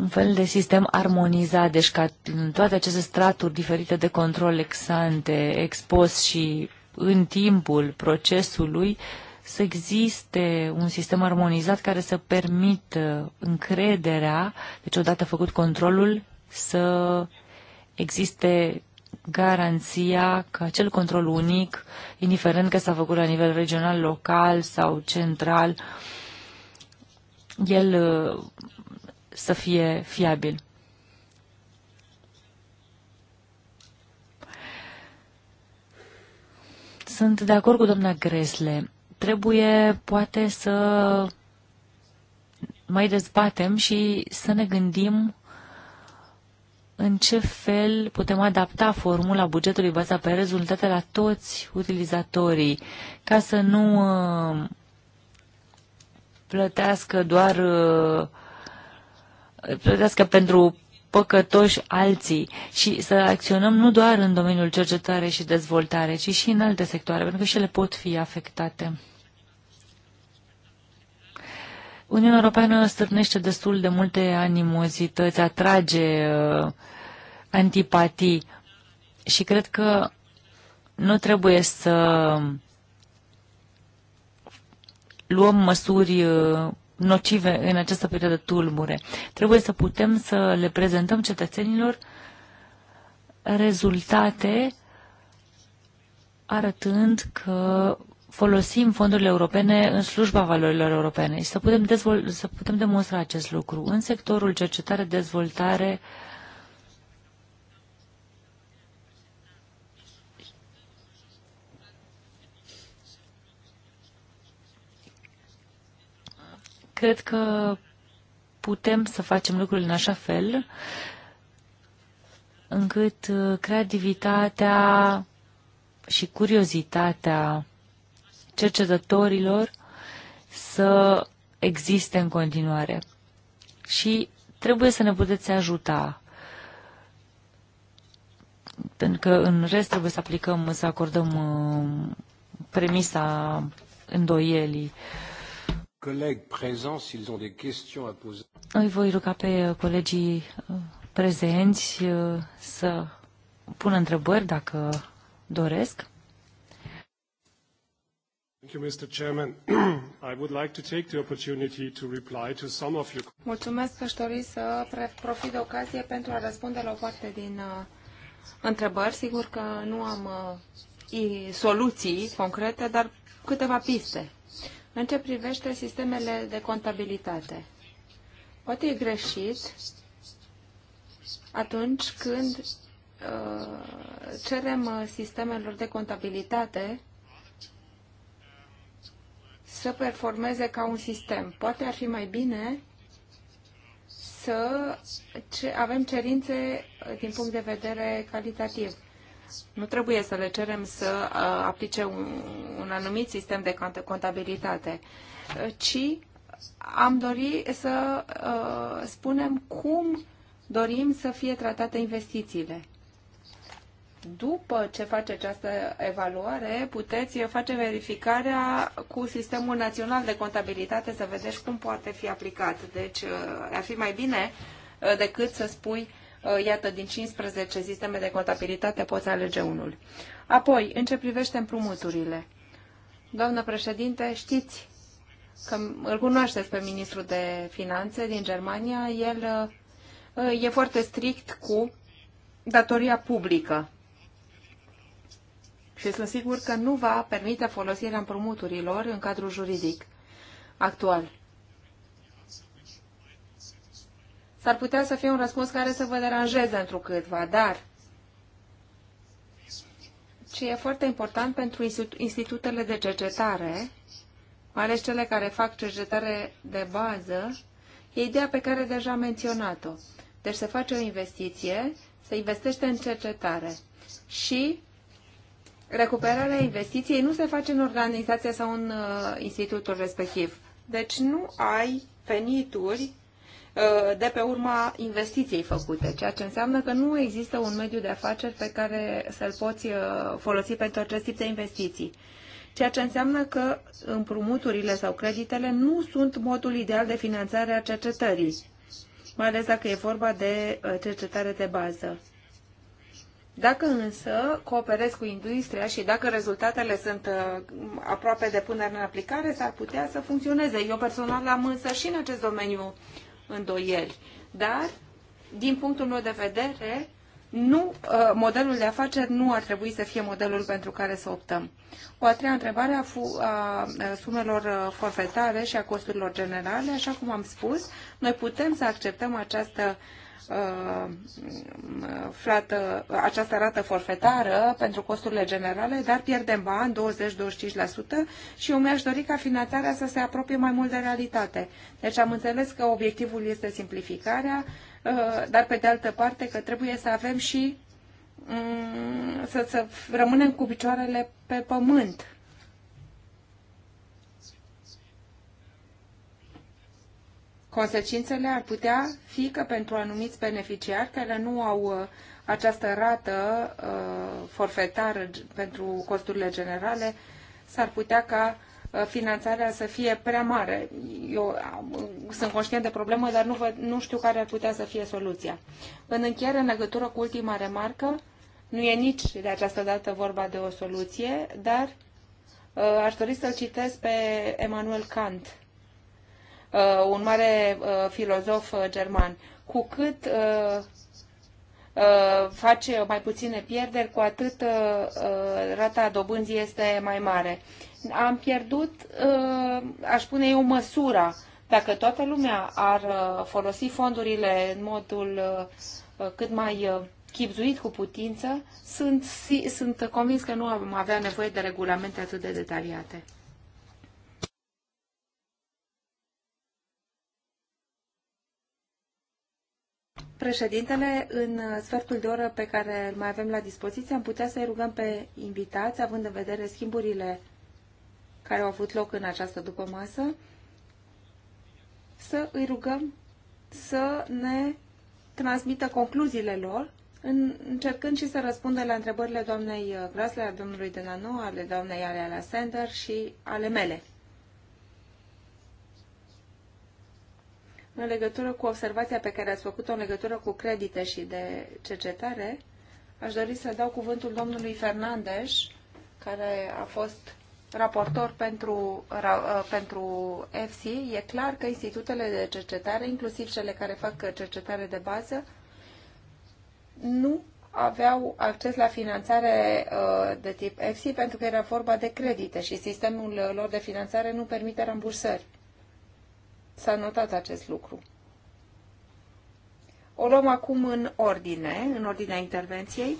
un fel de sistem armonizat, deci ca toate aceste straturi diferite de control exante, expos și în timpul procesului, să existe un sistem armonizat care să permită încrederea, deci odată făcut controlul, să existe garanția că acel control unic, indiferent că s-a făcut la nivel regional, local sau central, el să fie fiabil. Sunt de acord cu doamna Gresle. Trebuie poate să mai dezbatem și să ne gândim în ce fel putem adapta formula bugetului bazat pe rezultate la toți utilizatorii, ca să nu uh, plătească doar uh, plătească pentru păcătoși alții și să acționăm nu doar în domeniul cercetare și dezvoltare, ci și în alte sectoare, pentru că și ele pot fi afectate. Uniunea Europeană stârnește destul de multe animozități, atrage uh, antipatii și cred că nu trebuie să luăm măsuri uh, nocive în această perioadă tulbure. Trebuie să putem să le prezentăm cetățenilor rezultate arătând că folosim fondurile europene în slujba valorilor europene și să putem, să putem demonstra acest lucru. În sectorul cercetare-dezvoltare, uh, Cred că putem să facem lucrurile în așa fel încât uh, creativitatea și curiozitatea cercetătorilor să existe în continuare. Și trebuie să ne puteți ajuta. Pentru că în rest trebuie să aplicăm, să acordăm uh, premisa îndoielii. Uh, collègues présents s'ils ont des questions à poser. Îi voi ruga pe uh, colegii uh, prezenți uh, să pună întrebări dacă doresc. Mulțumesc, aș dori să profit de ocazie pentru a răspunde la o parte din întrebări. Sigur că nu am soluții concrete, dar câteva piste. În ce privește sistemele de contabilitate, poate e greșit atunci când uh, cerem uh, sistemelor de contabilitate să performeze ca un sistem. Poate ar fi mai bine să avem cerințe uh, din punct de vedere calitativ. Nu trebuie să le cerem să uh, aplice un, un anumit sistem de contabilitate, uh, ci am dorit să uh, spunem cum dorim să fie tratate investițiile. După ce face această evaluare, puteți face verificarea cu Sistemul Național de Contabilitate să vedeți cum poate fi aplicat. Deci uh, ar fi mai bine decât să spui Uh, iată, din 15 sisteme de contabilitate poți alege unul. Apoi, în ce privește împrumuturile, doamnă președinte, știți că îl cunoașteți pe ministrul de finanțe din Germania, el uh, e foarte strict cu datoria publică. Și sunt sigur că nu va permite folosirea împrumuturilor în cadrul juridic actual. S-ar putea să fie un răspuns care să vă deranjeze câtva, dar ce e foarte important pentru institutele de cercetare, mai ales cele care fac cercetare de bază, e ideea pe care deja am menționat-o. Deci se face o investiție, se investește în cercetare și recuperarea investiției nu se face în organizația sau în uh, institutul respectiv. Deci nu ai venituri Uh, de pe urma investiției făcute, ceea ce înseamnă că nu există un mediu de afaceri pe care să-l poți uh, folosi pentru acest tip de investiții. Ceea ce înseamnă că împrumuturile sau creditele nu sunt modul ideal de finanțare a cercetării, mai ales dacă e vorba de uh, cercetare de bază. Dacă însă cooperezi cu industria și dacă rezultatele sunt aproape de punere în aplicare, s-ar putea să funcționeze. Eu personal am însă și în acest domeniu îndoieli. Dar, din punctul meu de vedere, nu, ă, modelul de afaceri nu ar trebui să fie modelul pentru care să optăm. O a treia întrebare a, fu, a sumelor ă, forfetare și a costurilor generale, așa cum am spus, noi putem să acceptăm această uh, Uh, frată, această rată forfetară pentru costurile generale, dar pierdem bani, 20-25% și eu mi-aș dori ca finanțarea să se apropie mai mult de realitate. Deci am înțeles că obiectivul este simplificarea, uh, dar pe de altă parte că trebuie să avem și mm, să, să rămânem cu picioarele pe pământ Consecințele ar putea fi că pentru anumiți beneficiari care nu au uh, această rată uh, forfetară pentru costurile generale, s-ar putea ca uh, finanțarea să fie prea mare. Eu sunt conștient de problemă, dar nu, vă, nu știu care ar putea să fie soluția. În încheiere, în legătură cu ultima remarcă, nu e nici de această dată vorba de o soluție, dar aș dori să-l citesc pe Emanuel Kant, Uh, un mare uh, filozof uh, german, cu cât face mai puține pierderi, cu atât rata dobânzii este mai mare. Am pierdut, aș spune eu, măsura. Dacă toată lumea ar folosi fondurile în modul cât mai chipzuit cu putință, sunt, sunt convins că nu am avea nevoie de regulamente atât de detaliate. Președintele, în sfertul de oră pe care îl mai avem la dispoziție, am putea să-i rugăm pe invitați, având în vedere schimburile care au avut loc în această dupămasă, să îi rugăm să ne transmită concluziile lor, încercând și să răspundă la întrebările doamnei Grasle, a domnului Denano, ale doamnei Alea Sender și ale mele. în legătură cu observația pe care ați făcut-o în legătură cu credite și de cercetare, aș dori să dau cuvântul domnului Fernandes, care a fost raportor pentru, uh, pentru FC. E clar că institutele de cercetare, inclusiv cele care fac cercetare de bază, nu aveau acces la finanțare uh, de tip FC, pentru că era vorba de credite și sistemul lor de finanțare nu permite rambursări. S-a notat acest lucru. O luăm acum în ordine, în ordinea intervenției.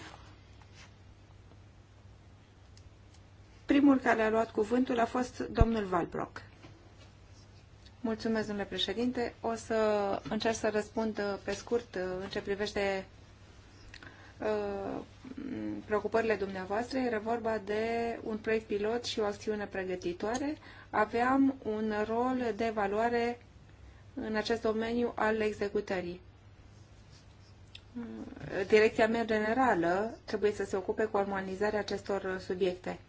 Primul care a luat cuvântul a fost domnul Valbrock. Mulțumesc, domnule președinte. O să încerc să răspund uh, pe scurt uh, în ce privește uh, preocupările dumneavoastră. Era vorba de un proiect pilot și o acțiune pregătitoare. Aveam un rol de evaluare în acest domeniu al executării. Mm, direcția mea generală trebuie să se ocupe cu armonizarea acestor subiecte.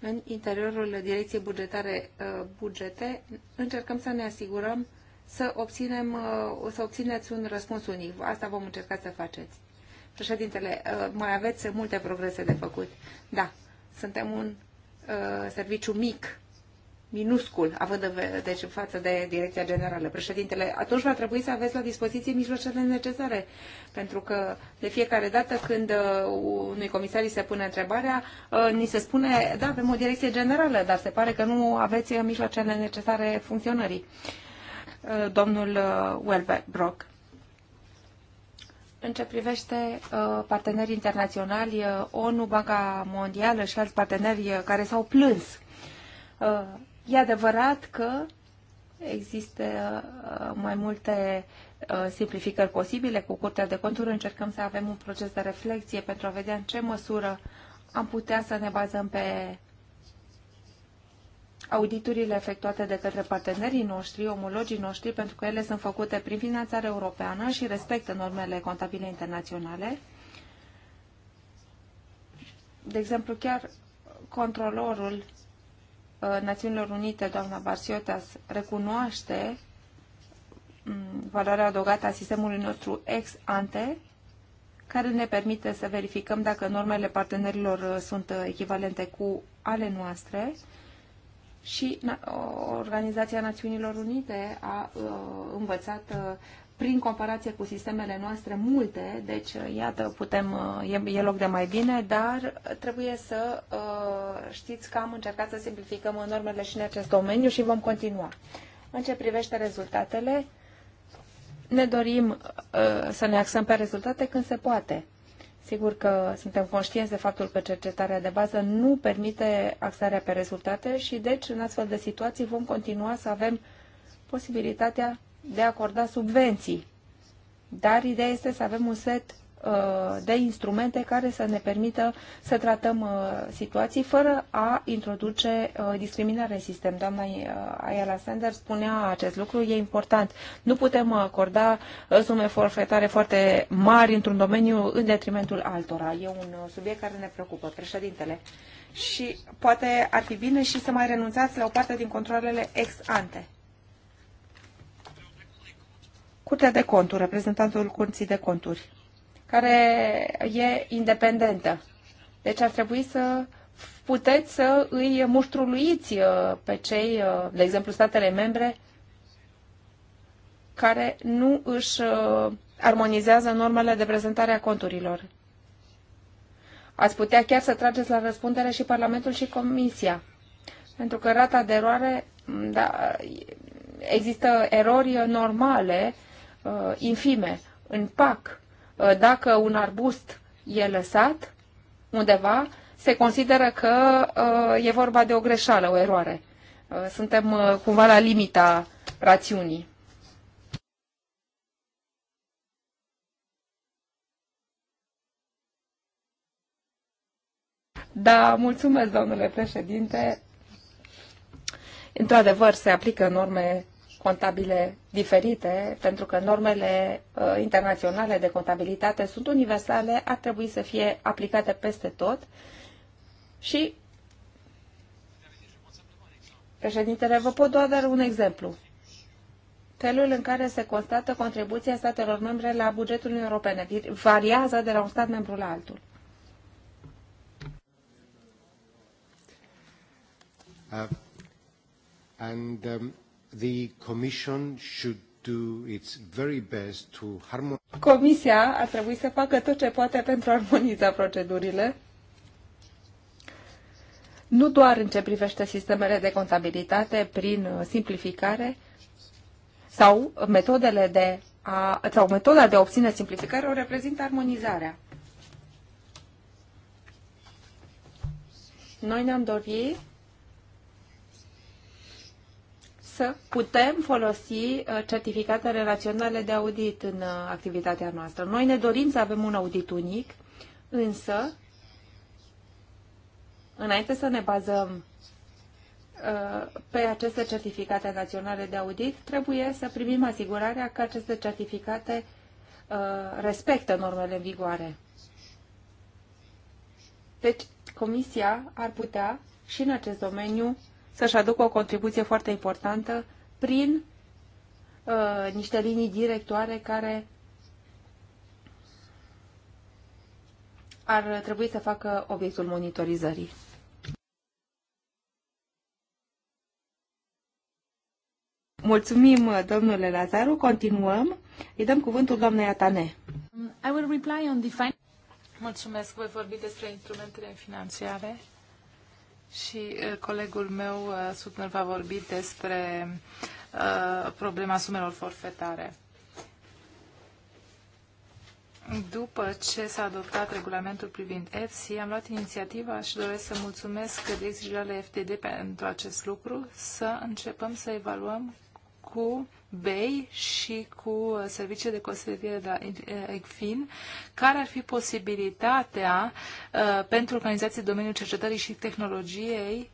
În interiorul Direcției Bugetare uh, Bugete încercăm să ne asigurăm să, obținem, uh, să obțineți un răspuns unic. Asta vom încerca să faceți. Președintele, uh, mai aveți multe progrese de făcut. Da, suntem un serviciu mic minuscul, având în, deci în față de Direcția Generală, președintele, atunci va trebui să aveți la dispoziție mijloacele necesare. Pentru că de fiecare dată când uh, unui comisar îi se pune întrebarea, uh, ni se spune, da, avem o direcție generală, dar se pare că nu aveți uh, mijloacele necesare funcționării. Domnul Welbrock. În ce privește partenerii internaționali, ONU, Banca Mondială și alți parteneri care s-au plâns E adevărat că există uh, mai multe uh, simplificări posibile cu Curtea de Conturi. Încercăm să avem un proces de reflexie pentru a vedea în ce măsură am putea să ne bazăm pe auditurile efectuate de către partenerii noștri, omologii noștri, pentru că ele sunt făcute prin finanțare europeană și respectă normele contabile internaționale. De exemplu, chiar controlorul Uh, Națiunilor Unite, doamna Barsiotas, recunoaște mm, valoarea adăugată a sistemului nostru ex ante, care ne permite să verificăm dacă normele partenerilor uh, sunt uh, echivalente cu ale noastre și Organizația Națiunilor Unite a învățat prin comparație cu sistemele noastre multe, deci uh, iată, putem, uh, e, e loc de mai bine, dar trebuie să uh, știți că am încercat să simplificăm normele și în acest domeniu și vom continua. În ce privește rezultatele, ne dorim să ne axăm pe rezultate când se poate. Sigur că suntem conștienți de faptul că cercetarea de bază nu permite axarea pe rezultate și deci în astfel de situații vom continua să avem posibilitatea de a acorda subvenții. Dar ideea este să avem un set uh, de instrumente care să ne permită să tratăm uh, situații fără a introduce uh, discriminare în sistem. Doamna Ayala Sender spunea acest lucru, e important. Nu putem acorda sume forfetare foarte mari într-un domeniu în detrimentul altora. E un subiect care ne preocupă, președintele. Și poate ar fi bine și să mai renunțați la o parte din controlele ex ante. Curtea de conturi, reprezentantul Curții de conturi, care e independentă. Deci ar trebui să puteți să îi muștruluiți uh, pe cei, uh, de exemplu, statele membre, care nu își uh, armonizează normele de prezentare a conturilor. Ați putea chiar să trageți la răspundere și Parlamentul și Comisia, pentru că rata de eroare, da, există erori normale uh, infime în pac. Uh, dacă un arbust e lăsat undeva, se consideră că uh, e vorba de o greșeală, o eroare. Uh, suntem uh, cumva la limita rațiunii. Da, mulțumesc, domnule președinte. Într-adevăr, se aplică norme contabile diferite, pentru că normele uh, internaționale de contabilitate sunt universale, ar trebui să fie aplicate peste tot și președintele, vă pot doar da un exemplu. Felul în care se constată contribuția statelor membre la bugetul european variază de la un stat membru la altul. Uh, and, um the Commission should do its very best to harmonize. Comisia ar trebui să facă tot ce poate pentru a armoniza procedurile, nu doar în ce privește sistemele de contabilitate prin uh, simplificare sau metodele de a, sau metoda de a obține simplificare o reprezintă armonizarea. Noi ne-am dorit să putem folosi uh, certificatele naționale de audit în uh, activitatea noastră. Noi ne dorim să avem un audit unic, însă, înainte să ne bazăm uh, pe aceste certificate naționale de audit, trebuie să primim asigurarea că aceste certificate respectă normele în vigoare. Deci, Comisia ar putea și în acest domeniu să-și aducă o contribuție foarte importantă prin uh, niște linii directoare care ar trebui să facă obiectul monitorizării. Mulțumim, domnule Lazaru. Continuăm. Îi dăm cuvântul doamnei Atane. Um, I will reply on the Mulțumesc. Voi vorbi despre instrumentele financiare și colegul meu, Sutner, va vorbi despre problema sumelor forfetare. După ce s-a adoptat regulamentul privind EFSI, am luat inițiativa și doresc să mulțumesc direcțiile FTD pentru acest lucru, să începem să evaluăm cu BEI și cu serviciile de consiliere de la ECFIN, care ar fi posibilitatea uh, pentru organizații domeniul cercetării și tehnologiei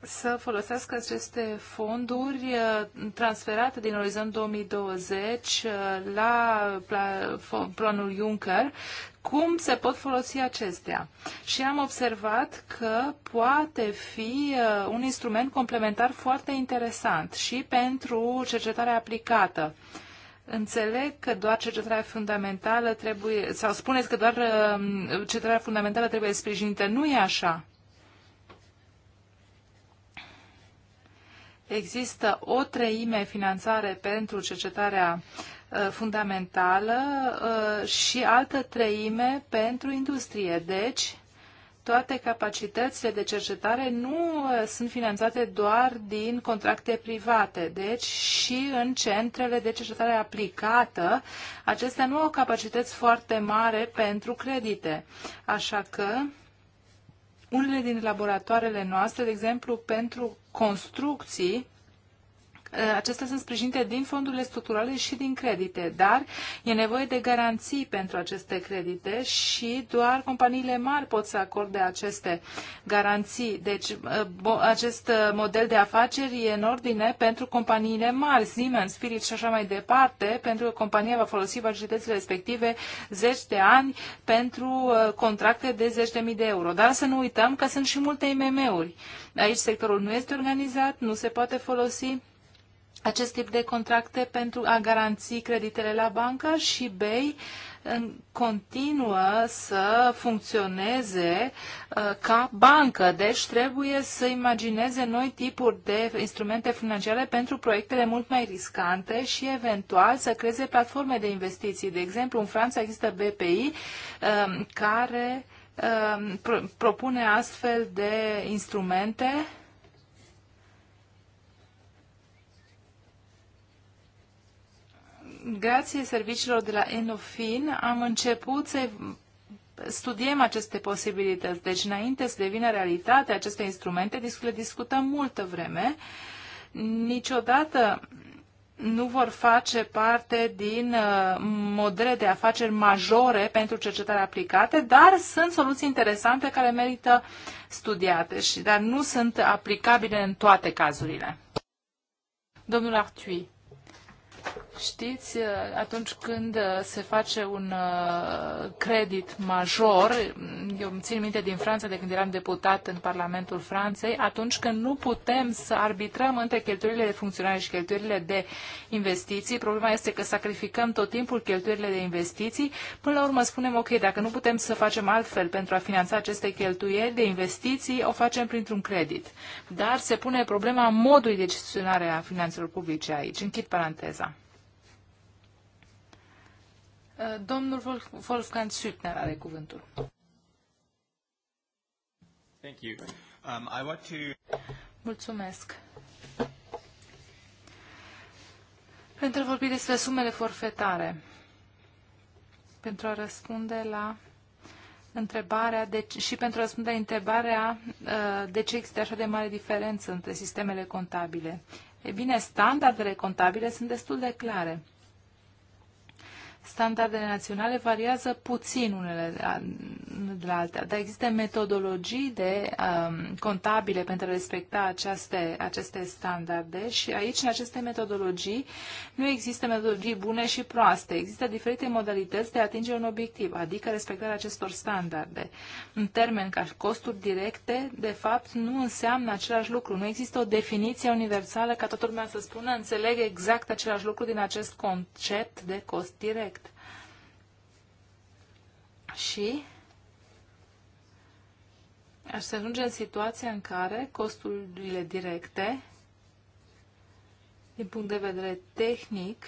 să folosească aceste fonduri uh, transferate din Orizont 2020 uh, la planul Juncker cum se pot folosi acestea. Și am observat că poate fi uh, un instrument complementar foarte interesant și pentru cercetarea aplicată. Înțeleg că doar cercetarea fundamentală trebuie, sau spuneți că doar uh, cercetarea fundamentală trebuie sprijinită. Nu e așa. Există o treime finanțare pentru cercetarea uh, Uh, fundamentală uh, și altă treime pentru industrie. Deci, toate capacitățile de cercetare nu uh, sunt finanțate doar din contracte private. Deci și în centrele de cercetare aplicată, acestea nu au capacități foarte mare pentru credite. Așa că unele din laboratoarele noastre, de exemplu pentru construcții, Uh, acestea sunt sprijinite din fondurile structurale și din credite, dar e nevoie de garanții pentru aceste credite și doar companiile mari pot să acorde aceste garanții. Deci uh, acest uh, model de afaceri e în ordine pentru companiile mari, Siemens, Spirit și așa mai departe, pentru că compania va folosi facilitățile respective zeci de ani pentru contracte de zeci de mii de euro. Dar să nu uităm că sunt și multe IMM-uri. Aici sectorul nu este organizat, nu se poate folosi acest tip de contracte pentru a garanți creditele la bancă și BEI continuă să funcționeze uh, ca bancă. Deci trebuie să imagineze noi tipuri de instrumente financiare pentru proiectele mult mai riscante și eventual să creeze platforme de investiții. De exemplu, în Franța există BPI um, care um, propune astfel de instrumente grație serviciilor de la Enofin, am început să studiem aceste posibilități. Deci, înainte să devină realitate aceste instrumente, le discutăm multă vreme. Niciodată nu vor face parte din uh, modele de afaceri majore pentru cercetare aplicate, dar sunt soluții interesante care merită studiate, și dar nu sunt aplicabile în toate cazurile. Domnul Artui. Știți, uh, atunci când uh, se face un uh, credit major, mm, eu îmi țin minte din Franța de când eram deputat în Parlamentul Franței, atunci când nu putem să arbitrăm între cheltuielile de funcționare și cheltuielile de investiții, problema este că sacrificăm tot timpul cheltuielile de investiții. Până la urmă spunem, ok, dacă nu putem să facem altfel pentru a finanța aceste cheltuieli de investiții, o facem printr-un credit. Dar se pune problema modului de gestionare a finanțelor publice aici. Închid paranteza. Uh, domnul Wolfgang Sütner are cuvântul. Thank you. Um, I want to... Mulțumesc. Pentru a vorbi despre sumele forfetare, pentru a răspunde la întrebarea de, și pentru a răspunde la întrebarea uh, de ce există așa de mare diferență între sistemele contabile. E bine, standardele contabile sunt destul de clare. Standardele naționale variază puțin unele de la altele, dar există metodologii de um, contabile pentru a respecta aceste, aceste standarde și aici, în aceste metodologii, nu există metodologii bune și proaste. Există diferite modalități de a atinge un obiectiv, adică respectarea acestor standarde. În termen ca costuri directe, de fapt, nu înseamnă același lucru. Nu există o definiție universală ca toată lumea să spună înțeleg exact același lucru din acest concept de cost direct și se ajunge în situația în care costurile directe, din punct de vedere tehnic,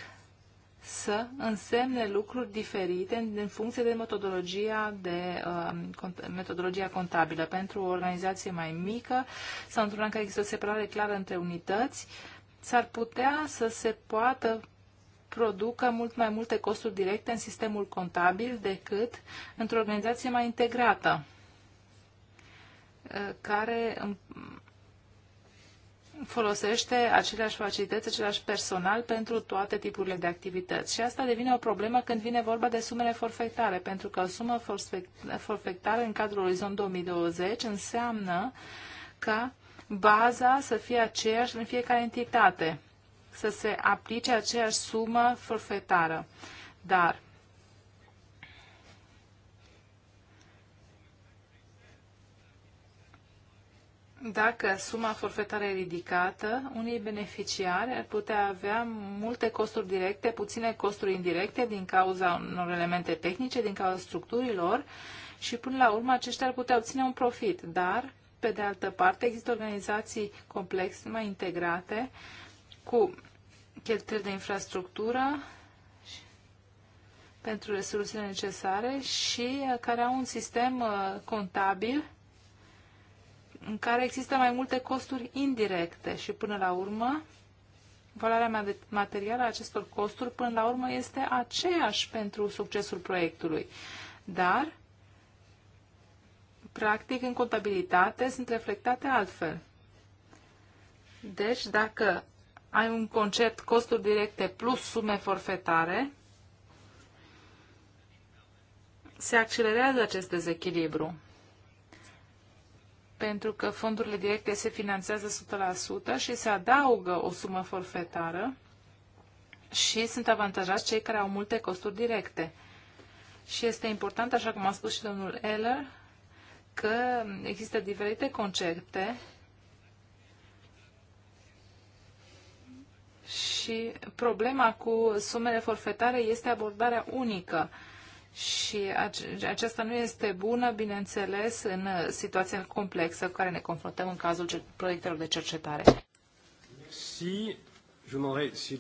să însemne lucruri diferite în funcție de metodologia, de, uh, metodologia contabilă. Pentru o organizație mai mică sau într-una în care există o separare clară între unități, s-ar putea să se poată producă mult mai multe costuri directe în sistemul contabil decât într-o organizație mai integrată, uh, care folosește aceleași facilități, același personal pentru toate tipurile de activități. Și asta devine o problemă când vine vorba de sumele forfectare, pentru că o sumă forfectare în cadrul Orizont 2020 înseamnă ca baza să fie aceeași în fiecare entitate să se aplice aceeași sumă forfetară. Dar dacă suma forfetară e ridicată, unii beneficiari ar putea avea multe costuri directe, puține costuri indirecte din cauza unor elemente tehnice, din cauza structurilor și până la urmă aceștia ar putea obține un profit. Dar, pe de altă parte, există organizații complexe, mai integrate, cu cheltuieli de infrastructură pentru resursele necesare și uh, care au un sistem uh, contabil în care există mai multe costuri indirecte și până la urmă valoarea materială a acestor costuri până la urmă este aceeași pentru succesul proiectului. Dar, practic, în contabilitate sunt reflectate altfel. Deci, dacă ai un concept costuri directe plus sume forfetare, se accelerează acest dezechilibru. Pentru că fondurile directe se finanțează 100% și se adaugă o sumă forfetară și sunt avantajați cei care au multe costuri directe. Și este important, așa cum a spus și domnul Eller, că există diferite concepte și problema cu sumele forfetare este abordarea unică. Și aceasta nu este bună, bineînțeles, în situația complexă cu care ne confruntăm în cazul proiectelor de cercetare. s'il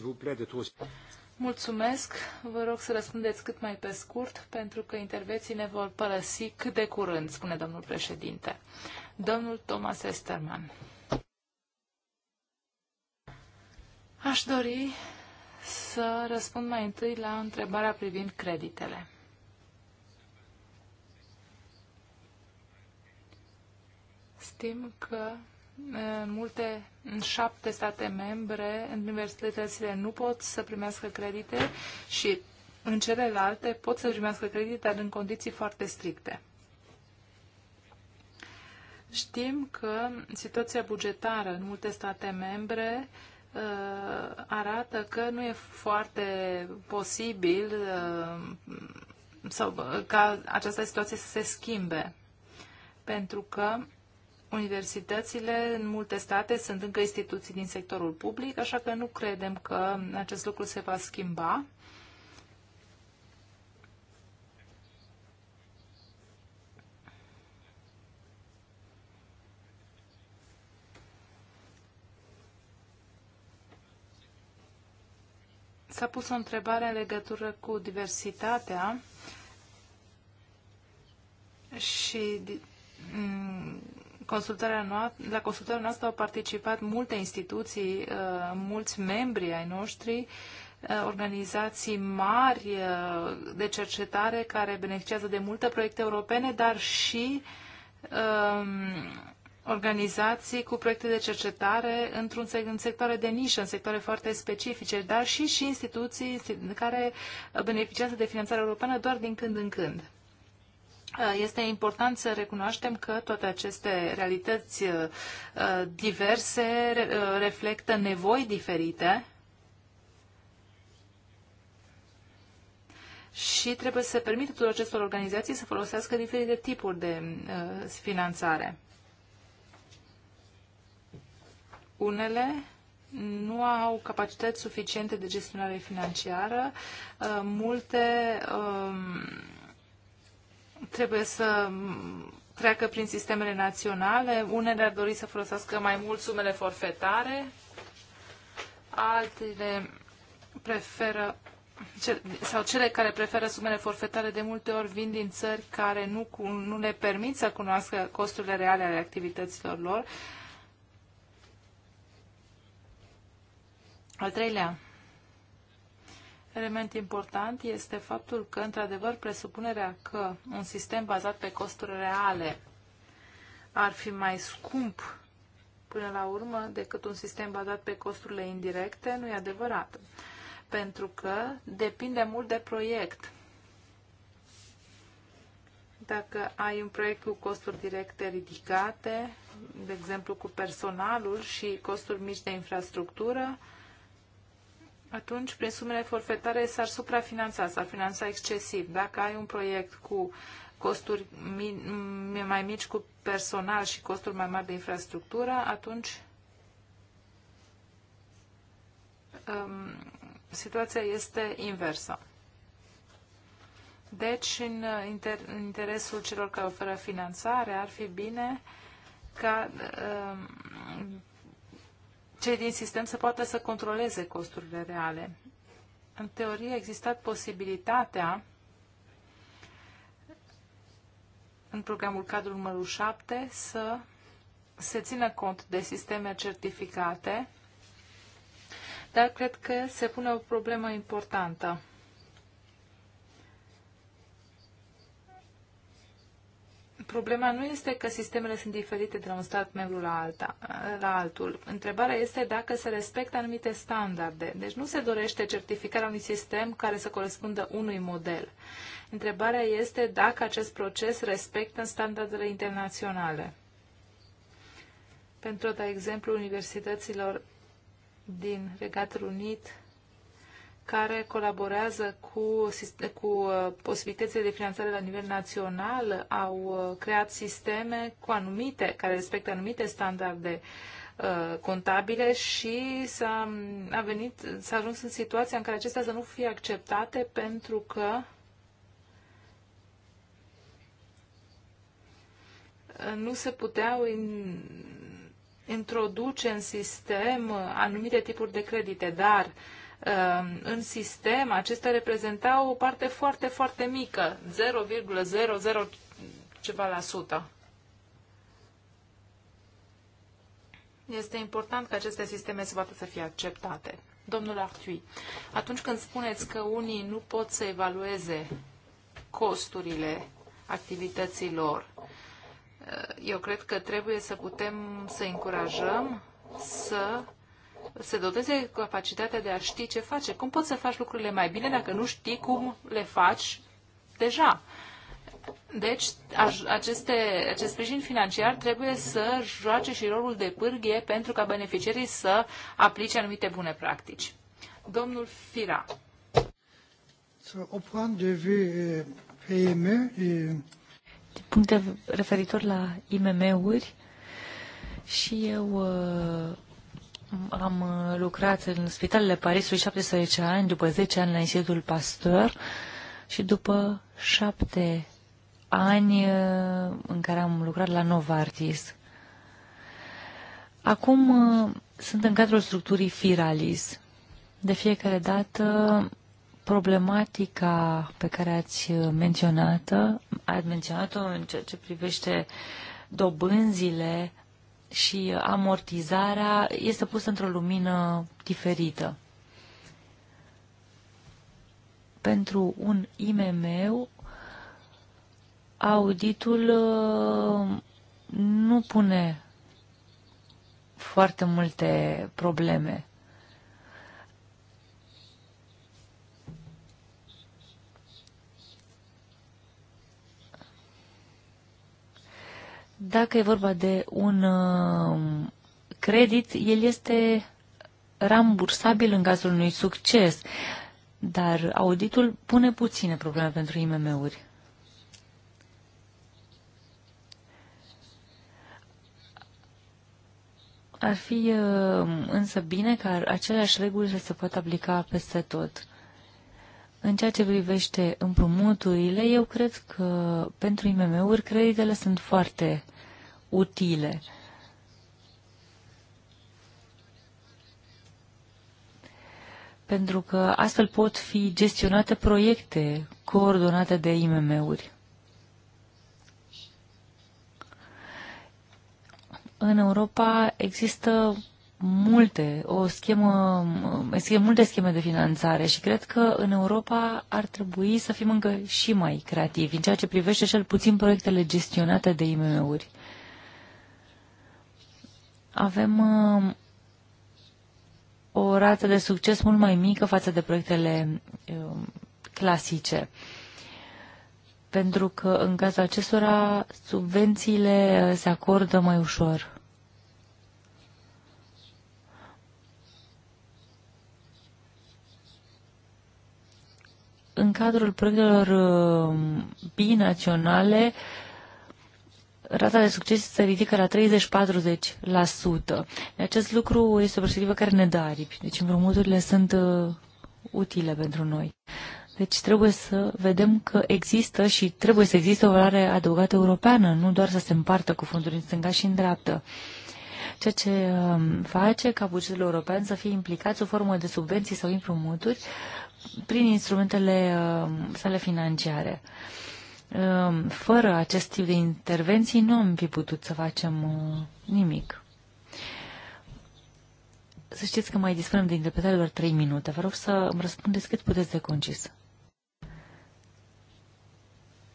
vous plaît, de tous. Mulțumesc. Vă rog să răspundeți cât mai pe scurt, pentru că intervenții ne vor părăsi cât de curând, spune domnul președinte. Domnul Thomas Esterman. Aș dori să răspund mai întâi la întrebarea privind creditele. Știm că în multe, în șapte state membre, universitățile nu pot să primească credite și în celelalte pot să primească credite, dar în condiții foarte stricte. Știm că situația bugetară în multe state membre uh, Uh, arată că nu e foarte posibil uh, sau uh, ca această situație să se schimbe. Pentru că Universitățile în multe state sunt încă instituții din sectorul public, așa că nu credem că acest lucru se va schimba. S-a pus o întrebare în legătură cu diversitatea și consultarea noastră, la consultarea noastră au participat multe instituții, uh, mulți membri ai noștri, uh, organizații mari uh, de cercetare care beneficiază de multe proiecte europene, dar și um, organizații cu proiecte de cercetare într-un în sectoare de nișă, în sectoare foarte specifice, dar și, și instituții care beneficiază de finanțare europeană doar din când în când. Uh, este important să recunoaștem că toate aceste realități uh, diverse uh, reflectă nevoi diferite și trebuie să permită tuturor acestor organizații să folosească diferite tipuri de finanțare. Unele nu au capacități suficiente de gestionare financiară, uh, multe um, trebuie să treacă prin sistemele naționale, unele ar dori să folosească mai mult sumele forfetare, altele preferă sau cele care preferă sumele forfetare de multe ori vin din țări care nu, nu le permit să cunoască costurile reale ale activităților lor, Al treilea element important este faptul că, într-adevăr, presupunerea că un sistem bazat pe costuri reale ar fi mai scump până la urmă decât un sistem bazat pe costurile indirecte nu e adevărat, pentru că depinde mult de proiect. Dacă ai un proiect cu costuri directe ridicate, de exemplu cu personalul și costuri mici de infrastructură, atunci prin sumele forfetare s-ar suprafinanța, s-ar finanța excesiv. Dacă ai un proiect cu costuri mai mici cu personal și costuri mai mari de infrastructură, atunci um, situația este inversă. Deci, în uh, inter- interesul celor care oferă finanțare, ar fi bine ca um, cei din sistem să poată să controleze costurile reale. În teorie a existat posibilitatea în programul cadru numărul 7 să se țină cont de sisteme certificate, dar cred că se pune o problemă importantă. problema nu este că sistemele sunt diferite de la un stat membru la, alta, la altul. Întrebarea este dacă se respectă anumite standarde. Deci nu se dorește certificarea unui sistem care să corespundă unui model. Întrebarea este dacă acest proces respectă standardele internaționale. Pentru a da exemplu universităților din Regatul Unit, care colaborează cu, cu uh, posibilitățile de finanțare la nivel național, au uh, creat sisteme cu anumite, care respectă anumite standarde uh, contabile și s-a, a venit, s-a ajuns în situația în care acestea să nu fie acceptate pentru că nu se puteau in, introduce în sistem anumite tipuri de credite, dar uh, Um, în sistem, acestea reprezentau o parte foarte, foarte mică, 0,00 ceva la sută. Este important ca aceste sisteme să poată să fie acceptate. Domnul Artui, atunci când spuneți că unii nu pot să evalueze costurile activităților, uh, eu cred că trebuie să putem să încurajăm să se doteze capacitatea de a ști ce face. Cum poți să faci lucrurile mai bine dacă nu știi cum le faci deja? Deci, aceste, acest sprijin financiar trebuie să joace și rolul de pârghie pentru ca beneficiarii să aplice anumite bune practici. Domnul Fira. O point de vue eh, PME, eh, din punct de referitor la IMM-uri, și eu uh, am uh, lucrat în spitalele Parisului 17 ani, după 10 ani la Institutul Pasteur și după 7 ani uh, în care am lucrat la Novartis. Acum uh, sunt în cadrul structurii Firalis. De fiecare dată, problematica pe care ați menționat-o, ați menționat-o în ceea ce privește dobânzile și amortizarea este pusă într-o lumină diferită. Pentru un IMM, auditul uh, nu pune foarte multe probleme. Dacă e vorba de un uh, credit, el este rambursabil în cazul unui succes, dar auditul pune puține probleme pentru IMM-uri. Ar fi uh, însă bine ca aceleași reguli să se pot aplica peste tot. În ceea ce privește împrumuturile, eu cred că pentru IMM-uri creditele sunt foarte utile. Pentru că astfel pot fi gestionate proiecte coordonate de IMM-uri. În Europa există multe, o schemă, multe scheme de finanțare și cred că în Europa ar trebui să fim încă și mai creativi în ceea ce privește cel puțin proiectele gestionate de IMM-uri. Avem uh, o rată de succes mult mai mică față de proiectele uh, clasice pentru că în cazul acestora subvențiile uh, se acordă mai ușor. în cadrul proiectelor uh, binaționale, rata de succes se ridică la 30-40%. Acest lucru este o perspectivă care ne dă aripi. Deci împrumuturile sunt uh, utile pentru noi. Deci trebuie să vedem că există și trebuie să existe o valoare adăugată europeană, nu doar să se împartă cu fonduri în stânga și în dreapta. Uh, ceea ce um, face ca bugetul european să fie implicat sub formă de subvenții sau împrumuturi prin instrumentele um, sale financiare. Um, fără acest tip de intervenții nu am fi putut să facem uh, nimic. Să știți că mai dispunem de interpretare doar 3 minute. Vă rog să îmi răspundeți cât puteți de concis.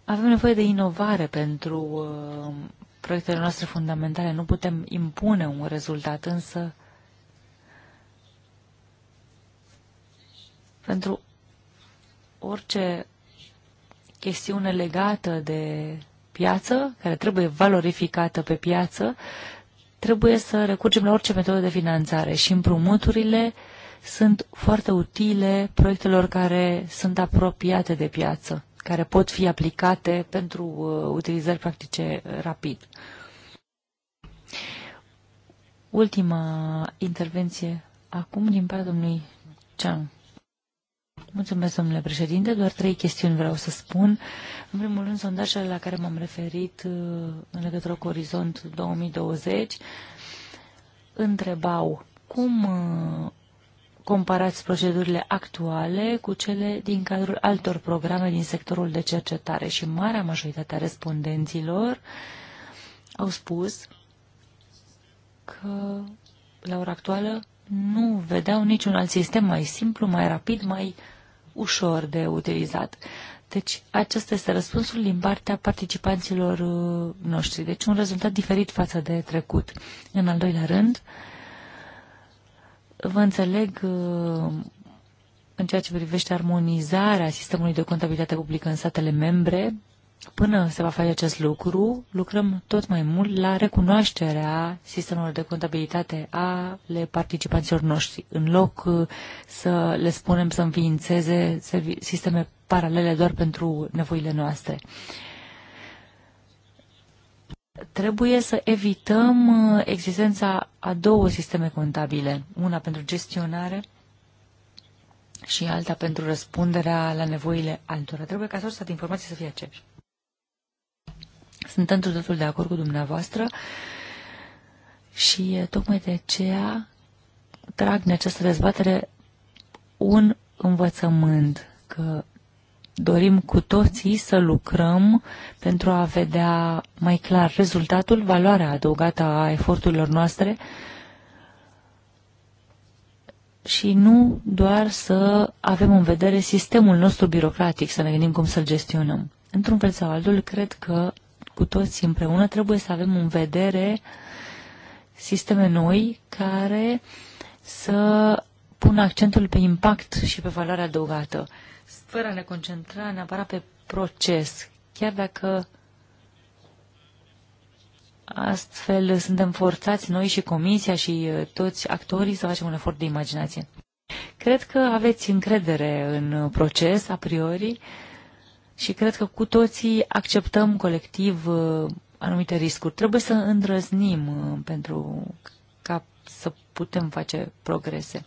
Avem nevoie de inovare pentru uh, proiectele noastre fundamentale. Nu putem impune un rezultat, însă pentru orice chestiune legată de piață, care trebuie valorificată pe piață, trebuie să recurgem la orice metodă de finanțare și împrumuturile sunt foarte utile proiectelor care sunt apropiate de piață care pot fi aplicate pentru uh, utilizări practice rapid. Ultima intervenție acum din partea domnului Chang. Mulțumesc, domnule președinte. Doar trei chestiuni vreau să spun. În primul rând, sondajele la care m-am referit uh, în legătură cu Orizont 2020 întrebau cum uh, comparați procedurile actuale cu cele din cadrul altor programe din sectorul de cercetare și marea majoritate a respondenților au spus că la ora actuală nu vedeau niciun alt sistem mai simplu, mai rapid, mai ușor de utilizat. Deci, acesta este răspunsul din partea participanților uh, noștri. Deci, un rezultat diferit față de trecut. În al doilea rând, uh, vă înțeleg uh, în ceea ce privește armonizarea sistemului de contabilitate publică în statele membre. Până se va face acest lucru, lucrăm tot mai mult la recunoașterea sistemelor de contabilitate ale participanților noștri, în loc uh, să le spunem să înființeze sisteme paralele doar pentru nevoile noastre. Uh, trebuie să evităm uh, existența a două sisteme contabile, una pentru gestionare și alta pentru răspunderea la nevoile altora. Trebuie ca sursa de informații să fie aceeași. Sunt într totul de acord cu dumneavoastră și uh, tocmai de aceea trag în această dezbatere un învățământ că dorim cu toții să lucrăm pentru a vedea mai clar rezultatul, valoarea adăugată a eforturilor noastre și nu doar să avem în vedere sistemul nostru birocratic, să ne gândim cum să-l gestionăm. Într-un fel sau altul, cred că cu toți împreună trebuie să avem în vedere sisteme noi care să pună accentul pe impact și pe valoarea adăugată fără a ne concentra neapărat pe proces, chiar dacă astfel suntem forțați noi și comisia și uh, toți actorii să facem un efort de imaginație. Cred că aveți încredere în proces a priori și cred că cu toții acceptăm colectiv uh, anumite riscuri. Trebuie să îndrăznim uh, pentru ca să putem face progrese.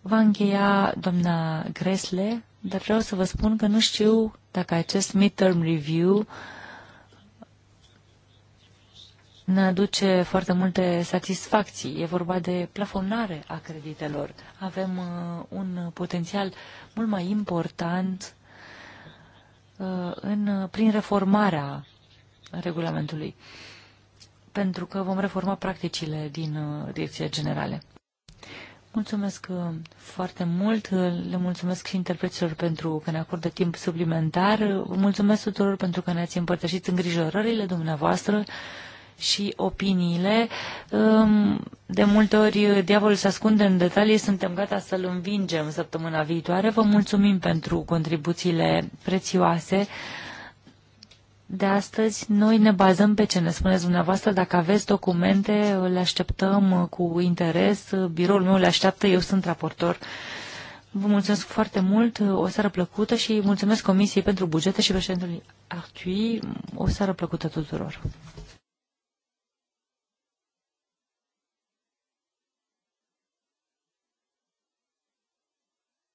Va încheia doamna Gresle dar vreau să vă spun că nu știu dacă acest midterm review ne aduce foarte multe satisfacții. E vorba de plafonare a creditelor. Avem uh, un potențial mult mai important uh, în, prin reformarea regulamentului, pentru că vom reforma practicile din uh, direcția generale. Mulțumesc uh, foarte mult, uh, le mulțumesc și interpreților pentru că ne acordă timp suplimentar, uh, mulțumesc tuturor pentru că ne-ați împărtășit îngrijorările dumneavoastră și opiniile. Um, de multe ori diavolul se ascunde în detalii, suntem gata să-l învingem săptămâna viitoare. Vă mulțumim pentru contribuțiile prețioase de astăzi, noi ne bazăm pe ce ne spuneți dumneavoastră. Dacă aveți documente, le așteptăm uh, cu interes. Uh, biroul meu le așteaptă, eu sunt raportor. Vă mulțumesc foarte mult, uh, o seară plăcută și mulțumesc Comisiei pentru bugete și președintelui Artui. O seară plăcută tuturor!